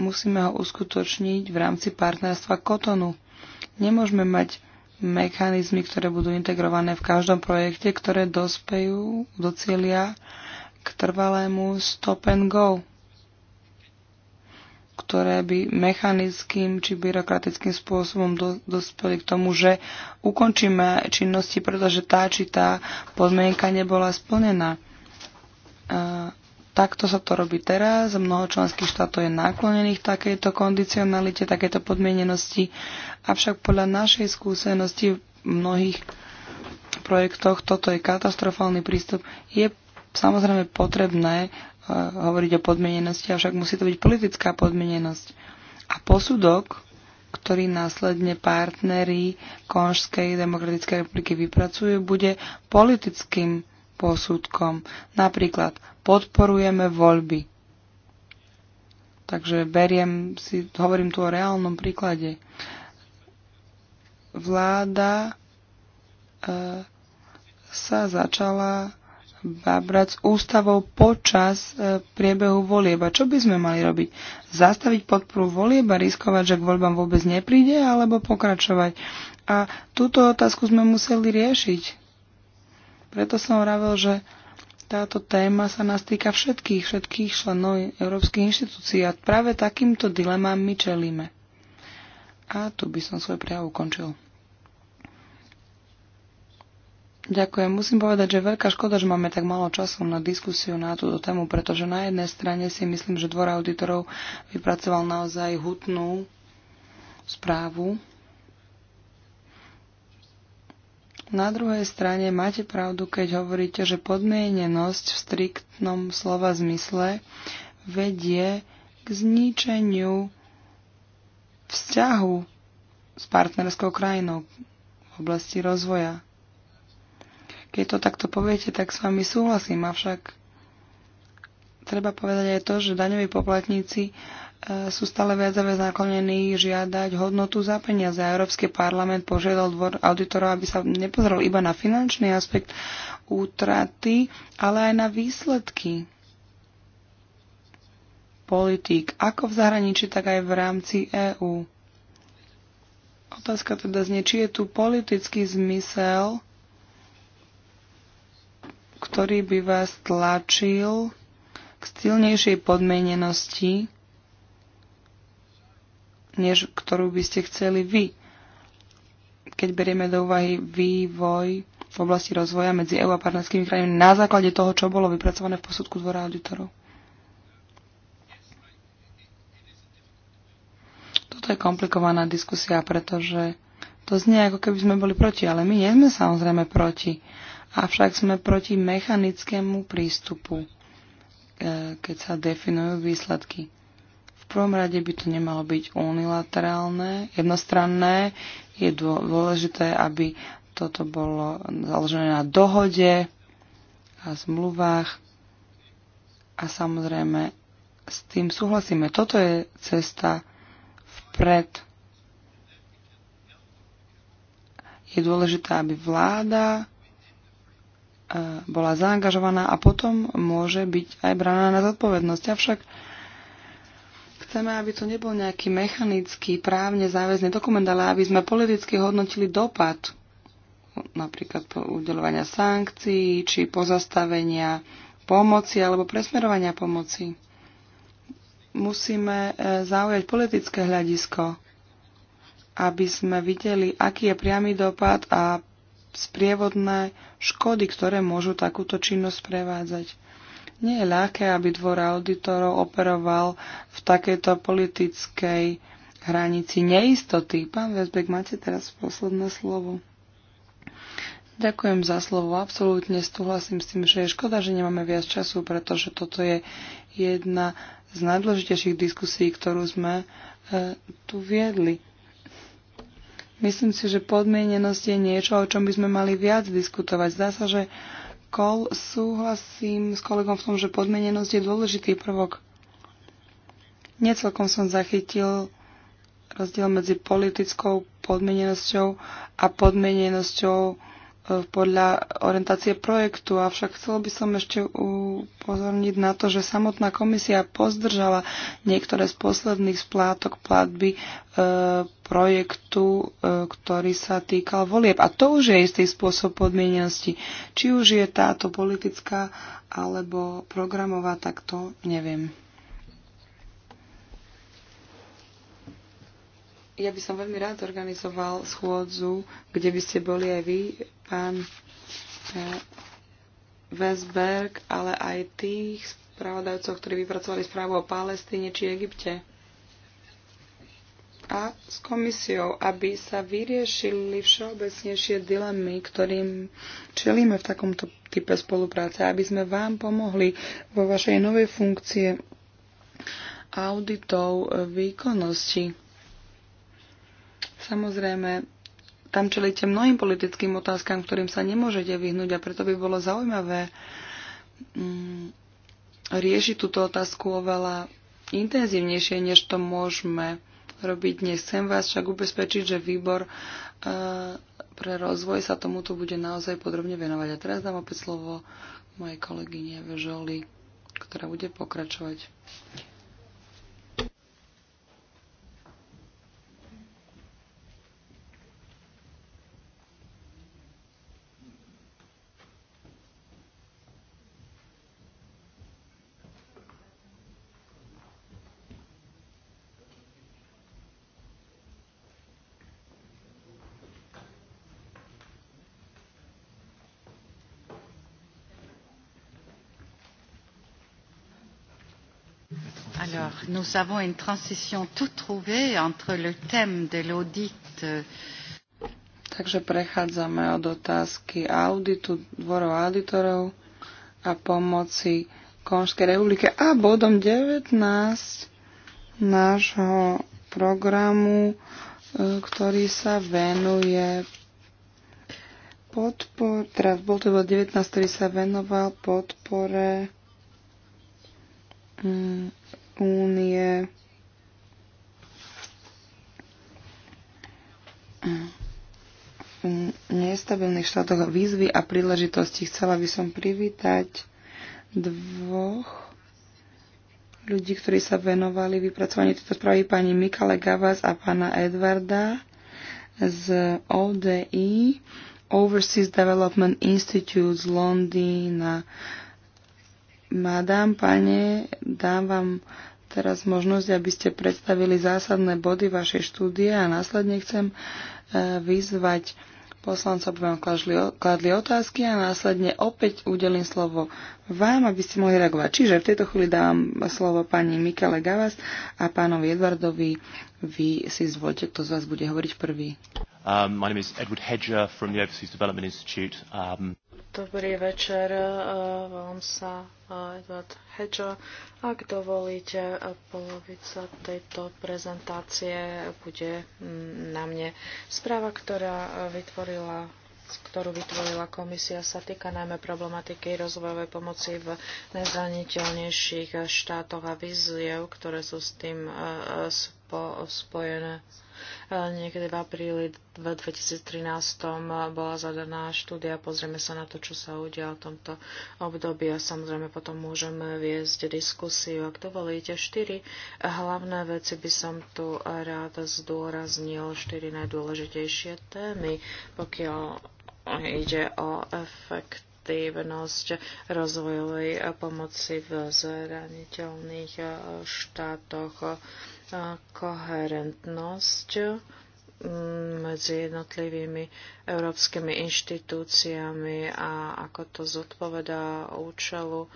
musíme ho uskutočniť v rámci partnerstva Kotonu. Nemôžeme mať mechanizmy, ktoré budú integrované v každom projekte, ktoré dospejú do cieľia k trvalému stop and go, ktoré by mechanickým či byrokratickým spôsobom do, dospeli k tomu, že ukončíme činnosti, pretože tá či tá podmienka nebola splnená. Takto sa to robí teraz. Mnoho členských štátov je naklonených takejto kondicionalite, takéto podmienenosti. Avšak podľa našej skúsenosti v mnohých projektoch toto je katastrofálny prístup. Je samozrejme potrebné e, hovoriť o podmienenosti, avšak musí to byť politická podmienenosť. A posudok, ktorý následne partnery Konžskej demokratickej republiky vypracujú, bude politickým posudkom. Napríklad podporujeme voľby. Takže beriem si, hovorím tu o reálnom príklade. Vláda e, sa začala babrať s ústavou počas e, priebehu volieba. Čo by sme mali robiť? Zastaviť podporu volieba, riskovať, že k voľbám vôbec nepríde, alebo pokračovať? A túto otázku sme museli riešiť. Preto som hovoril, že táto téma sa nás týka všetkých, všetkých členov európskych inštitúcií a práve takýmto dilemám my čelíme. A tu by som svoj prejav ukončil. Ďakujem. Musím povedať, že veľká škoda, že máme tak málo času na diskusiu na túto tému, pretože na jednej strane si myslím, že dvor auditorov vypracoval naozaj hutnú správu, Na druhej strane máte pravdu, keď hovoríte, že podmienenosť v striktnom slova zmysle vedie k zničeniu vzťahu s partnerskou krajinou v oblasti rozvoja. Keď to takto poviete, tak s vami súhlasím, avšak treba povedať aj to, že daňoví poplatníci sú stále viac a viac naklonení žiadať hodnotu za peniaze. Európsky parlament požiadal dvor auditorov, aby sa nepozeral iba na finančný aspekt útraty, ale aj na výsledky politík, ako v zahraničí, tak aj v rámci EÚ. Otázka teda znie, či je tu politický zmysel, ktorý by vás tlačil k silnejšej podmenenosti než ktorú by ste chceli vy. Keď berieme do úvahy vývoj v oblasti rozvoja medzi EU a partnerskými krajinami na základe toho, čo bolo vypracované v posudku dvora auditorov. Toto je komplikovaná diskusia, pretože to znie ako keby sme boli proti, ale my nie sme samozrejme proti. Avšak sme proti mechanickému prístupu, e, keď sa definujú výsledky prvom rade by to nemalo byť unilaterálne, jednostranné. Je dôležité, aby toto bolo založené na dohode a zmluvách. A samozrejme, s tým súhlasíme. Toto je cesta vpred. Je dôležité, aby vláda e, bola zaangažovaná a potom môže byť aj braná na zodpovednosť. Avšak Chceme, aby to nebol nejaký mechanický, právne záväzný dokument, ale aby sme politicky hodnotili dopad napríklad po udelovania sankcií, či pozastavenia pomoci alebo presmerovania pomoci. Musíme e, zaujať politické hľadisko, aby sme videli, aký je priamy dopad a sprievodné škody, ktoré môžu takúto činnosť prevádzať. Nie je ľahké, aby dvor auditorov operoval v takejto politickej hranici neistoty. Pán Vesbek, máte teraz posledné slovo. Ďakujem za slovo. Absolútne súhlasím s tým, že je škoda, že nemáme viac času, pretože toto je jedna z najdôležitejších diskusí, ktorú sme e, tu viedli. Myslím si, že podmienenosť je niečo, o čom by sme mali viac diskutovať. Zdá sa, že kol súhlasím s kolegom v tom, že podmenenosť je dôležitý prvok. Necelkom som zachytil rozdiel medzi politickou podmenenosťou a podmenenosťou E, podľa orientácie projektu, avšak chcel by som ešte upozorniť na to, že samotná komisia pozdržala niektoré z posledných splátok platby e, projektu, e, ktorý sa týkal volieb. A to už je istý spôsob podmienenosti. Či už je táto politická alebo programová, tak to neviem. Ja by som veľmi rád organizoval schôdzu, kde by ste boli aj vy, pán Vesberg, eh, ale aj tých spravodajcov, ktorí vypracovali správu o Palestíne či Egypte a s komisiou, aby sa vyriešili všeobecnejšie dilemy, ktorým čelíme v takomto type spolupráce, aby sme vám pomohli vo vašej novej funkcie auditov eh, výkonnosti. Samozrejme, tam čelíte mnohým politickým otázkam, ktorým sa nemôžete vyhnúť a preto by bolo zaujímavé mm, riešiť túto otázku oveľa intenzívnejšie, než to môžeme robiť dnes. Chcem vás však ubezpečiť, že výbor e, pre rozvoj sa tomuto bude naozaj podrobne venovať. A teraz dám opäť slovo mojej kolegyne Vežoli, ktorá bude pokračovať. nous avons une transition tout trouvée entre le thème de l'audit. Euh, Takže prechádzame od otázky auditu, dvorov auditorov a pomoci Konžskej republike a bodom 19 nášho programu, e, ktorý sa venuje podpor, teraz bol to 19, ktorý sa venoval podpore mm, únie. V nestabilných štátoch výzvy a príležitosti chcela by som privítať dvoch ľudí, ktorí sa venovali vypracovaniu tejto správy, pani Mikale Gavas a pána Edvarda z ODI, Overseas Development Institute z Londýna. Madám, pane, dám vám teraz možnosť, aby ste predstavili zásadné body vašej štúdie a následne chcem e, vyzvať poslancov, aby vám kladli otázky a následne opäť udelím slovo vám, aby ste mohli reagovať. Čiže v tejto chvíli dávam slovo pani Mikale Gavas a pánovi Edvardovi. Vy si zvolte, kto z vás bude hovoriť prvý. Um, my name is Edward Hedger from the Overseas Development Institute. Um, Dobrý večer, uh, volám sa uh, Edward Hedger. Ak dovolíte, uh, polovica tejto prezentácie bude mm, na mne. Správa, ktorá vytvorila ktorú vytvorila komisia, sa týka najmä problematiky rozvojovej pomoci v nezraniteľnejších štátoch a víziev, ktoré sú s tým spojené Niekedy v apríli v 2013 bola zadaná štúdia, pozrieme sa na to, čo sa udia v tomto období a samozrejme potom môžeme viesť diskusiu. Ak dovolíte, štyri hlavné veci by som tu rád zdôraznil, štyri najdôležitejšie témy, pokiaľ ide o efekt efektívnosť rozvojovej pomoci v zraniteľných štátoch koherentnosť mm, medzi jednotlivými európskymi inštitúciami a ako to zodpovedá účelu e,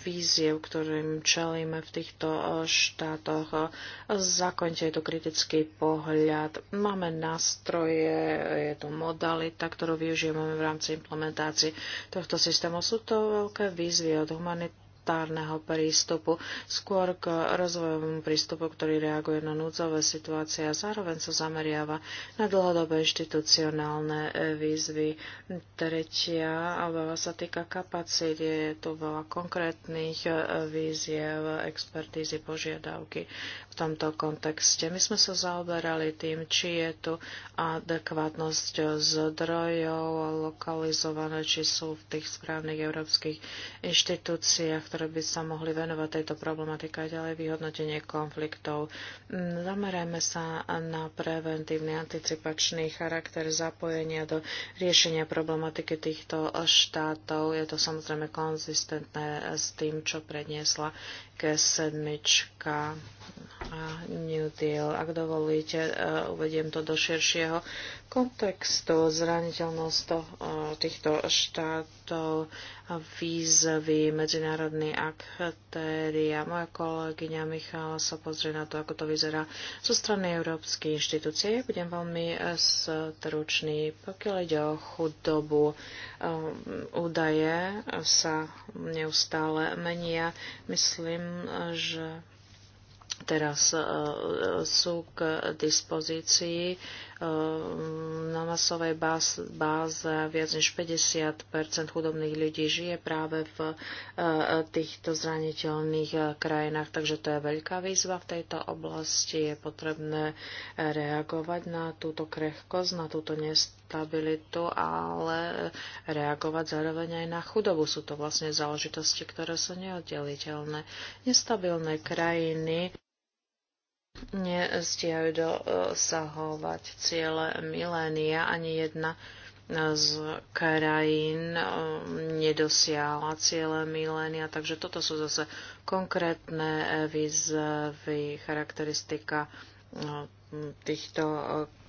víziev, ktorým čelíme v týchto e, štátoch. Zakoňte je tu kritický pohľad. Máme nástroje, je tu modalita, ktorú využívame v rámci implementácie tohto systému. Sú to veľké výzvy od humanitárnych komunitárneho prístupu, skôr k rozvojovému prístupu, ktorý reaguje na núdzové situácie a zároveň sa zameriava na dlhodobé inštitucionálne e, výzvy. Tretia obava sa týka kapacít, je tu veľa konkrétnych e, výziev, expertízy, požiadavky v tomto kontexte. My sme sa zaoberali tým, či je tu adekvátnosť zdrojov lokalizované, či sú v tých správnych európskych inštitúciách, ktoré by sa mohli venovať tejto problematike a ďalej vyhodnotenie konfliktov. Mm, Zamerajme sa na preventívny anticipačný charakter zapojenia do riešenia problematiky týchto štátov. Je to samozrejme konzistentné s tým, čo predniesla G7 New Deal. Ak dovolíte, e, uvediem to do širšieho kontextu. Zraniteľnosť e, týchto štátov, výzvy, medzinárodní aktéry a moja kolegyňa Michála sa pozrie na to, ako to vyzerá zo strany Európskej inštitúcie. Ja budem veľmi e, stručný. Pokiaľ ide o chudobu, údaje sa neustále menia. Myslím, že teraz e, sú k dispozícii e, na masovej báze viac než 50 chudobných ľudí žije práve v e, týchto zraniteľných krajinách, takže to je veľká výzva v tejto oblasti. Je potrebné reagovať na túto krehkosť, na túto nestabilitu, ale reagovať zároveň aj na chudobu. Sú to vlastne záležitosti, ktoré sú neoddeliteľné. Nestabilné krajiny nestiajú dosahovať ciele milénia. Ani jedna z krajín um, nedosiahla ciele milénia. Takže toto sú zase konkrétne výzvy, charakteristika um, týchto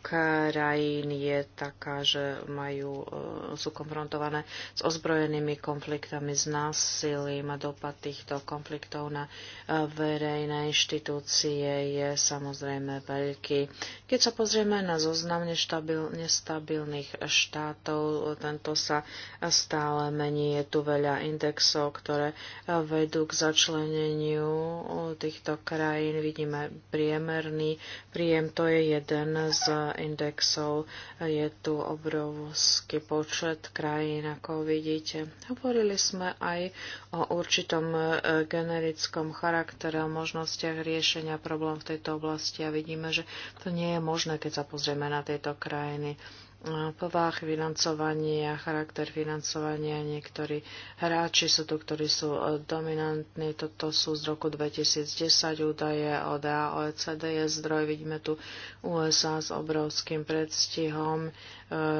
krajín je taká, že majú, e, sú konfrontované s ozbrojenými konfliktami, s násilím a dopad týchto konfliktov na e, verejné inštitúcie je samozrejme veľký. Keď sa pozrieme na zoznam nestabilných štátov, tento sa stále mení. Je tu veľa indexov, ktoré e, vedú k začleneniu týchto krajín. Vidíme priemerný príjem, to je jeden z indexov. Je tu obrovský počet krajín, ako vidíte. Hovorili sme aj o určitom e, generickom charaktere, o možnostiach riešenia problém v tejto oblasti a vidíme, že to nie je možné, keď sa pozrieme na tieto krajiny povách financovania, charakter financovania. Niektorí hráči sú tu, ktorí sú e, dominantní. Toto sú z roku 2010 údaje od OECD je zdroj. Vidíme tu USA s obrovským predstihom. E,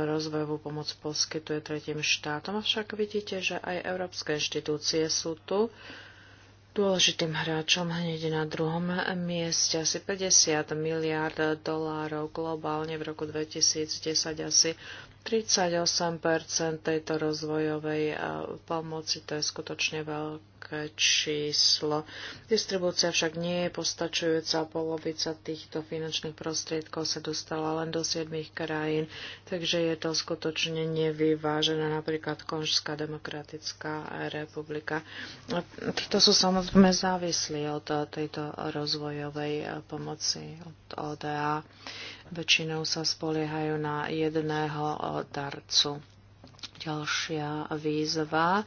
rozvojovú pomoc poskytuje tretím štátom. Avšak vidíte, že aj európske inštitúcie sú tu dôležitým hráčom hneď na druhom mieste. Asi 50 miliard dolárov globálne v roku 2010 asi 38 tejto rozvojovej eh, pomoci, to je skutočne veľké číslo. Distribúcia však nie je postačujúca, polovica týchto finančných prostriedkov sa dostala len do 7 krajín, takže je to skutočne nevyvážené, napríklad Konžská demokratická republika. Títo sú samozrejme závislí od tejto rozvojovej eh, pomoci, od ODA. Väčšinou sa spoliehajú na jedného darcu. Ďalšia výzva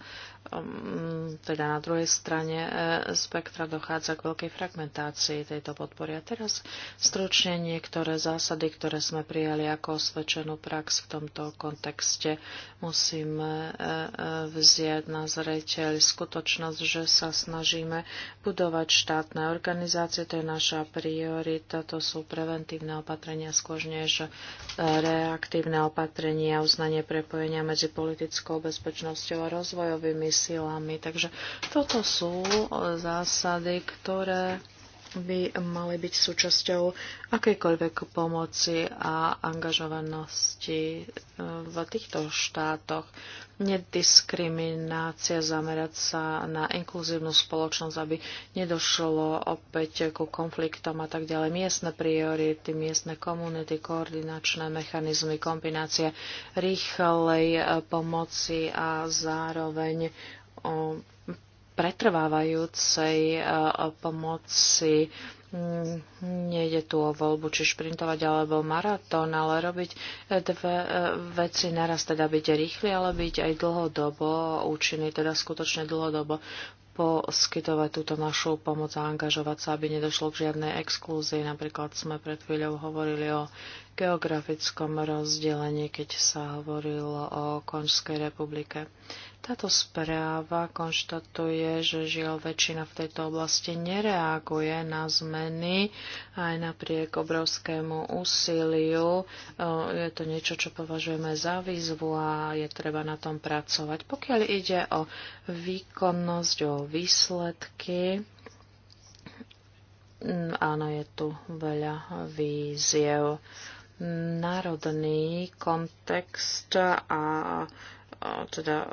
Ehm, teda na druhej strane e, spektra dochádza k veľkej fragmentácii tejto podpory. A teraz stručne niektoré zásady, ktoré sme prijali ako osvedčenú prax v tomto kontexte, musíme e, e, vziať na zreteľ skutočnosť, že sa snažíme budovať štátne organizácie. To je naša priorita. To sú preventívne opatrenia skôr než reaktívne opatrenia, uznanie prepojenia medzi politickou bezpečnosťou a rozvojovými silami. Takže toto sú e, zásady, ktoré by mali byť súčasťou akejkoľvek pomoci a angažovanosti e, v týchto štátoch. Nediskriminácia, zamerať sa na inkluzívnu spoločnosť, aby nedošlo opäť ku konfliktom a tak ďalej. Miestne priority, miestne komunity, koordinačné mechanizmy, kombinácia rýchlej e, pomoci a zároveň pretrvávajúcej e, pomoci. Mm, nejde tu o voľbu, či šprintovať alebo maratón, ale robiť e, dve e, veci naraz, teda byť rýchly, ale byť aj dlhodobo účinný, teda skutočne dlhodobo poskytovať túto našu pomoc a angažovať sa, aby nedošlo k žiadnej exklúzii. Napríklad sme pred chvíľou hovorili o geografickom rozdelení, keď sa hovorilo o Konžskej republike. Táto správa konštatuje, že žiaľ väčšina v tejto oblasti nereaguje na zmeny aj napriek obrovskému úsiliu. Je to niečo, čo považujeme za výzvu a je treba na tom pracovať. Pokiaľ ide o výkonnosť, o výsledky, áno, je tu veľa víziev. Národný kontext a teda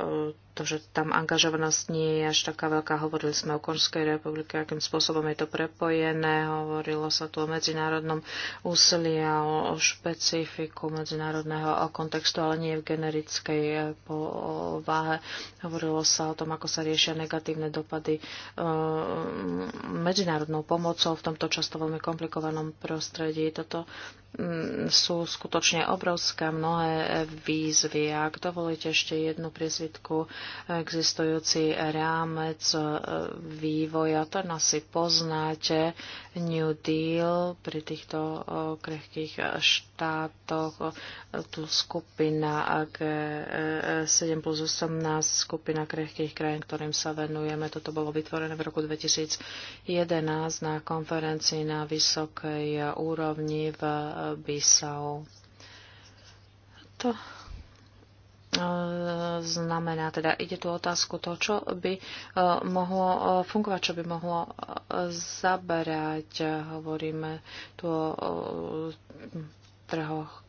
to, že tam angažovanosť nie je až taká veľká. Hovorili sme o Konžskej republike, akým spôsobom je to prepojené. Hovorilo sa tu o medzinárodnom úsilí a o, o špecifiku medzinárodného kontextu, ale nie v generickej eh, povahe. Hovorilo sa o tom, ako sa riešia negatívne dopady e, medzinárodnou pomocou v tomto často veľmi komplikovanom prostredí. Toto mm, sú skutočne obrovské mnohé výzvy. Ak dovolíte ešte jednu priezvitku, existujúci rámec e, vývoja. to asi poznáte. New Deal pri týchto e, krehkých štátoch, e, tu skupina G7 plus 18, skupina krehkých krajín, ktorým sa venujeme. Toto bolo vytvorené v roku 2011 na konferencii na vysokej úrovni v Bissau znamená. Teda ide tu otázku to, čo by e, mohlo e, fungovať, čo by mohlo e, zaberať. Hovoríme tu o trhoch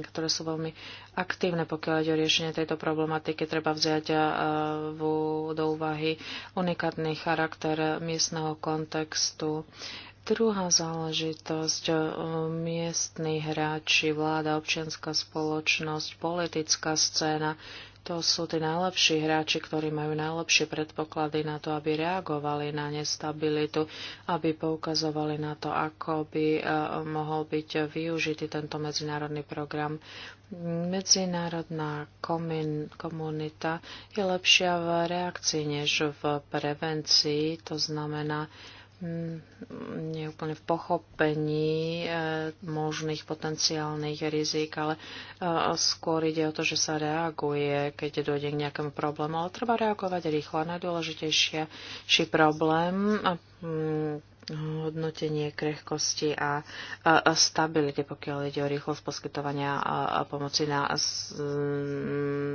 ktoré sú veľmi aktívne, pokiaľ ide o riešenie tejto problematiky. Treba vziať do úvahy unikátny charakter miestneho kontextu Druhá záležitosť, e, miestni hráči, vláda, občianská spoločnosť, politická scéna, to sú tí najlepší hráči, ktorí majú najlepšie predpoklady na to, aby reagovali na nestabilitu, aby poukazovali na to, ako by e, mohol byť využitý tento medzinárodný program. Medzinárodná komunita je lepšia v reakcii než v prevencii, to znamená, Mm, neúplne v pochopení eh, možných potenciálnych rizik, ale eh, skôr ide o to, že sa reaguje, keď dojde k nejakému problému. Ale treba reagovať rýchlo. Najdôležitejší problém mm, hodnotenie krehkosti a stability, pokiaľ ide o rýchlosť poskytovania a pomoci na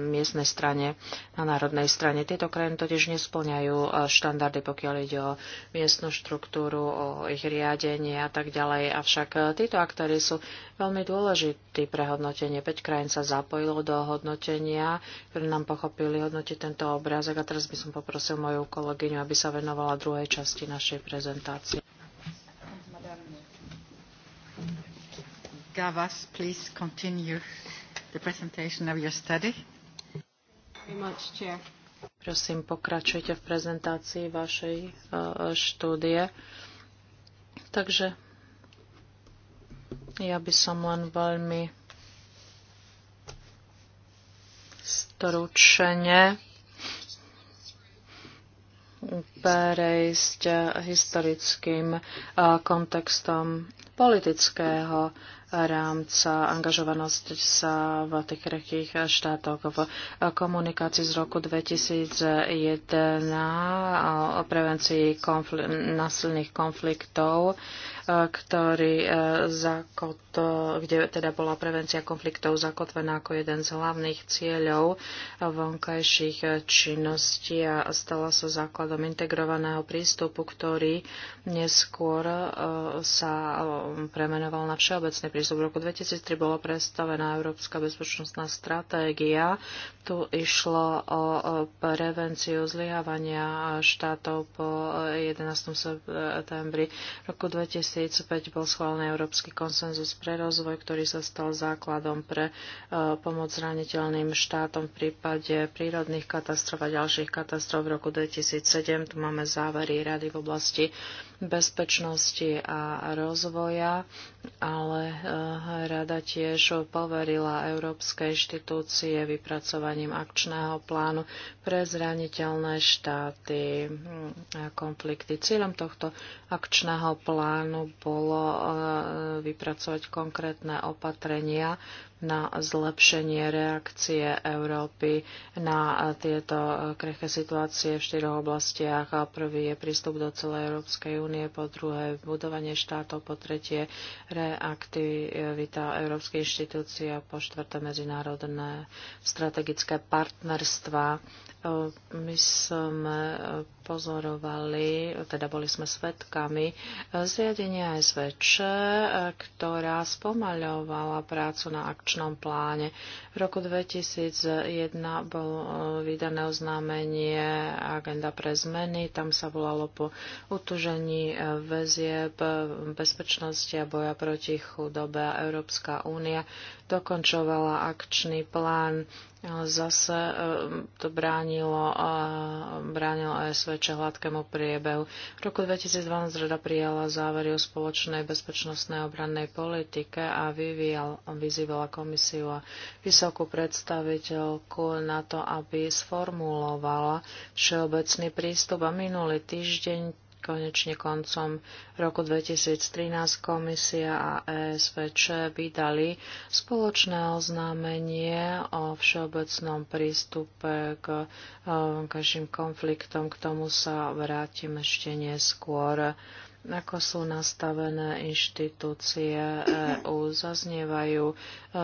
miestnej strane, na národnej strane. Tieto krajiny totiž nesplňajú štandardy, pokiaľ ide o miestnu štruktúru, o ich riadenie a tak ďalej. Avšak e, títo aktéry sú veľmi dôležití pre hodnotenie. 5 krajín sa zapojilo do hodnotenia, ktoré nám pochopili hodnotiť tento obrázok. A teraz by som poprosil moju kolegyňu, aby sa venovala druhej časti našej prezentácie. Gavas, please continue the presentation of your study. Much, Prosím, pokračujte v prezentácii vašej uh, štúdie. Takže ja by som len veľmi stručne prejsť historickým uh, kontextom politického uh, rámca angažovanosť sa v tých rekých štátoch. V komunikácii z roku 2001 o prevencii konfl- násilných konfliktov E, ktorý e, zakot, kde teda bola prevencia konfliktov zakotvená ako jeden z hlavných cieľov vonkajších e, činností a stala sa základom integrovaného prístupu, ktorý neskôr sa premenoval na všeobecný prístup. V roku 2003 bola predstavená Európska bezpečnostná stratégia. Tu išlo o prevenciu zlyhávania štátov po 11. septembri roku 2000 2005 bol schválený Európsky konsenzus pre rozvoj, ktorý sa stal základom pre e, pomoc zraniteľným štátom v prípade prírodných katastrof a ďalších katastrof v roku 2007. Tu máme závery rady v oblasti bezpečnosti a rozvoja, ale eh, rada tiež poverila Európske inštitúcie vypracovaním akčného plánu pre zraniteľné štáty a hm, konflikty. Cieľom tohto akčného plánu bolo eh, vypracovať konkrétne opatrenia na zlepšenie reakcie Európy na tieto krehké situácie v štyroch oblastiach. Prvý je prístup do celej Európskej únie, po druhé budovanie štátov, po tretie reaktivita Európskej inštitúcie a po štvrté medzinárodné strategické partnerstva. My sme pozorovali, teda boli sme svetkami zriadenia SVČ, ktorá spomaľovala prácu na akčnom ročnom pláne. V roku 2001 bolo e, vydané oznámenie Agenda pre zmeny. Tam sa volalo po utužení e, väzieb, e, bezpečnosti a boja proti chudobe a Európska únia dokončovala akčný plán. Zase eh, to bránilo, eh, bránilo SVČ hladkému priebehu. V roku 2012 rada prijala závery o spoločnej bezpečnostnej obrannej politike a vyvíjal, vyzývala komisiu a vysokú predstaviteľku na to, aby sformulovala všeobecný prístup. A minulý týždeň Konečne koncom roku 2013 komisia a ESVČ vydali spoločné oznámenie o všeobecnom prístupe k vonkajším e, konfliktom. K tomu sa vrátim ešte neskôr ako sú nastavené inštitúcie EÚ. Zaznievajú e,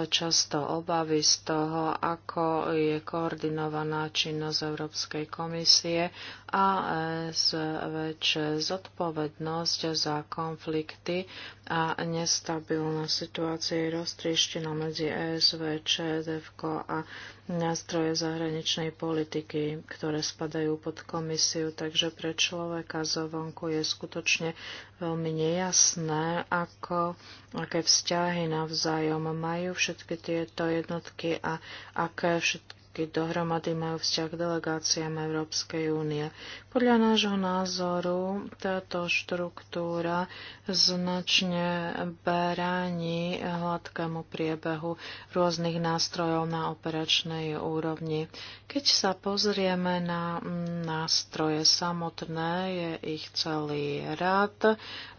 často obavy z toho, ako je koordinovaná činnosť Európskej komisie a e, SVČ zodpovednosť za konflikty a nestabilná situácia je roztrieštená medzi e SVČ, DEVKO a nástroje zahraničnej politiky, ktoré spadajú pod komisiu, takže pre človeka zovonku je skutočne veľmi nejasné, ako, aké vzťahy navzájom majú všetky tieto jednotky a aké všetky všetky dohromady majú vzťah k delegáciám Európskej únie. Podľa nášho názoru táto štruktúra značne bráni hladkému priebehu rôznych nástrojov na operačnej úrovni. Keď sa pozrieme na nástroje samotné, je ich celý rad,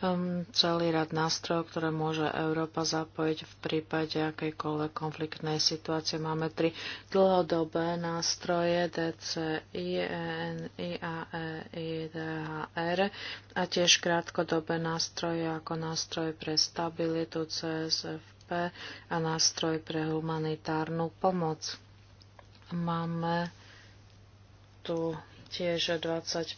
um, celý rad nástrojov, ktoré môže Európa zapojiť v prípade akejkoľvek konfliktnej situácie. Máme tri dlhodobé dlhodobé nástroje DCI, ENI a EIDHR a tiež krátkodobé nástroje ako nástroj pre stabilitu CSFP a nástroj pre humanitárnu pomoc. Máme tu tiež 25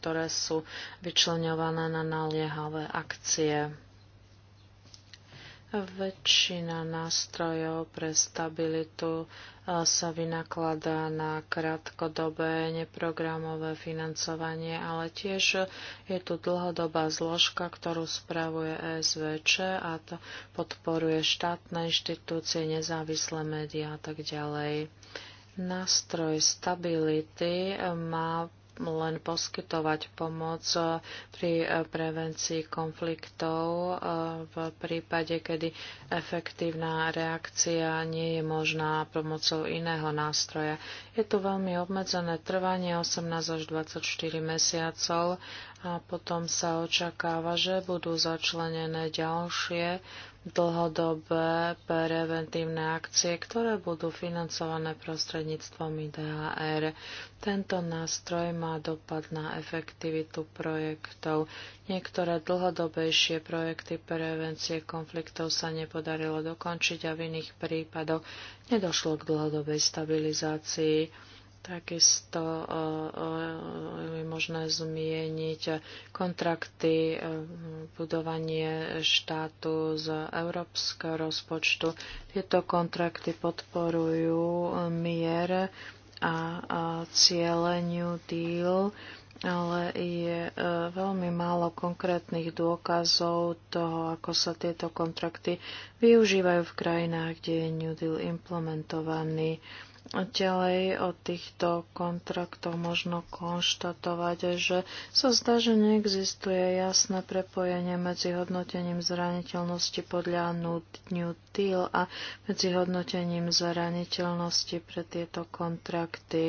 ktoré sú vyčlenované na naliehavé akcie. Väčšina nástrojov pre stabilitu sa vynakladá na krátkodobé neprogramové financovanie, ale tiež je tu dlhodobá zložka, ktorú spravuje SVČ a to podporuje štátne inštitúcie, nezávislé médiá a tak ďalej. Nástroj stability má len poskytovať pomoc eh, pri eh, prevencii konfliktov eh, v prípade, kedy efektívna reakcia nie je možná pomocou iného nástroja. Je tu veľmi obmedzené trvanie 18 až 24 mesiacov a potom sa očakáva, že budú začlenené ďalšie dlhodobé preventívne akcie, ktoré budú financované prostredníctvom IDHR. Tento nástroj má dopad na efektivitu projektov. Niektoré dlhodobejšie projekty prevencie konfliktov sa nepodarilo dokončiť a v iných prípadoch nedošlo k dlhodobej stabilizácii. Takisto e, e, je možné zmieniť kontrakty, e, budovanie štátu z európskeho rozpočtu. Tieto kontrakty podporujú mier a ciele New Deal, ale je veľmi málo konkrétnych dôkazov toho, ako sa tieto kontrakty využívajú v krajinách, kde je New Deal implementovaný. Ďalej od týchto kontraktov možno konštatovať, že sa zdá, že neexistuje jasné prepojenie medzi hodnotením zraniteľnosti podľa New Deal a medzi hodnotením zraniteľnosti pre tieto kontrakty.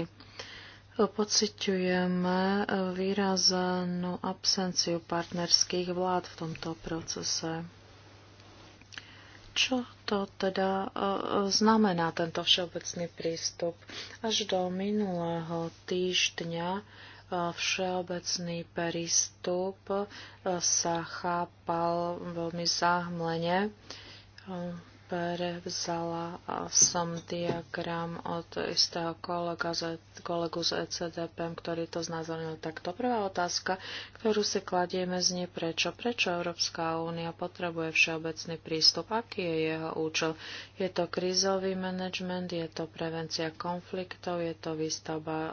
Pociťujeme výraznú absenciu partnerských vlád v tomto procese. Čo to teda e, znamená tento všeobecný prístup? Až do minulého týždňa e, všeobecný prístup e, sa chápal veľmi záhmlene prevzala som diagram od istého kolega z, e- kolegu z ECDP, ktorý to znázornil takto. Prvá otázka, ktorú si kladieme nie prečo. Prečo Európska únia potrebuje všeobecný prístup? Aký je jeho účel? Je to krízový management, je to prevencia konfliktov, je to výstavba e,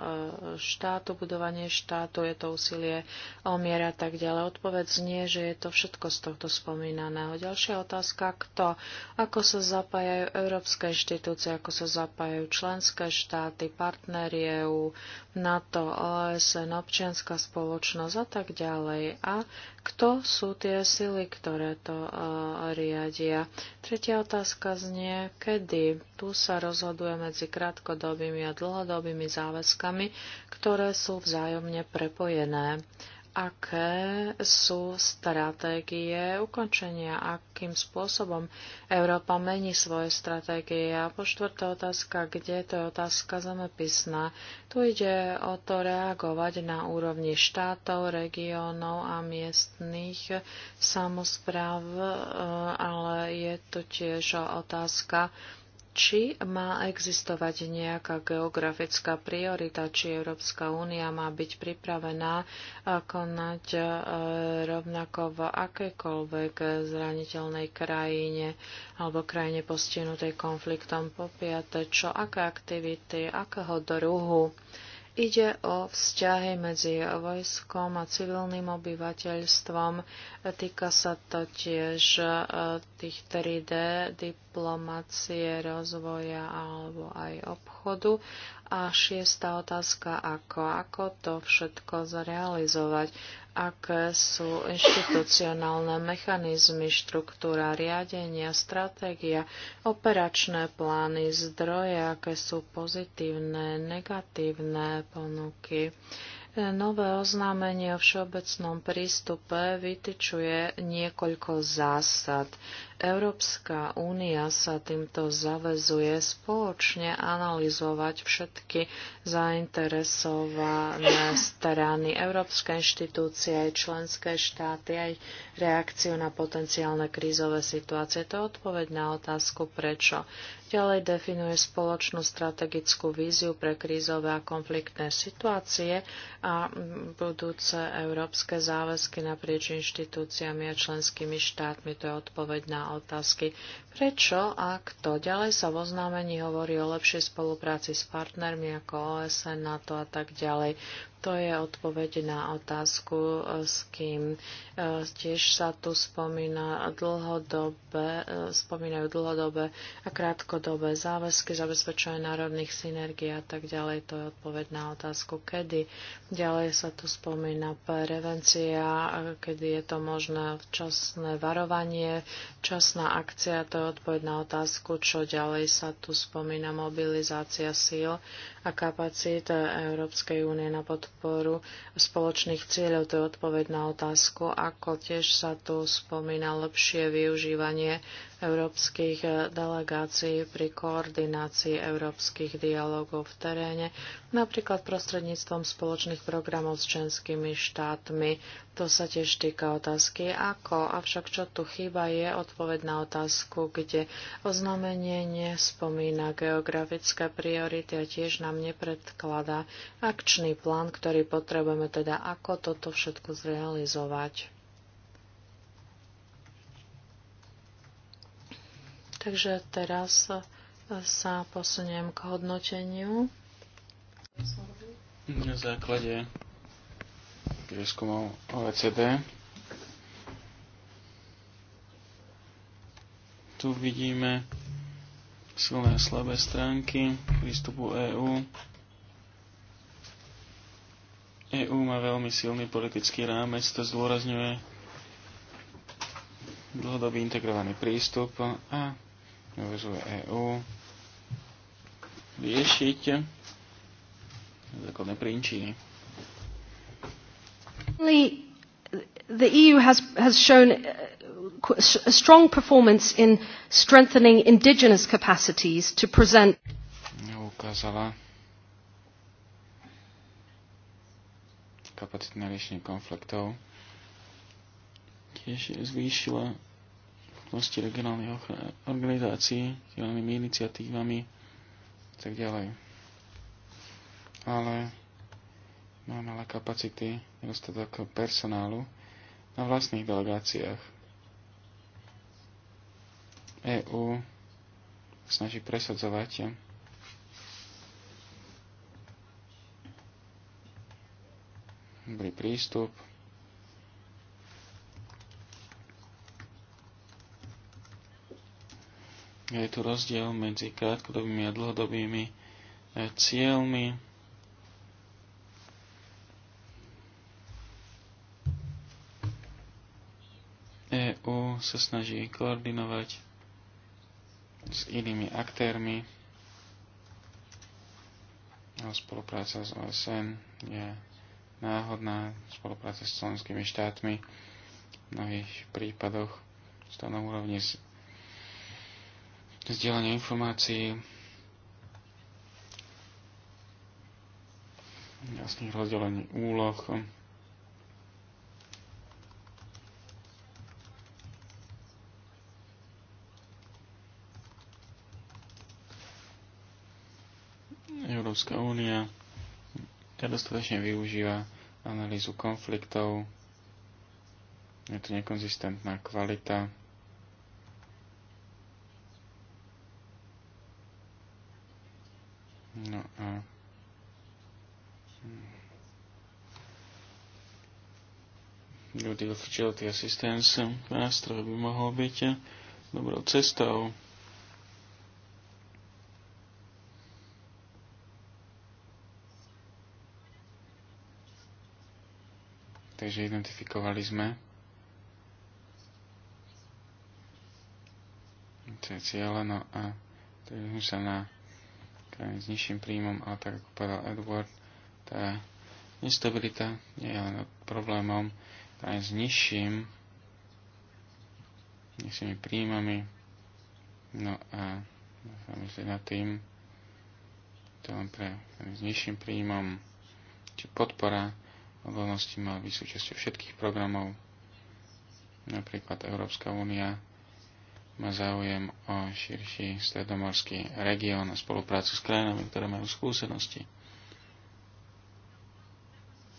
štátu, budovanie štátu, je to úsilie o mier a tak ďalej. Odpoveď znie, že je to všetko z tohto spomínaného. Ďalšia otázka, kto? Ako sa zapájajú európske inštitúcie, ako sa zapájajú členské štáty, partnery EU, NATO, OSN, občianská spoločnosť a tak ďalej. A kto sú tie sily, ktoré to uh, riadia? Tretia otázka znie, kedy tu sa rozhoduje medzi krátkodobými a dlhodobými záväzkami, ktoré sú vzájomne prepojené aké sú stratégie ukončenia, akým spôsobom Európa mení svoje stratégie. A po štvrtá otázka, kde to je otázka zemepisná. Tu ide o to reagovať na úrovni štátov, regiónov a miestných samozpráv, eh, ale je to tiež otázka či má existovať nejaká geografická priorita, či Európska únia má byť pripravená e, konať e, rovnako v akékoľvek zraniteľnej krajine alebo krajine postihnutej konfliktom. Po piate, čo aké aktivity, akého druhu Ide o vzťahy medzi vojskom a civilným obyvateľstvom. Týka sa to tiež e, tých 3D, diplomacie, rozvoja alebo aj obchodu. A šiesta otázka, ako, ako to všetko zrealizovať aké sú inštitucionálne mechanizmy, štruktúra riadenia, stratégia, operačné plány, zdroje, aké sú pozitívne, negatívne ponuky. Nové oznámenie o všeobecnom prístupe vytyčuje niekoľko zásad. Európska únia sa týmto zavezuje spoločne analyzovať všetky zainteresované strany, európske inštitúcie, aj členské štáty, aj reakciu na potenciálne krízové situácie. To je odpoveď na otázku prečo. Ďalej definuje spoločnú strategickú víziu pre krízové a konfliktné situácie a budúce európske záväzky naprieč inštitúciami a členskými štátmi. To je odpoveď na otázky, prečo a kto. Ďalej sa v oznámení hovorí o lepšej spolupráci s partnermi ako OSN, NATO a tak ďalej. To je odpoveď na otázku, eh, s kým eh, tiež sa tu spomína dlhodobé, eh, spomínajú dlhodobé a krátkodobé záväzky, zabezpečovanie národných synergií a tak ďalej. To je odpoveď na otázku, kedy. Ďalej sa tu spomína prevencia, kedy je to možné včasné varovanie, časná akcia, to je odpoveď na otázku, čo ďalej sa tu spomína mobilizácia síl a kapacít Európskej únie na podporu podporu spoločných cieľov. To je odpoveď na otázku, ako tiež sa tu spomína lepšie využívanie európskych eh, delegácií pri koordinácii európskych dialogov v teréne, napríklad prostredníctvom spoločných programov s členskými štátmi. To sa tiež týka otázky ako, avšak čo tu chýba je odpoveď na otázku, kde oznámenie nespomína geografické priority a tiež nám nepredkladá akčný plán, ktorý potrebujeme teda ako toto všetko zrealizovať. Takže teraz sa posuniem k hodnoteniu. Na základe prieskumov OECD tu vidíme silné a slabé stránky prístupu EÚ. EÚ má veľmi silný politický rámec, to zdôrazňuje dlhodobý integrovaný prístup a uvažuje riešiť základné príčiny. The EU has, has shown uh, a strong performance in strengthening indigenous capacities to present. Ukázala kapacitné riešenie konfliktov. Tiež zvýšila činnosti regionálnych organizácií, regionálnymi iniciatívami a tak ďalej. Ale má malé kapacity, nedostatok personálu na vlastných delegáciách. EU snaží presadzovať dobrý prístup, Je tu rozdiel medzi krátkodobými a dlhodobými e, cieľmi. EU sa snaží koordinovať s inými aktérmi. Spolupráca s OSN je náhodná, spolupráca s členskými štátmi v mnohých prípadoch sú na úrovni zdieľanie informácií, jasných rozdelení úloh, Európska únia dostatočne využíva analýzu konfliktov, je tu nekonzistentná kvalita No a Ľudí of Fertility Assistance nástroj by mohol byť eh, dobrou cestou. Takže identifikovali sme no to je cieľa, no a takže sme sa na krajiny s nižším príjmom, ale tak ako povedal Edward, tá nestabilita nie je len problémom krajín s nižším nižšími príjmami. No a zamyslieť nad tým, to len pre s nižším príjmom, či podpora odolnosti má byť súčasťou všetkých programov, napríklad Európska únia má záujem o širší stredomorský región a spoluprácu s krajinami, ktoré majú skúsenosti.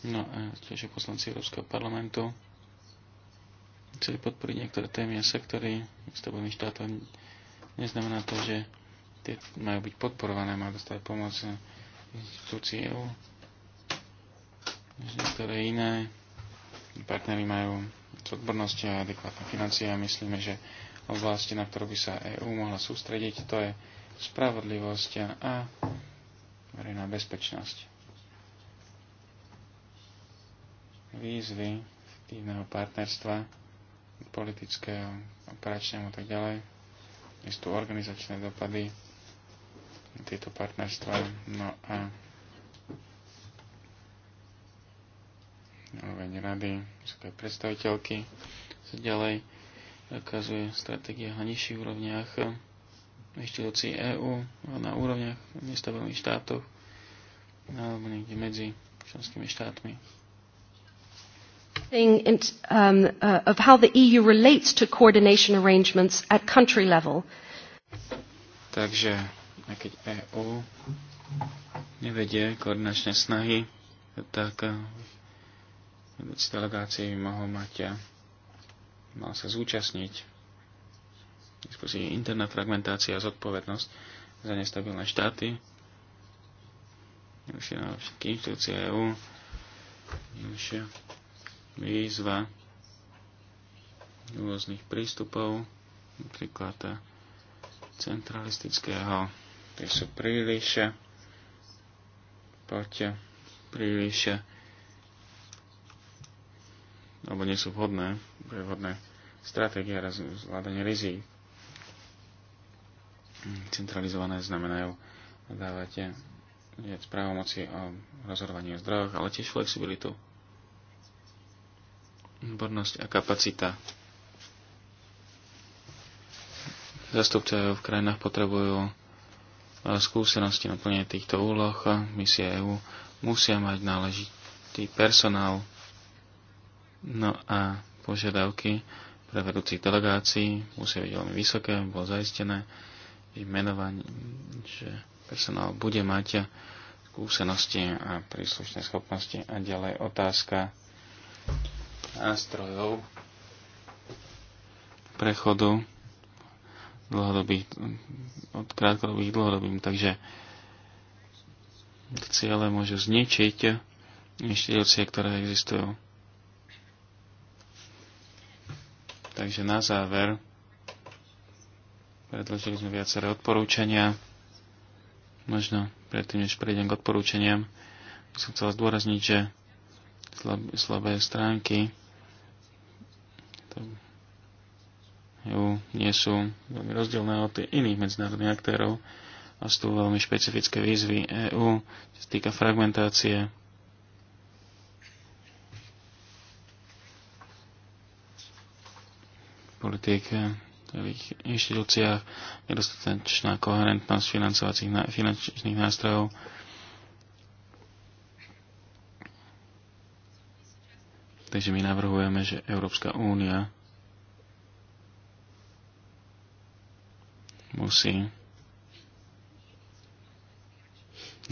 No a tiež poslanci Európskeho parlamentu chceli podporiť niektoré témy a sektory stabilných štátov. Neznamená to, že tie majú byť podporované, majú dostať pomoc inštitúcií EU. Niektoré iné partnery majú s odbornosťou a adekvátne financie a myslíme, že oblasti, na ktorú by sa EÚ mohla sústrediť, to je spravodlivosť a verejná bezpečnosť. Výzvy aktívneho partnerstva politického, operačného a tak ďalej. Sú tu organizačné dopady tieto partnerstva. No a úroveň rady, vysoké predstaviteľky, ďalej zakazuje stratégia na nižších úrovniach inštitúcií EÚ, na úrovniach nestabilných štátov alebo niekde medzi členskými štátmi. In, um, uh, of how the EU relates to coordination arrangements at country level. Takže, keď EU nevedie koordinačné snahy, tak uh, delegácie by mohol mať uh, mal sa zúčastniť diskusie interná fragmentácia a zodpovednosť za nestabilné štáty, už na všetky inštitúcie EU. už výzva rôznych prístupov, napríklad centralistického, tie sú príliš, poďte, príliš, alebo nie sú vhodné, vhodné stratégia zvládania rizik. Centralizované znamenajú dávať viac právomoci o rozhodovaní o zdrojoch, ale tiež flexibilitu. Odbornosť a kapacita. Zastupcovia v krajinách potrebujú e, skúsenosti na plnenie týchto úloh. Misie EU musia mať náležitý personál. No a požiadavky pre vedúcich delegácií musia byť veľmi vysoké, bolo zaistené, že menovanie, že personál bude mať skúsenosti a príslušné schopnosti. A ďalej otázka nástrojov prechodu dlhodobých, od krátkodobých dlhodobým. Takže cieľe môžu zničiť inštitúcie, ktoré existujú Takže na záver predložili sme viaceré odporúčania. Možno predtým, než prejdem k odporúčaniam, by som chcel zdôrazniť, že slabé stránky EU nie sú veľmi rozdielne od iných medzinárodných aktérov a sú veľmi špecifické výzvy EÚ, čo sa týka fragmentácie, v celých inštitúciách, nedostatečná koherentnosť financovacích finančných nástrojov. Takže my navrhujeme, že Európska únia musí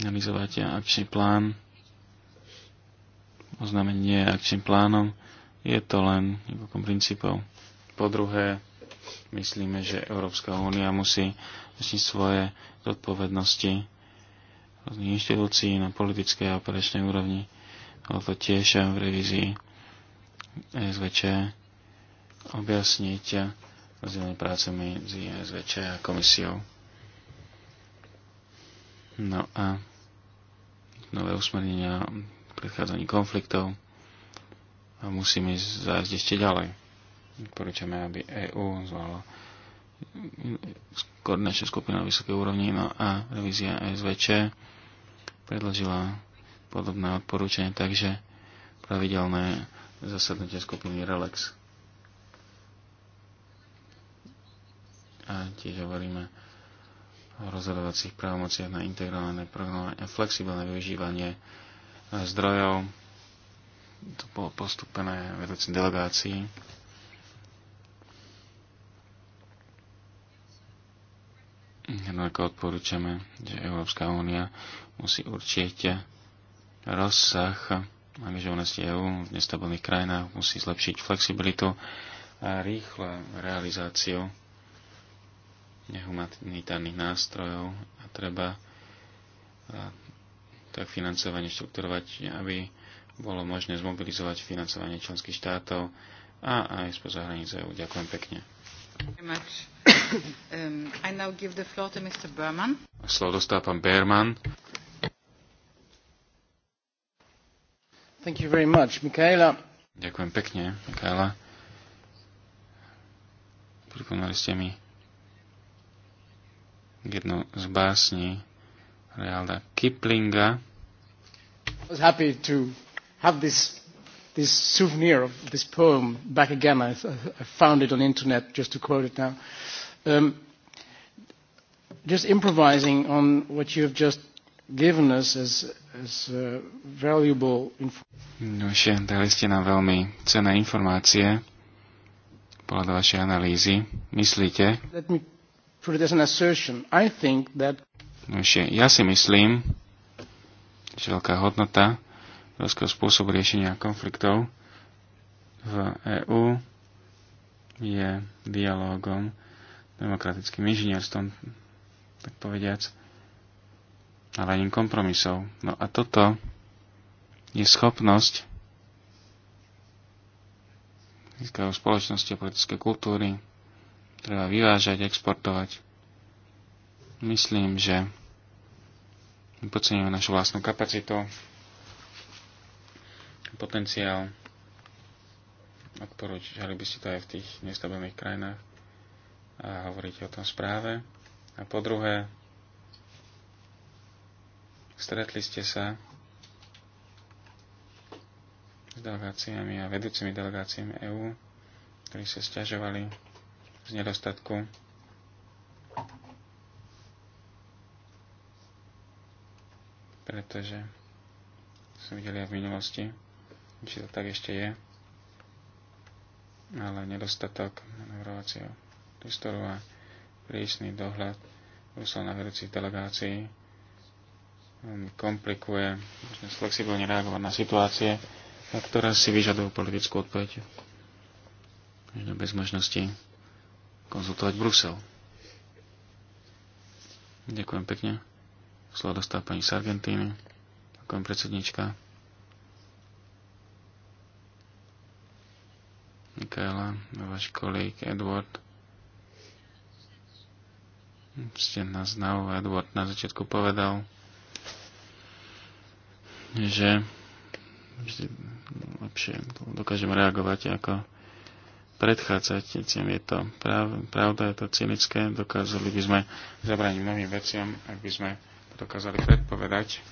analizovať akčný plán. Oznámenie akčným plánom, je to len niekoľko princípov. Po druhé, myslíme, že Európska únia musí vlastniť svoje zodpovednosti rôznych inštitúcií na politickej a operačnej úrovni, ale to tiež v revízii SVČ objasniť rozdielne práce medzi SVČ a komisiou. No a nové usmernenia predchádzaní konfliktov a musíme ísť zájsť ešte ďalej. Porúčame, aby EU zvolalo koordinačnú skupinu na vysokej úrovni, no a revízia SVČ predložila podobné odporúčanie, takže pravidelné zasadnutie skupiny RELEX. A tiež hovoríme o rozhodovacích právomociach na integrované programovanie a flexibilné využívanie zdrojov. To bolo postupené vedúcim delegácií. Rovnako hm, odporúčame, že Európska únia musí určiť rozsah angažovanosti EÚ v nestabilných krajinách, musí zlepšiť flexibilitu a rýchle realizáciu nehumanitárnych nástrojov a treba tak financovanie štrukturovať, aby bolo možné zmobilizovať financovanie členských štátov a aj spoza hranice EU. Ďakujem pekne. Um, Slovo dostáva pán Berman. Thank you very much, Michaela. Ďakujem pekne, Michaela. Pripomínali ste mi jednu z básni Realda Kiplinga. I was happy to have this this souvenir of this poem, back again. I, I found it on the internet just to quote it now. Um, just improvising on what you have just given us as, as uh, valuable information. No, dali veľmi cenné informácie podľa vašej analýzy. Myslíte? Let me put it as an assertion. I think that... Nože, ja si myslím, že veľká hodnota Ruského spôsobu riešenia konfliktov v EÚ je dialogom, demokratickým inžinierstvom, tak povediac, hľadaním kompromisov. No a toto je schopnosť získajú spoločnosti a politické kultúry, treba vyvážať, exportovať. Myslím, že my našu vlastnú kapacitu potenciál. Odporúčali by ste to aj v tých nestabilných krajinách a hovoríte o tom správe. A po druhé, stretli ste sa s delegáciami a vedúcimi delegáciami EÚ, ktorí sa stiažovali z nedostatku pretože som videl aj v minulosti či to tak ešte je, ale nedostatok manevrovacieho prístoru a prísny dohľad Brusel na vedúcich delegácií komplikuje možno flexibilne reagovať na situácie, na ktoré si vyžadujú politickú odpoveď. Možno bez možnosti konzultovať Brusel. Ďakujem pekne. Slovo dostá pani Sargentini. Ďakujem predsednička. a váš kolík Edward. Ste nás na Edward na začiatku povedal, že vždy lepšie dokážem reagovať ako predchádzať je to prav, pravda, je to cynické, dokázali by sme zabrániť mnohým veciam, ak by sme dokázali predpovedať,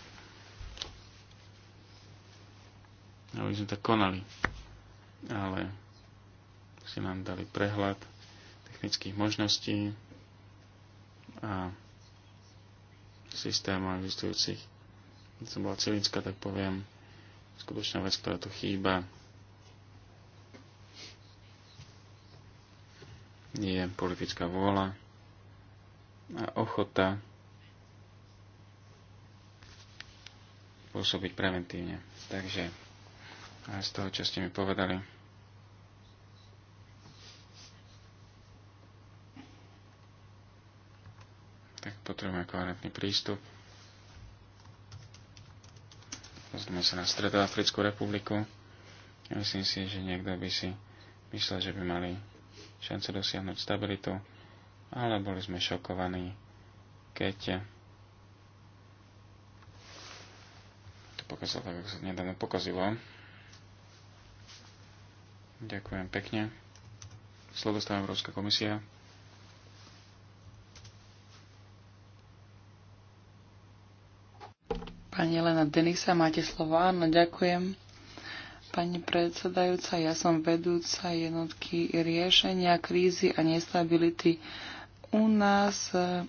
aby sme to konali. Ale ste nám dali prehľad technických možností a systému existujúcich. Keď som bola cilická, tak poviem, skutočná vec, ktorá tu chýba, je politická vôľa a ochota pôsobiť preventívne. Takže aj z toho, čo ste mi povedali, potrebujeme koherentný prístup. Pozrieme sa na Africkú republiku. Ja myslím si, že niekto by si myslel, že by mali šance dosiahnuť stabilitu, ale boli sme šokovaní, keď to pokazilo tak, ako sa nedávno pokazilo. Ďakujem pekne. Slovo Európska komisia. Pani Elena Denisa, máte slovo. Áno, ďakujem. Pani predsedajúca, ja som vedúca jednotky riešenia krízy a nestability u nás eh,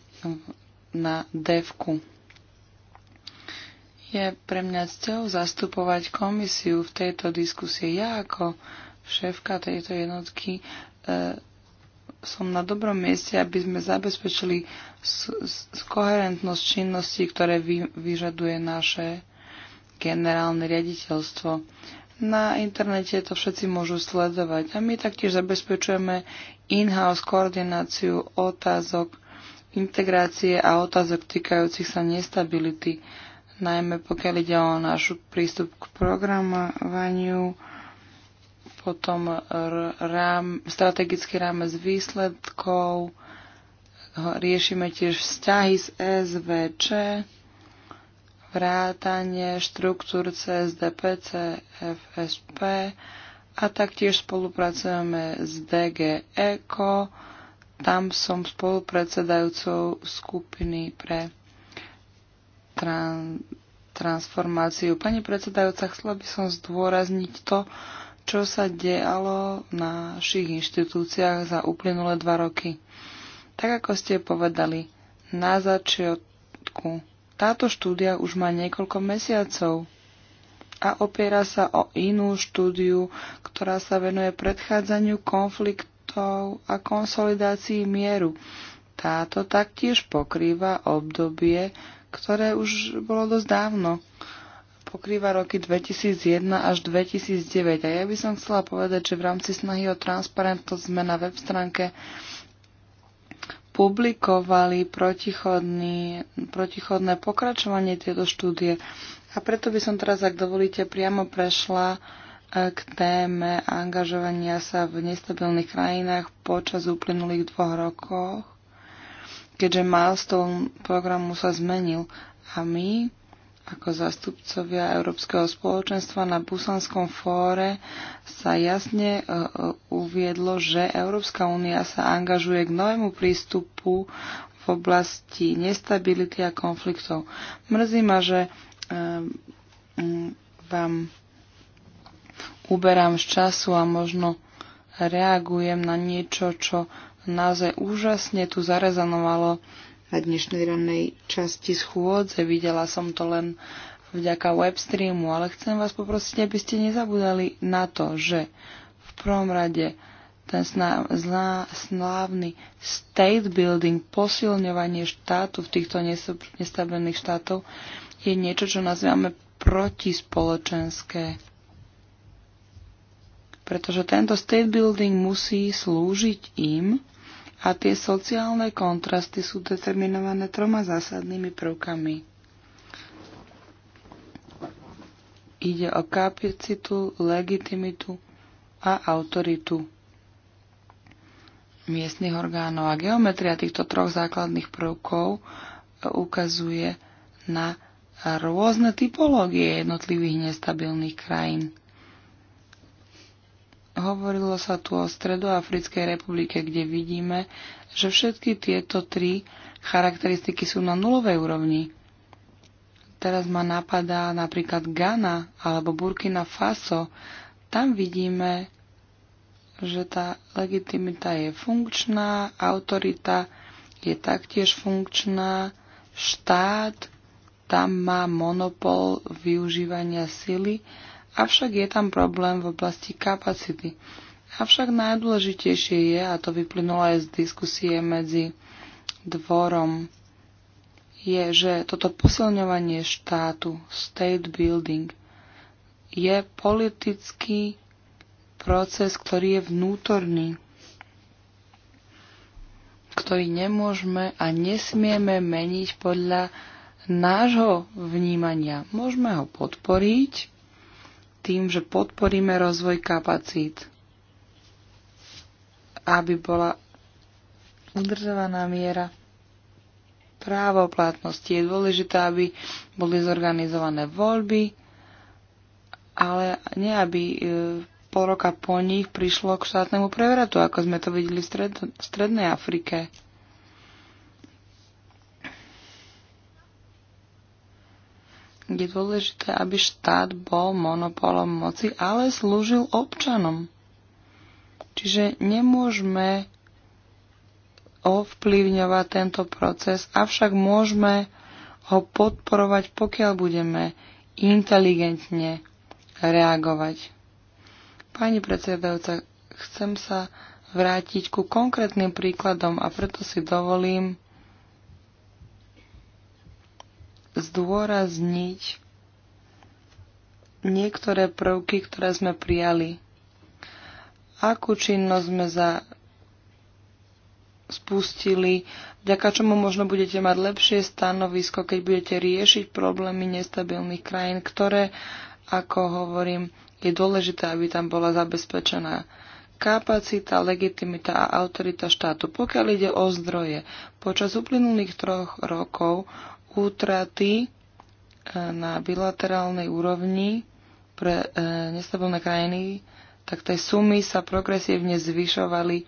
na DEVku. Je pre mňa cťou zastupovať komisiu v tejto diskusie. Ja ako šéfka tejto jednotky eh, som na dobrom mieste, aby sme zabezpečili koherentnosť činností, ktoré vy, vyžaduje naše generálne riaditeľstvo. Na internete to všetci môžu sledovať a my taktiež zabezpečujeme in-house koordináciu otázok integrácie a otázok týkajúcich sa nestability, najmä pokiaľ ide o náš prístup k programovaniu, potom rám, strategický rámec výsledkov, riešime tiež vzťahy z SVČ, vrátanie štruktúr CSDP, CFSP a taktiež spolupracujeme s DG ECO. Tam som spolupredsedajúcou skupiny pre tran- transformáciu. Pani predsedajúca, chcela by som zdôrazniť to, čo sa dialo v našich inštitúciách za uplynulé dva roky. Tak ako ste povedali, na začiatku táto štúdia už má niekoľko mesiacov a opiera sa o inú štúdiu, ktorá sa venuje predchádzaniu konfliktov a konsolidácii mieru. Táto taktiež pokrýva obdobie, ktoré už bolo dosť dávno pokrýva roky 2001 až 2009. A ja by som chcela povedať, že v rámci snahy o transparentnosť sme na web stránke publikovali protichodné pokračovanie tieto štúdie. A preto by som teraz, ak dovolíte, priamo prešla e, k téme angažovania sa v nestabilných krajinách počas uplynulých dvoch rokov, keďže milestone programu sa zmenil a my ako zástupcovia Európskeho spoločenstva na Busanskom fóre sa jasne e, e, uviedlo, že Európska únia sa angažuje k novému prístupu v oblasti nestability a konfliktov. Mrzí ma, že e, vám uberám z času a možno reagujem na niečo, čo naozaj úžasne tu zarezanovalo na dnešnej rannej časti schôdze. Videla som to len vďaka webstreamu, ale chcem vás poprosiť, aby ste nezabudali na to, že v prvom rade ten slávny state building, posilňovanie štátu v týchto nestabilných štátov je niečo, čo nazývame protispoločenské. Pretože tento state building musí slúžiť im, a tie sociálne kontrasty sú determinované troma zásadnými prvkami. Ide o kapacitu, legitimitu a autoritu miestnych orgánov. A geometria týchto troch základných prvkov e, ukazuje na rôzne typológie jednotlivých nestabilných krajín. Hovorilo sa tu o Stredoafrickej republike, kde vidíme, že všetky tieto tri charakteristiky sú na nulovej úrovni. Teraz ma napadá napríklad Ghana alebo Burkina Faso. Tam vidíme, že tá legitimita je funkčná, autorita je taktiež funkčná, štát tam má monopol využívania sily Avšak je tam problém v oblasti kapacity. Avšak najdôležitejšie je, a to vyplynulo aj z diskusie medzi dvorom, je, že toto posilňovanie štátu, state building, je politický proces, ktorý je vnútorný, ktorý nemôžeme a nesmieme meniť podľa nášho vnímania. Môžeme ho podporiť, tým, že podporíme rozvoj kapacít, aby bola udržovaná miera právoplatnosti. Je dôležité, aby boli zorganizované voľby, ale nie aby e, pol roka po nich prišlo k štátnemu prevratu, ako sme to videli v, stred, v Strednej Afrike. Je dôležité, aby štát bol monopolom moci, ale slúžil občanom. Čiže nemôžeme ovplyvňovať tento proces, avšak môžeme ho podporovať, pokiaľ budeme inteligentne reagovať. Pani predsedajúca, chcem sa vrátiť ku konkrétnym príkladom a preto si dovolím zdôrazniť niektoré prvky, ktoré sme prijali. Akú činnosť sme za spustili, vďaka čomu možno budete mať lepšie stanovisko, keď budete riešiť problémy nestabilných krajín, ktoré, ako hovorím, je dôležité, aby tam bola zabezpečená kapacita, legitimita a autorita štátu. Pokiaľ ide o zdroje, počas uplynulých troch rokov útraty e, na bilaterálnej úrovni pre e, nestabilné krajiny, tak tie sumy sa progresívne zvyšovali o,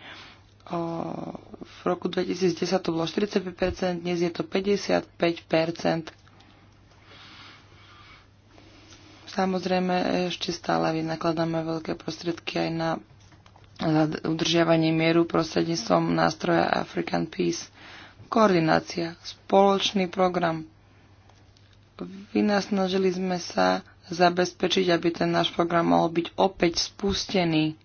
v roku 2010 to bolo 45%, dnes je to 55%. Samozrejme, ešte stále vynakladáme veľké prostriedky aj na udržiavanie mieru prostredníctvom nástroja African Peace. Koordinácia. Spoločný program. Vynasnažili sme sa zabezpečiť, aby ten náš program mohol byť opäť spustený.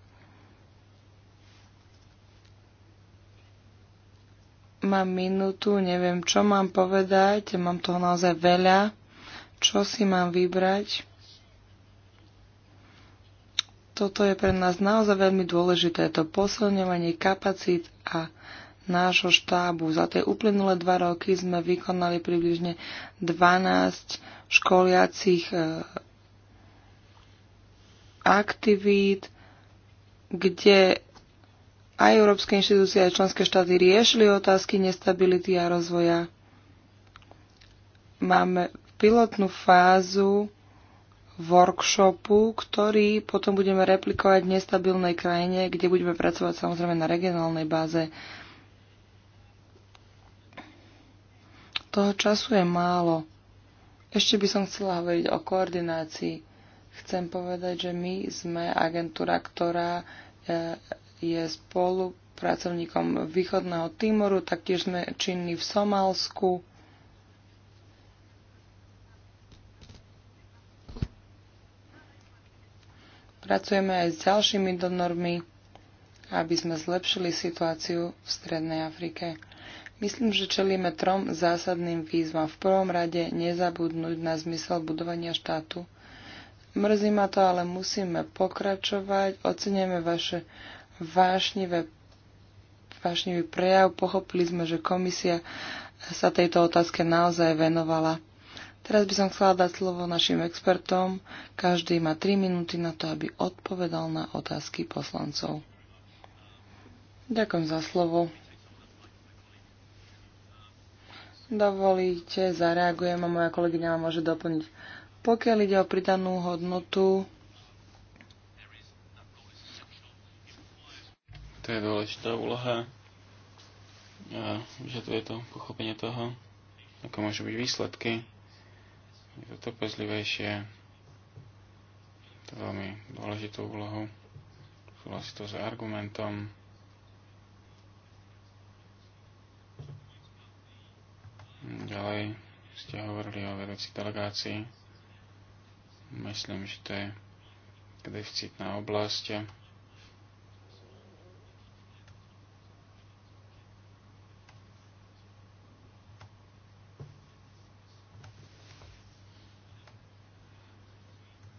Mám minútu, neviem, čo mám povedať, mám toho naozaj veľa. Čo si mám vybrať? Toto je pre nás naozaj veľmi dôležité, to posilňovanie kapacít a nášho štábu. Za tie uplynulé dva roky sme vykonali približne 12 školiacich e, aktivít, kde aj európske inštitúcie, aj členské štáty riešili otázky nestability a rozvoja. Máme pilotnú fázu workshopu, ktorý potom budeme replikovať v nestabilnej krajine, kde budeme pracovať samozrejme na regionálnej báze Toho času je málo. Ešte by som chcela hovoriť o koordinácii. Chcem povedať, že my sme agentúra, ktorá e, je spolupracovníkom východného Timoru, taktiež sme činní v Somálsku. Pracujeme aj s ďalšími donormi, aby sme zlepšili situáciu v Strednej Afrike. Myslím, že čelíme trom zásadným výzvam. V prvom rade nezabudnúť na zmysel budovania štátu. Mrzí ma to, ale musíme pokračovať. Ocenujeme vaše vášnivé, vášnivý prejav. Pochopili sme, že komisia sa tejto otázke naozaj venovala. Teraz by som chcela dať slovo našim expertom. Každý má 3 minúty na to, aby odpovedal na otázky poslancov. Ďakujem za slovo. dovolíte, zareagujem a moja kolegyňa ma môže doplniť. Pokiaľ ide o pridanú hodnotu, to je dôležitá úloha a vyžaduje to pochopenie toho, ako môžu byť výsledky. Je to trpezlivejšie, to veľmi dôležitou úlohu. súhlasí to s argumentom, Ďalej ste hovorili o vedúci delegácii. Myslím, že to je deficitná oblasť.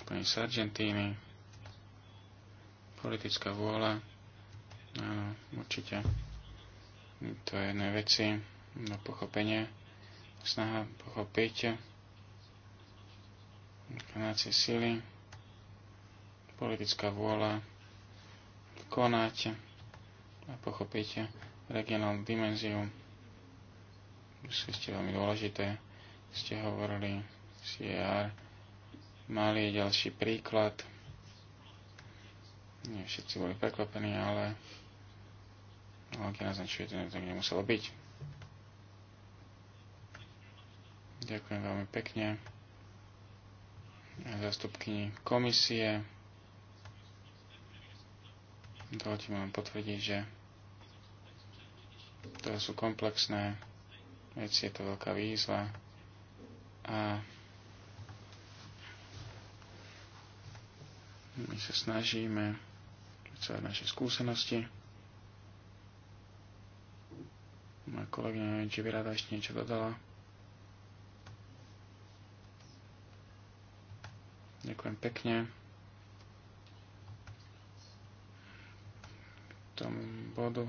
Pani z Argentíny, politická vôľa, áno, určite. To je jedné veci na pochopenie snaha pochopiť inkarnácie sily, politická vôľa konať a pochopiť regionálnu dimenziu. Sú ste veľmi dôležité. Ste hovorili CR. Mali je ďalší príklad. Nie všetci boli prekvapení, ale keď naznačuje, že to nemuselo byť. Ďakujem veľmi pekne zastupkyni komisie. Dovolte mi vám potvrdiť, že to sú komplexné veci, je to veľká výzva a my sa snažíme celé naše skúsenosti. Moja kolegyňa, neviem, či by rada ešte niečo dodala. Ďakujem pekne. V tomu bodu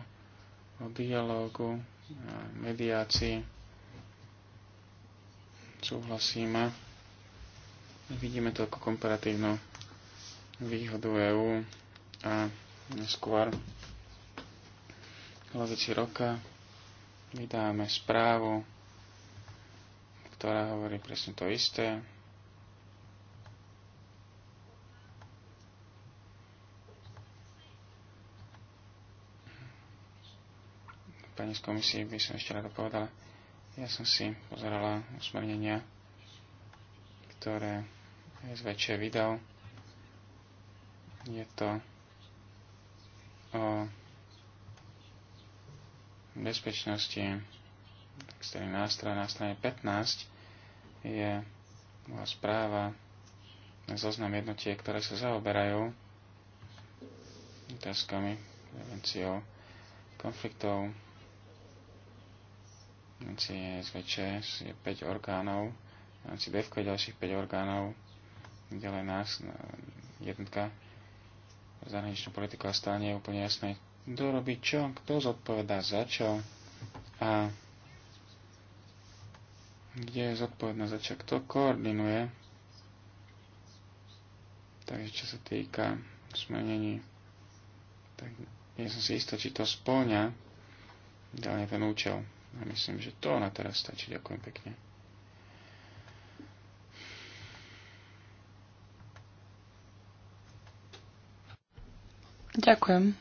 o dialógu a mediácii súhlasíme. Vidíme to ako komparatívnu výhodu EÚ a neskôr polovici roka vydáme správu, ktorá hovorí presne to isté, pani z komisie by som ešte rada povedala. Ja som si pozerala usmernenia, ktoré SVČ vydal. Je to o bezpečnosti externý nástroj na strane 15 je moja správa na zoznam jednotie, ktoré sa zaoberajú otázkami prevenciou konfliktov rámci SVČ je 5 orgánov, v BF je ďalších 5 orgánov, ďalej nás, e, jednotka zahraničnú politiku a stále je úplne jasné, kto robí čo, kto zodpovedá za čo a kde je zodpovedná za čo, kto koordinuje. Takže čo sa týka smenení, tak nie som si istý, či to spĺňa ďalej ten účel. Ja myslím, že to na teraz stačí. Ďakujem pekne. Ďakujem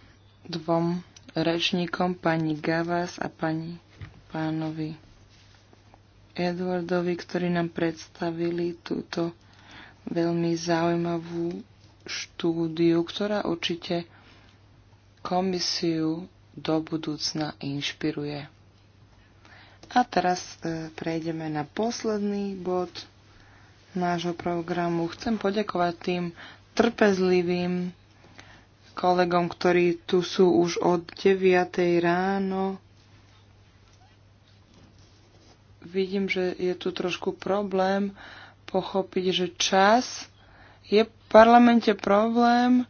dvom rečníkom, pani Gavas a pani pánovi Edwardovi, ktorí nám predstavili túto veľmi zaujímavú štúdiu, ktorá určite komisiu do budúcna inšpiruje. A teraz e, prejdeme na posledný bod nášho programu. Chcem poďakovať tým trpezlivým kolegom, ktorí tu sú už od 9. ráno. Vidím, že je tu trošku problém pochopiť, že čas je v parlamente problém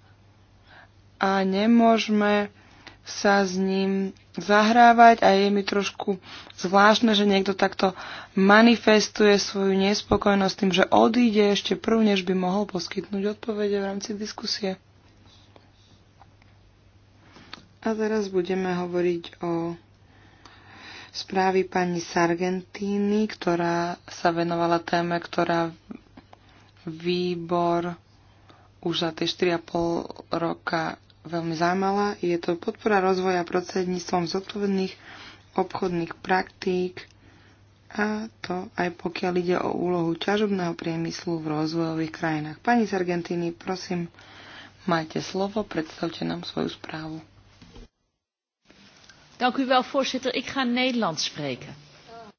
a nemôžeme sa s ním zahrávať a je mi trošku zvláštne, že niekto takto manifestuje svoju nespokojnosť tým, že odíde ešte prv, než by mohol poskytnúť odpovede v rámci diskusie. A teraz budeme hovoriť o správy pani Sargentini, ktorá sa venovala téme, ktorá výbor už za tie 4,5 roka veľmi zaujímavá. Je to podpora rozvoja prostredníctvom zodpovedných obchodných praktík a to aj pokiaľ ide o úlohu ťažobného priemyslu v rozvojových krajinách. Pani z Argentíny, prosím, majte slovo, predstavte nám svoju správu. Dank u wel, voorzitter. Ik ga Nederlands spreken.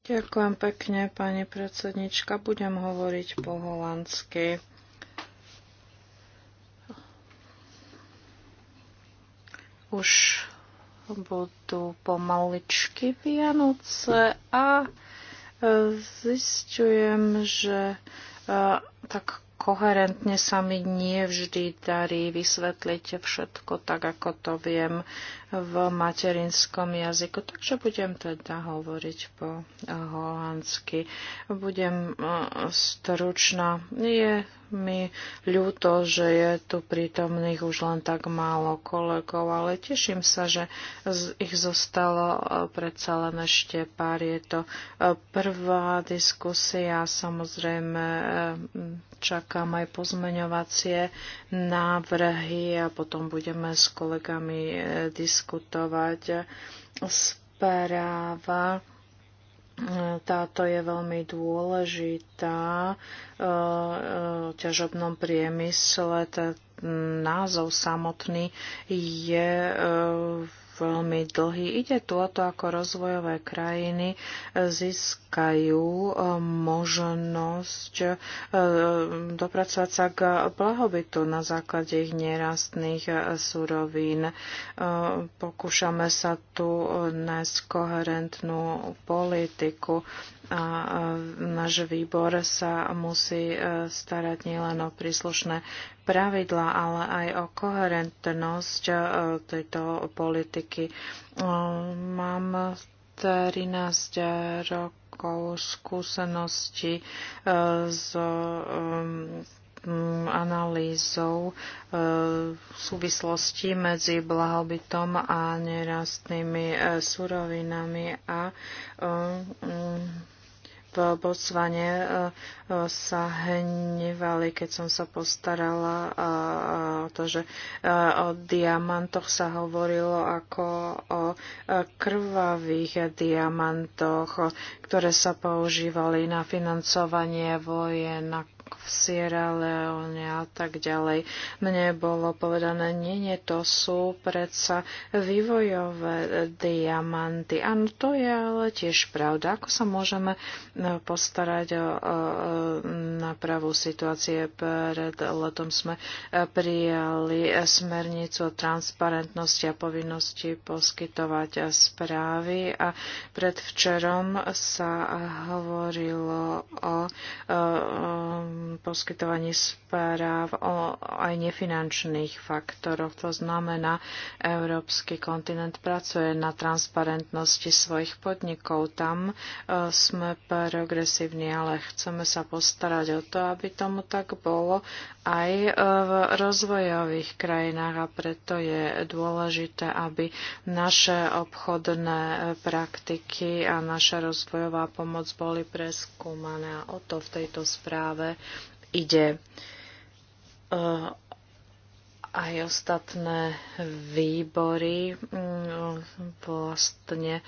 Ďakujem pekne, pani predsednička. Budem hovoriť po holandsky. už budú pomaličky Vianoce a e, zistujem, že e, tak koherentne sa mi nie vždy darí vysvetliť všetko tak, ako to viem v materinskom jazyku. Takže budem teda hovoriť po e, holandsky. Budem stručná. Je mi ľúto, že je tu prítomných už len tak málo kolegov, ale teším sa, že ich zostalo e, predsa len ešte pár. Je to e, prvá diskusia, samozrejme e, čakám aj pozmeňovacie návrhy a potom budeme s kolegami diskutovať. Správa táto je veľmi dôležitá eh, eh, v ťažobnom priemysle. Názov samotný je v eh, veľmi dlhý. Ide tu o to, ako rozvojové krajiny získajú eh, možnosť eh, dopracovať sa k blahobytu na základe ich nerastných eh, surovín. Pokúšame sa tu nájsť koherentnú politiku a náš výbor sa musí e, starať nielen o príslušné pravidla, ale aj o koherentnosť e, tejto politiky. E, mám 13 rokov skúsenosti s analýzou súvislosti medzi blahobytom a nerastnými surovinami a v Botsvane e, e, sa hnevali, keď som sa postarala e, o to, že o diamantoch sa hovorilo ako o krvavých diamantoch, ktoré sa používali na financovanie vojen, v Sierra Leone a tak ďalej. Mne bolo povedané, nie, nie, to sú predsa vývojové e, diamanty. Áno, to je ale tiež pravda. Ako sa môžeme e, postarať o, e, napravu situácie? Pred letom sme prijali smernicu o transparentnosti a povinnosti poskytovať správy a predvčerom sa hovorilo o, o poskytovaní správ o aj nefinančných faktoroch. To znamená, európsky kontinent pracuje na transparentnosti svojich podnikov. Tam e, sme progresívni, ale chceme sa postarať o to, aby tomu tak bolo aj e, v rozvojových krajinách a preto je dôležité, aby naše obchodné praktiky a naša rozvojová pomoc boli preskúmané a o to v tejto správe ide. Eh, aj ostatné výbory mm, vlastne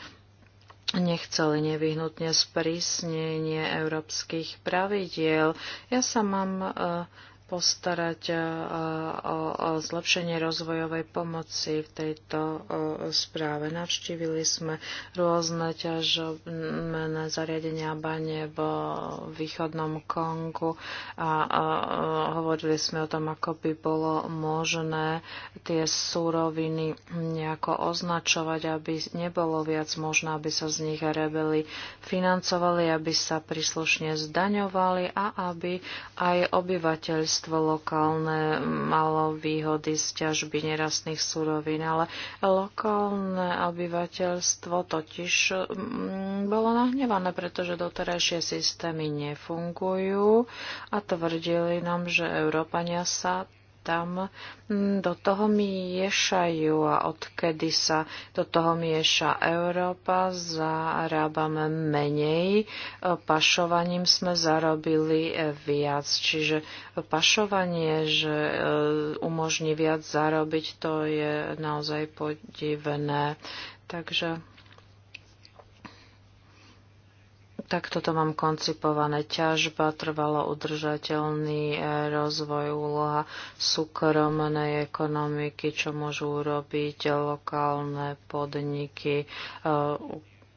nechceli nevyhnutne sprísnenie európskych pravidiel. Ja sa mám eh, postarať e, o, zlepšenie rozvojovej pomoci v tejto e, správe. Navštívili sme rôzne ťažobné zariadenia bane v východnom Kongu a, hovorili sme o tom, ako by bolo možné tie súroviny nejako označovať, aby nebolo viac možné, aby sa z nich rebeli financovali, aby sa príslušne zdaňovali a aby aj obyvateľstvo hospodárstvo lokálne malo výhody z ťažby nerastných surovín, ale lokálne obyvateľstvo totiž mm, bolo nahnevané, pretože doterajšie systémy nefungujú a tvrdili nám, že Európania sa tam mm, do toho miešajú a odkedy sa do toho mieša Európa, zarábame menej, e, pašovaním sme zarobili e, viac. Čiže pašovanie, že e, umožní viac zarobiť, to je naozaj podivné. Takže tak toto mám koncipované. Ťažba, trvalo udržateľný e, rozvoj, úloha súkromnej ekonomiky, čo môžu urobiť lokálne podniky, e,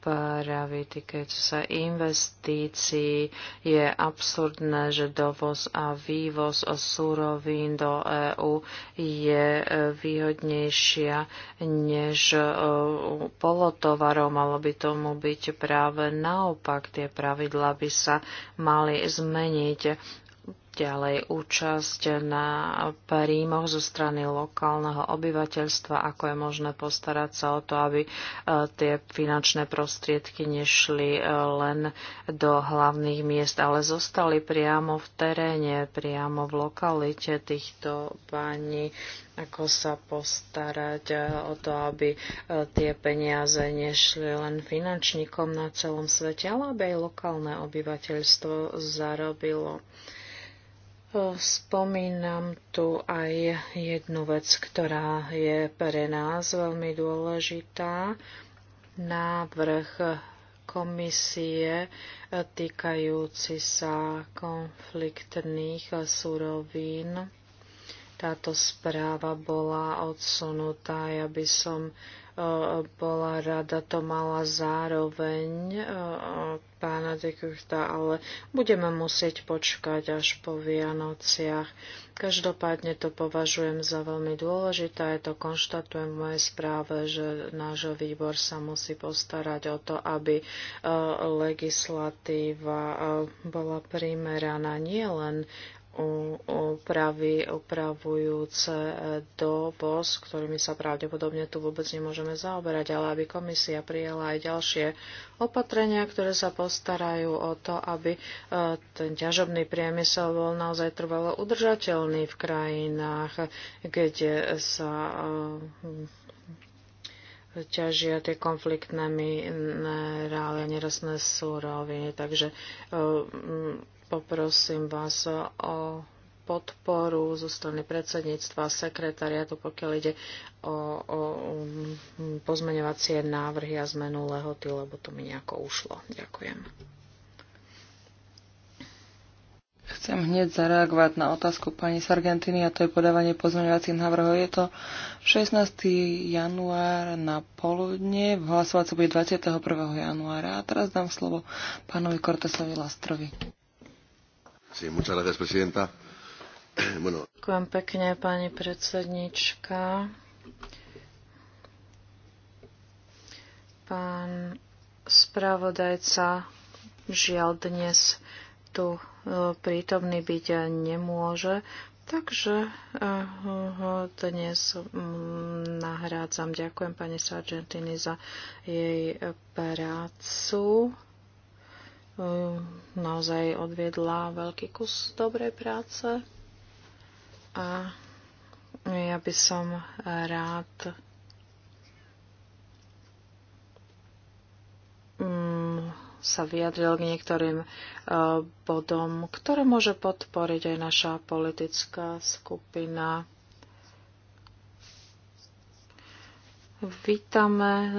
dopravy čo sa investícií. Je absurdné, že dovoz a vývoz súrovín do EÚ je e, výhodnejšia než e, polotovarov. Malo by tomu byť práve naopak. Tie pravidla by sa mali zmeniť ďalej účasť na príjmoch zo strany lokálneho obyvateľstva, ako je možné postarať sa o to, aby e, tie finančné prostriedky nešli e, len do hlavných miest, ale zostali priamo v teréne, priamo v lokalite týchto pani ako sa postarať e, o to, aby tie peniaze nešli len finančníkom na celom svete, ale aby aj lokálne obyvateľstvo zarobilo. Spomínam tu aj jednu vec, ktorá je pre nás veľmi dôležitá. Návrh komisie týkajúci sa konfliktných surovín. Táto správa bola odsunutá. Ja by som bola rada, to mala zároveň pána Dekuchta, ale budeme musieť počkať až po Vianociach. Každopádne to považujem za veľmi dôležité, aj to konštatujem v mojej správe, že náš výbor sa musí postarať o to, aby legislatíva bola primeraná nielen úpravy upravujúce BOS, e, ktorými sa pravdepodobne tu vôbec nemôžeme zaoberať, ale aby komisia prijela aj ďalšie opatrenia, ktoré sa postarajú o to, aby e, ten ťažobný priemysel bol naozaj trvalo udržateľný v krajinách, kde sa e, ťažia tie konfliktné minerály a nerastné súroviny. Takže Poprosím vás o podporu zo strany predsedníctva sekretariatu, pokiaľ ide o, o um, pozmeňovacie návrhy a zmenu lehoty, lebo to mi nejako ušlo. Ďakujem. Chcem hneď zareagovať na otázku pani Sargentini a to je podávanie pozmeňovacích návrhov. Je to 16. január na poludne, hlasovať sa bude 21. januára. A teraz dám slovo pánovi Kortesovi Lastrovi. Sí, muchas gracias, presidenta. Bueno. Ďakujem pekne, pani predsednička. Pán spravodajca žiaľ dnes tu e, prítomný byť nemôže, takže e, ho dnes nahrádzam. Ďakujem pani Sargentini za jej prácu. Ehm, naozaj odviedla veľký kus dobrej práce a ja by som rád mm, sa vyjadril k niektorým e, bodom, ktoré môže podporiť aj naša politická skupina. Vítame e,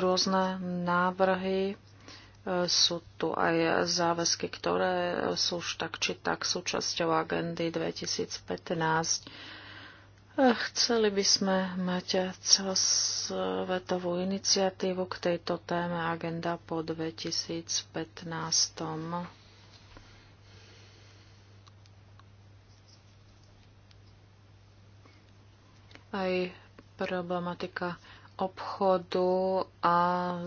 rôzne návrhy sú tu aj záväzky, ktoré sú už tak či tak súčasťou agendy 2015. Chceli by sme mať celosvetovú iniciatívu k tejto téme Agenda po 2015. Aj problematika obchodu a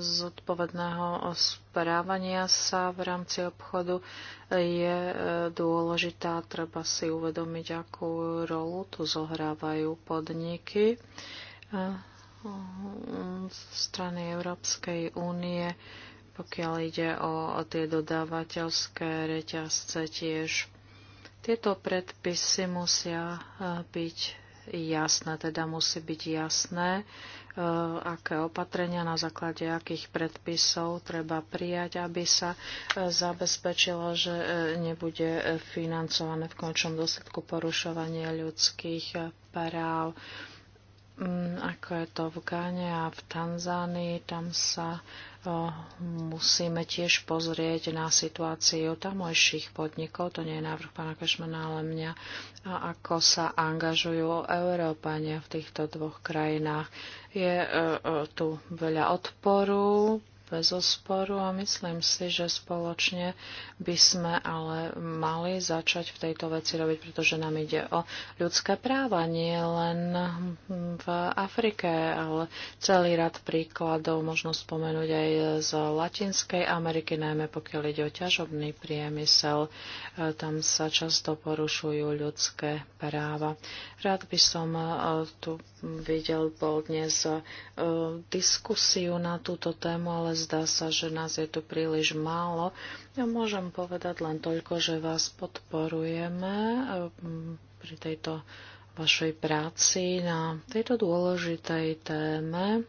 zodpovedného správania sa v rámci obchodu je e, dôležitá. Treba si uvedomiť, akú rolu tu zohrávajú podniky e, strany Európskej únie, pokiaľ ide o, tie dodávateľské reťazce tiež. Tieto predpisy musia e, byť jasné, teda musí byť jasné, E, aké opatrenia na základe akých predpisov treba prijať, aby sa e, zabezpečilo, že e, nebude financované v končnom dôsledku porušovanie ľudských práv mm, ako je to v Gáne a v Tanzánii, tam sa o, musíme tiež pozrieť na situáciu tamojších podnikov, to nie je návrh pána Kašmana, ale mňa, a ako sa angažujú Európania v týchto dvoch krajinách. Je e, e, tu veľa odporu bez osporu a myslím si, že spoločne by sme ale mali začať v tejto veci robiť, pretože nám ide o ľudské práva, nie len v Afrike, ale celý rad príkladov možno spomenúť aj z Latinskej Ameriky, najmä pokiaľ ide o ťažobný priemysel. E, tam sa často porušujú ľudské práva. Rád by som e, tu videl bol dnes e, diskusiu na túto tému, ale Zdá sa, že nás je tu príliš málo. Ja môžem povedať len toľko, že vás podporujeme mm, pri tejto vašej práci na tejto dôležitej téme.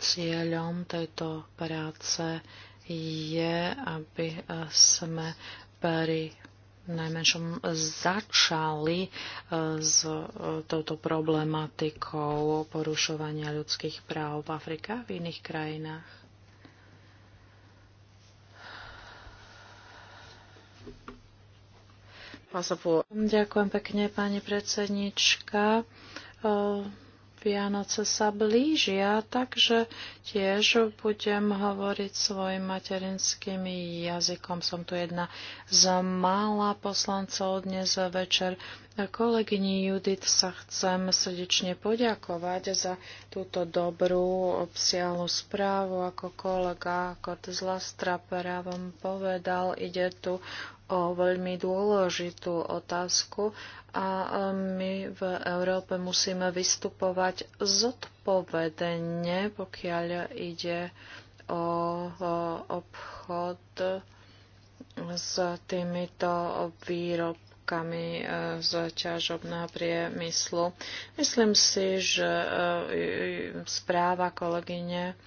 Cieľom tejto práce je, aby eh, sme pri najmenšom začali e, s e, touto problematikou porušovania ľudských práv v Afrike a v iných krajinách. Ďakujem pekne, pani predsednička. E, Vianoce sa blížia, takže tiež budem hovoriť svojim materinským jazykom. Som tu jedna z mála poslancov dnes večer. Kolegyni Judith sa chcem srdečne poďakovať za túto dobrú obsiahlu správu. Ako kolega Kort z Lastra právom povedal, ide tu o veľmi dôležitú otázku a my v Európe musíme vystupovať zodpovedne, pokiaľ ide o obchod s týmito výrobkami e, z ťažobného priemyslu. Myslím si, že e, správa kolegyne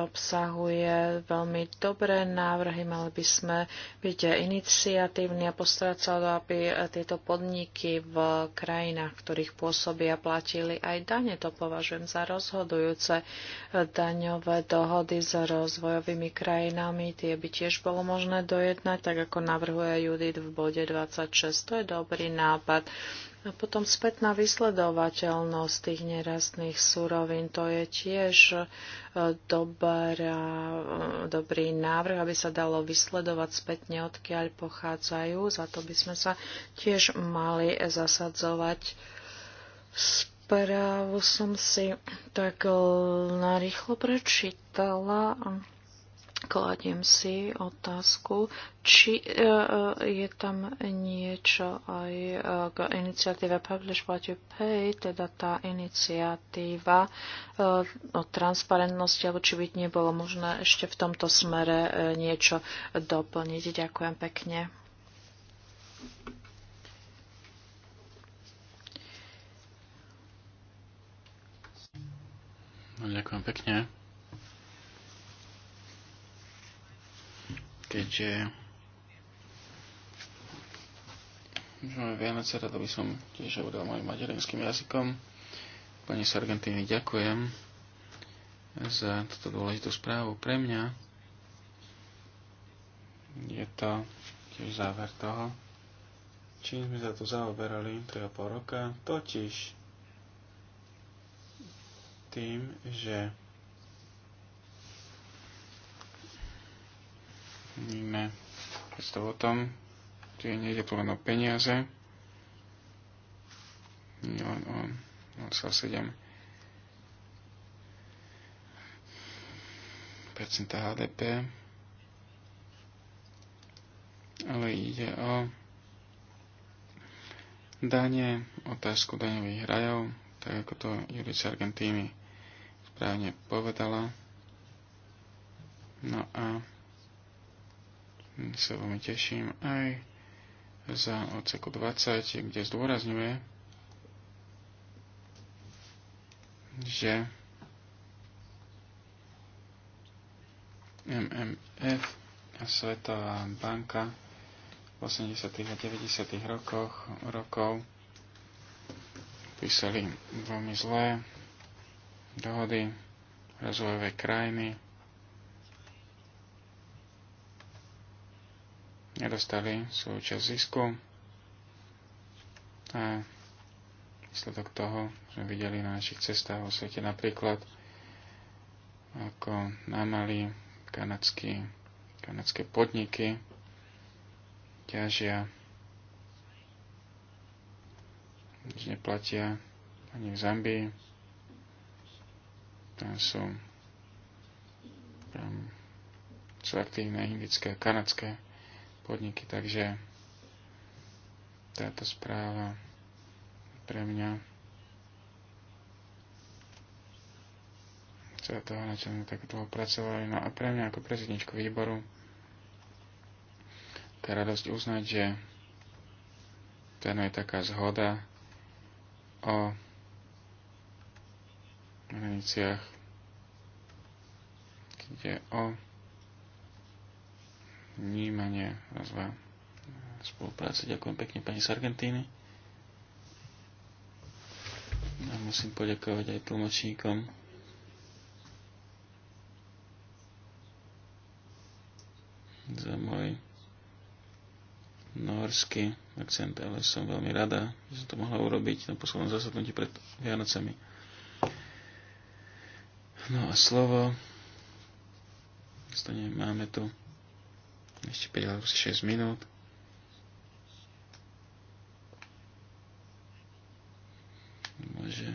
obsahuje veľmi dobré návrhy. Mali by sme byť iniciatívni a postarať sa o to, aby tieto podniky v krajinách, ktorých pôsobia, platili aj dane. To považujem za rozhodujúce. Daňové dohody s rozvojovými krajinami, tie by tiež bolo možné dojednať, tak ako navrhuje Judith v bode 26. To je dobrý nápad. A potom spätná vysledovateľnosť tých nerastných surovín, to je tiež e, dobrá, e, dobrý návrh, aby sa dalo vysledovať spätne, odkiaľ pochádzajú. Za to by sme sa tiež mali zasadzovať. Správu som si tak e, narýchlo prečítala kladiem si otázku, či e, e, je tam niečo aj e, k iniciatíve Publish What You Pay, teda tá iniciatíva o transparentnosti, alebo či by nebolo možné ešte v tomto smere niečo doplniť. Ďakujem pekne. No, ďakujem pekne. keďže už máme Vianoce, rado by som tiež hovoril mojim materinským jazykom. Pani z Argentíny ďakujem za túto dôležitú správu pre mňa. Je to tiež záver toho, čím sme sa tu zaoberali 3,5 roka, totiž tým, že Vidíme predstavu o tom, že nejde tu len o peniaze, nie len o 0,7 HDP, ale ide o dane, otázku daňových rajov, tak ako to Juric Argentíny správne povedala. No a sa veľmi teším aj za odseku 20, kde zdôrazňuje, že MMF a Svetová banka v 80. a 90. rokoch rokov písali veľmi zlé dohody rozvojové krajiny nedostali svoju časť zisku. A výsledok toho sme videli na našich cestách vo svete napríklad ako námali kanadský, kanadské podniky ťažia nič neplatia ani v Zambii tam sú tam sú aktívne indické a kanadské podniky. Takže táto správa pre mňa sa toho, na sme tak dlho pracovali. No a pre mňa ako prezidničku výboru tá radosť uznať, že ten je taká zhoda o hraniciach, kde o vnímanie rozvoja spolupráce. Ďakujem pekne pani z Argentíny. A musím poďakovať aj tlmočníkom. za môj norský akcent, ale som veľmi rada, že som to mohla urobiť na poslednom zasadnutí pred Vianocami. No a slovo, máme tu ešte 5 alebo 6 minút. Môže.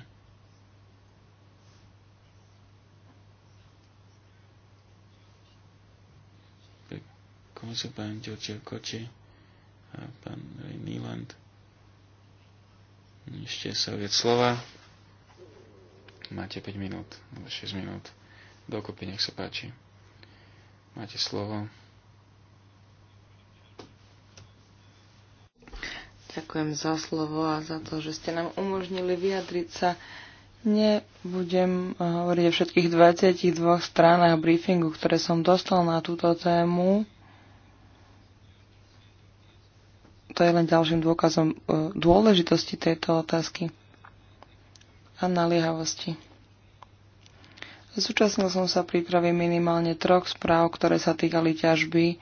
sa pán Ďurčil Koči a pán Ray Ešte sa viac slova. Máte 5 minút, 6 minút. Dokopy nech sa páči. Máte slovo. Ďakujem za slovo a za to, že ste nám umožnili vyjadriť sa. Nebudem eh, hovoriť o všetkých 22 stranách briefingu, ktoré som dostal na túto tému. To je len ďalším dôkazom eh, dôležitosti tejto otázky a naliehavosti. Zúčastnil som sa prípravy minimálne troch správ, ktoré sa týkali ťažby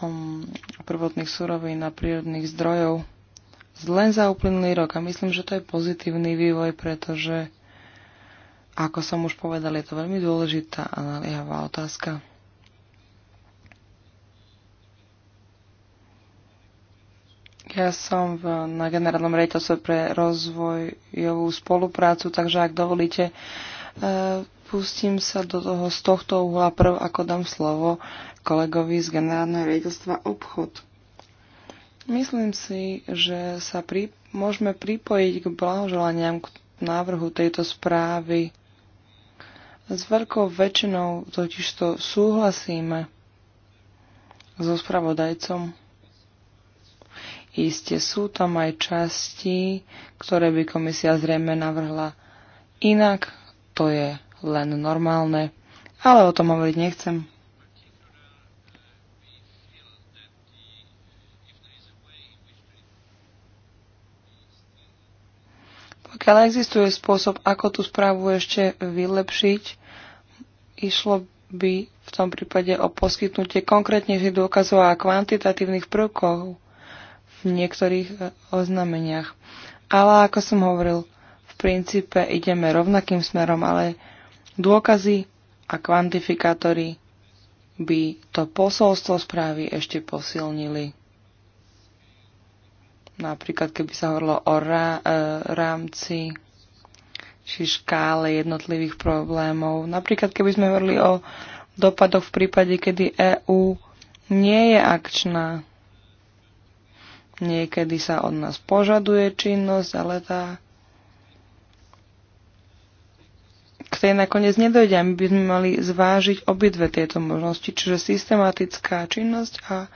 mm, prvotných surovín a prírodných zdrojov len za uplynulý rok a myslím, že to je pozitívny vývoj, pretože, ako som už povedal, je to veľmi dôležitá a naliehavá otázka. Ja som v, na generálnom rejtose pre rozvojovú spoluprácu, takže ak dovolíte, e, pustím sa do toho z tohto uhla prv, ako dám slovo kolegovi z generálneho rejtostva obchod. Myslím si, že sa pri, môžeme pripojiť k blahoželaniam k návrhu tejto správy. S veľkou väčšinou totižto súhlasíme so spravodajcom. Iste sú tam aj časti, ktoré by komisia zrejme navrhla inak, to je len normálne, ale o tom hovoriť nechcem. ale existuje spôsob, ako tú správu ešte vylepšiť. Išlo by v tom prípade o poskytnutie konkrétnejších dôkazov a kvantitatívnych prvkov v niektorých e, oznameniach. Ale ako som hovoril, v princípe ideme rovnakým smerom, ale dôkazy a kvantifikátory by to posolstvo správy ešte posilnili. Napríklad, keby sa hovorilo o e, rámci či škále jednotlivých problémov. Napríklad, keby sme hovorili o dopadoch v prípade, kedy EÚ nie je akčná. Niekedy sa od nás požaduje činnosť, ale tá k tej nakoniec nedojde. My by sme mali zvážiť obidve tieto možnosti, čiže systematická činnosť a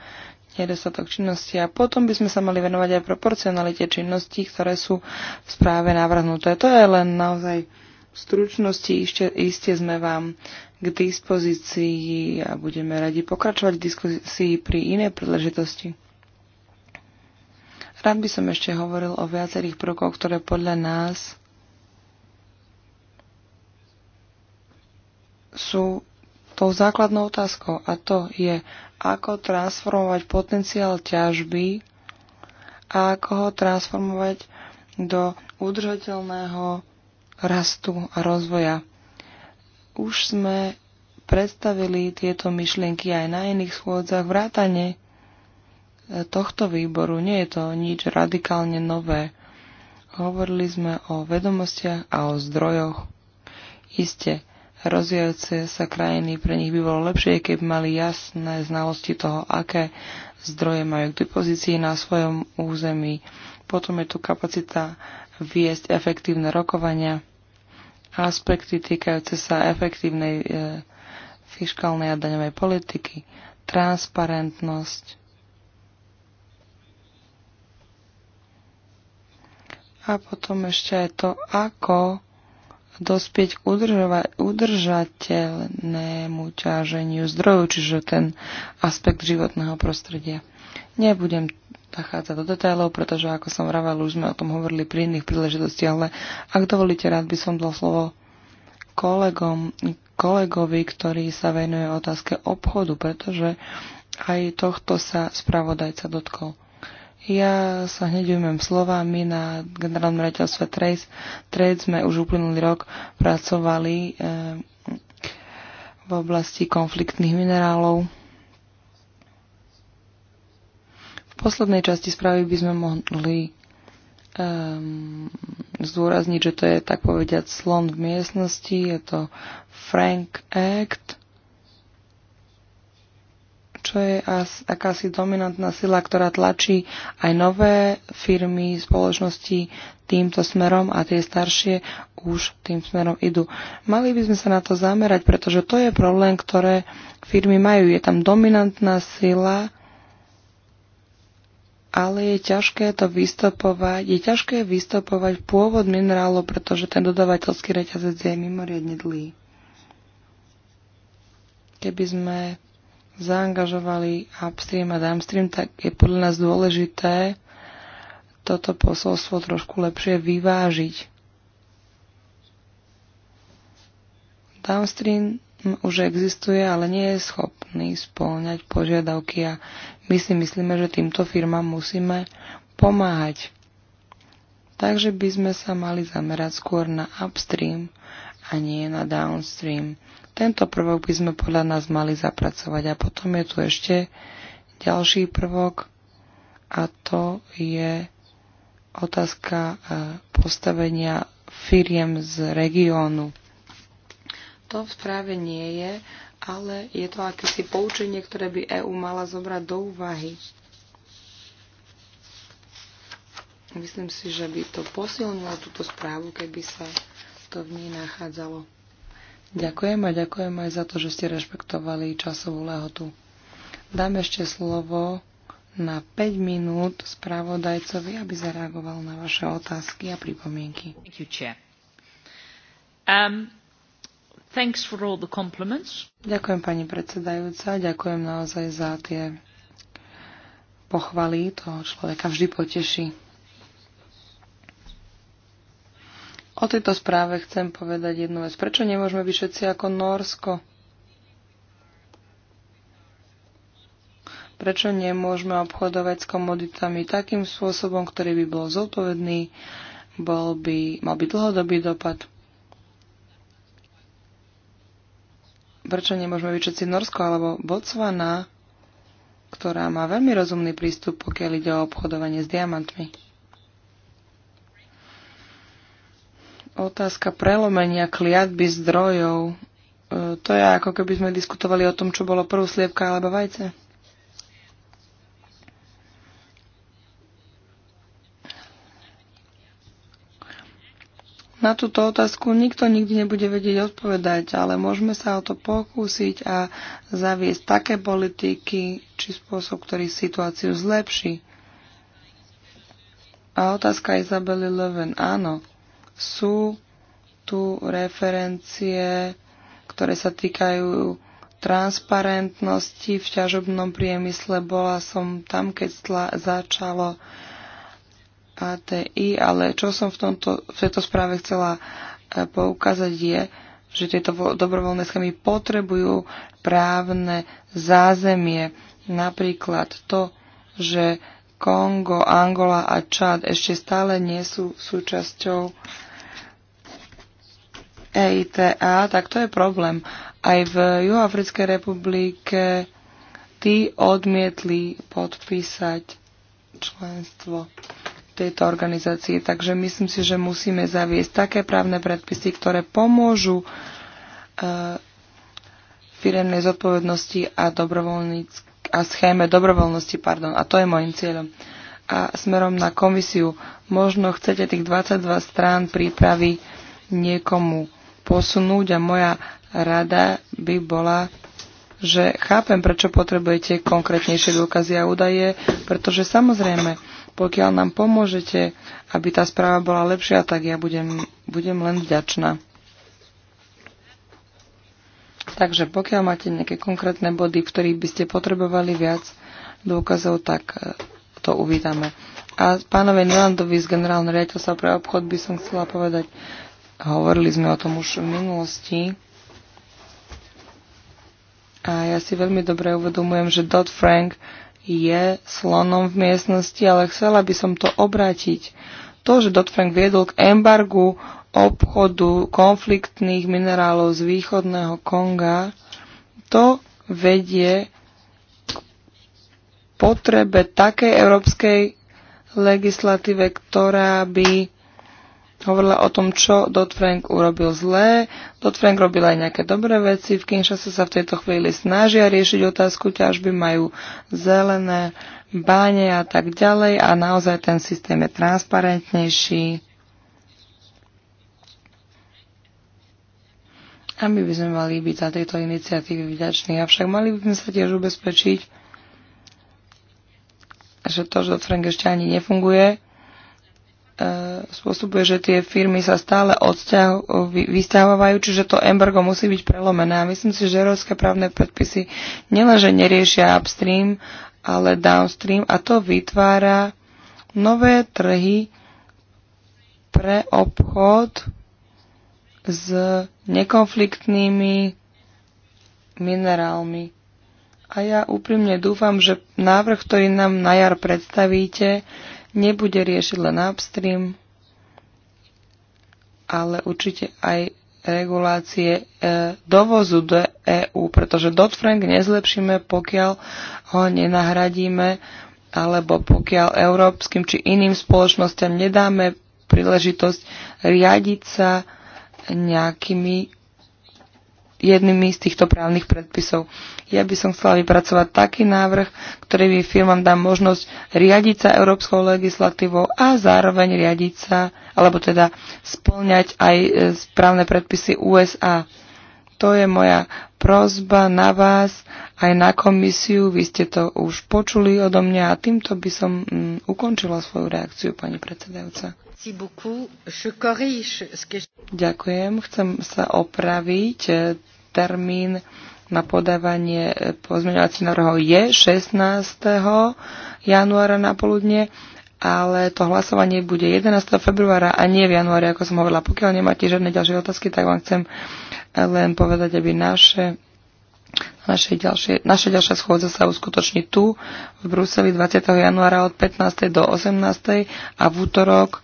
nedostatok činnosti. A potom by sme sa mali venovať aj proporcionalite činností, ktoré sú v správe navrhnuté. To je len naozaj v stručnosti. Ešte, iste sme vám k dispozícii a budeme radi pokračovať v diskusii pri inej príležitosti. Rád by som ešte hovoril o viacerých prvkoch, ktoré podľa nás sú tou základnou otázkou a to je, ako transformovať potenciál ťažby a ako ho transformovať do udržateľného rastu a rozvoja. Už sme predstavili tieto myšlienky aj na iných schôdzach vrátane e, tohto výboru. Nie je to nič radikálne nové. Hovorili sme o vedomostiach a o zdrojoch. Isté, rozvíjajúce sa krajiny, pre nich by bolo lepšie, keby mali jasné znalosti toho, aké zdroje majú k dispozícii na svojom území. Potom je tu kapacita viesť efektívne rokovania, aspekty týkajúce sa efektívnej e, fiskálnej a daňovej politiky, transparentnosť. A potom ešte aj to, ako dospieť k udržateľnému ťaženiu zdrojov, čiže ten aspekt životného prostredia. Nebudem zachádzať do detailov, pretože ako som vravel, už sme o tom hovorili pri iných príležitostiach, ale ak dovolíte, rád by som dal slovo kolegom, kolegovi, ktorý sa venuje otázke obchodu, pretože aj tohto sa spravodajca dotkol. Ja sa hneď ujmem slova. My na generálnom raditeľstve trade Trade sme už uplynulý rok pracovali eh, v oblasti konfliktných minerálov. V poslednej časti správy by sme mohli um, zdôrazniť, že to je tak povediať slon v miestnosti, je to Frank Act, čo je akási dominantná sila, ktorá tlačí aj nové firmy, spoločnosti týmto smerom a tie staršie už tým smerom idú. Mali by sme sa na to zamerať, pretože to je problém, ktoré firmy majú. Je tam dominantná sila, ale je ťažké to vystopovať, je ťažké vystopovať pôvod minerálu, pretože ten dodavateľský reťazec je mimoriadne dlhý. Keby sme zaangažovali upstream a downstream, tak je podľa nás dôležité toto posolstvo trošku lepšie vyvážiť. Downstream už existuje, ale nie je schopný spĺňať požiadavky a my si myslíme, že týmto firmám musíme pomáhať. Takže by sme sa mali zamerať skôr na upstream a nie na downstream. Tento prvok by sme podľa nás mali zapracovať. A potom je tu ešte ďalší prvok a to je otázka e, postavenia firiem z regiónu. To v správe nie je, ale je to akési poučenie, ktoré by EÚ mala zobrať do úvahy. Myslím si, že by to posilnilo túto správu, keby sa to v nej nachádzalo. Ďakujem a ďakujem aj za to, že ste rešpektovali časovú lehotu. Dám ešte slovo na 5 minút spravodajcovi, aby zareagoval na vaše otázky a pripomienky. Um, ďakujem pani predsedajúca, ďakujem naozaj za tie pochvaly, toho človeka vždy poteší. O tejto správe chcem povedať jednu vec. Prečo nemôžeme byť všetci ako Norsko? Prečo nemôžeme obchodovať s komoditami takým spôsobom, ktorý by bol zodpovedný, bol by, mal by dlhodobý dopad? Prečo nemôžeme byť všetci Norsko alebo Botswana, ktorá má veľmi rozumný prístup, pokiaľ ide o obchodovanie s diamantmi? Otázka prelomenia kliatby zdrojov. E, to je ako keby sme diskutovali o tom, čo bolo prvú sliepka alebo vajce. Na túto otázku nikto nikdy nebude vedieť odpovedať, ale môžeme sa o to pokúsiť a zaviesť také politiky či spôsob, ktorý situáciu zlepší. A otázka Izabely Leven. Áno, sú tu referencie, ktoré sa týkajú transparentnosti v ťažobnom priemysle. Bola som tam, keď začalo ATI, ale čo som v, tomto, v tejto správe chcela e, poukázať je, že tieto dobrovoľné schémy potrebujú právne zázemie. Napríklad to, že Kongo, Angola a Čad ešte stále nie sú súčasťou EITA, tak to je problém. Aj v Juhoafrickej republike tí odmietli podpísať členstvo tejto organizácie. Takže myslím si, že musíme zaviesť také právne predpisy, ktoré pomôžu e, firemnej zodpovednosti a, a schéme dobrovoľnosti. Pardon, a to je môjim cieľom. A smerom na komisiu. Možno chcete tých 22 strán prípravy niekomu posunúť a moja rada by bola, že chápem, prečo potrebujete konkrétnejšie dôkazy a údaje, pretože samozrejme, pokiaľ nám pomôžete, aby tá správa bola lepšia, tak ja budem, budem len vďačná. Takže pokiaľ máte nejaké konkrétne body, v ktorých by ste potrebovali viac dôkazov, tak e, to uvítame. A pánovi Nilandovi z generálneho riaditeľstva pre obchod by som chcela povedať, Hovorili sme o tom už v minulosti. A ja si veľmi dobre uvedomujem, že Dodd-Frank je slonom v miestnosti, ale chcela by som to obrátiť. To, že Dodd-Frank viedol k embargu obchodu konfliktných minerálov z východného Konga, to vedie k potrebe takej európskej legislatíve, ktorá by hovorila o tom, čo Dodd-Frank urobil zlé. Dodd-Frank robil aj nejaké dobré veci. V Kinshase sa v tejto chvíli snažia riešiť otázku ťažby, majú zelené báne a tak ďalej a naozaj ten systém je transparentnejší. A my by sme mali byť za tejto iniciatívy vďační, avšak mali by sme sa tiež ubezpečiť, že to, že Dodd-Frank ešte ani nefunguje, E, spôsobuje, že tie firmy sa stále vystávajú, čiže to embargo musí byť prelomené. A myslím si, že európske právne predpisy nielenže neriešia upstream, ale downstream a to vytvára nové trhy pre obchod s nekonfliktnými minerálmi. A ja úprimne dúfam, že návrh, ktorý nám na jar predstavíte, nebude riešiť len upstream, ale určite aj regulácie e, dovozu do EÚ, pretože Dodd-Frank nezlepšíme, pokiaľ ho nenahradíme, alebo pokiaľ európskym či iným spoločnosťam nedáme príležitosť riadiť sa nejakými jednými z týchto právnych predpisov. Ja by som chcela vypracovať taký návrh, ktorý by firmám dá možnosť riadiť sa európskou legislatívou a zároveň riadiť sa, alebo teda splňať aj e, správne predpisy USA. To je moja prozba na vás, aj na komisiu. Vy ste to už počuli odo mňa a týmto by som mm, ukončila svoju reakciu, pani predsedajúca. Ďakujem. Chcem sa opraviť. E, termín na podávanie e, pozmeňovacích návrhov je 16. januára na poludne, ale to hlasovanie bude 11. februára a nie v januári, ako som hovorila. Pokiaľ nemáte žiadne ďalšie otázky, tak vám chcem e, len povedať, aby naše naše ďalšie, naša ďalšia schôdza sa uskutoční tu, v Bruseli 20. januára od 15. do 18. a v útorok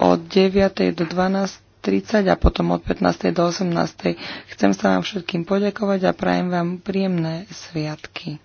od 9. do 12. 15.30 a potom od 15. do 18. Chcem sa vám všetkým poďakovať a prajem vám príjemné sviatky.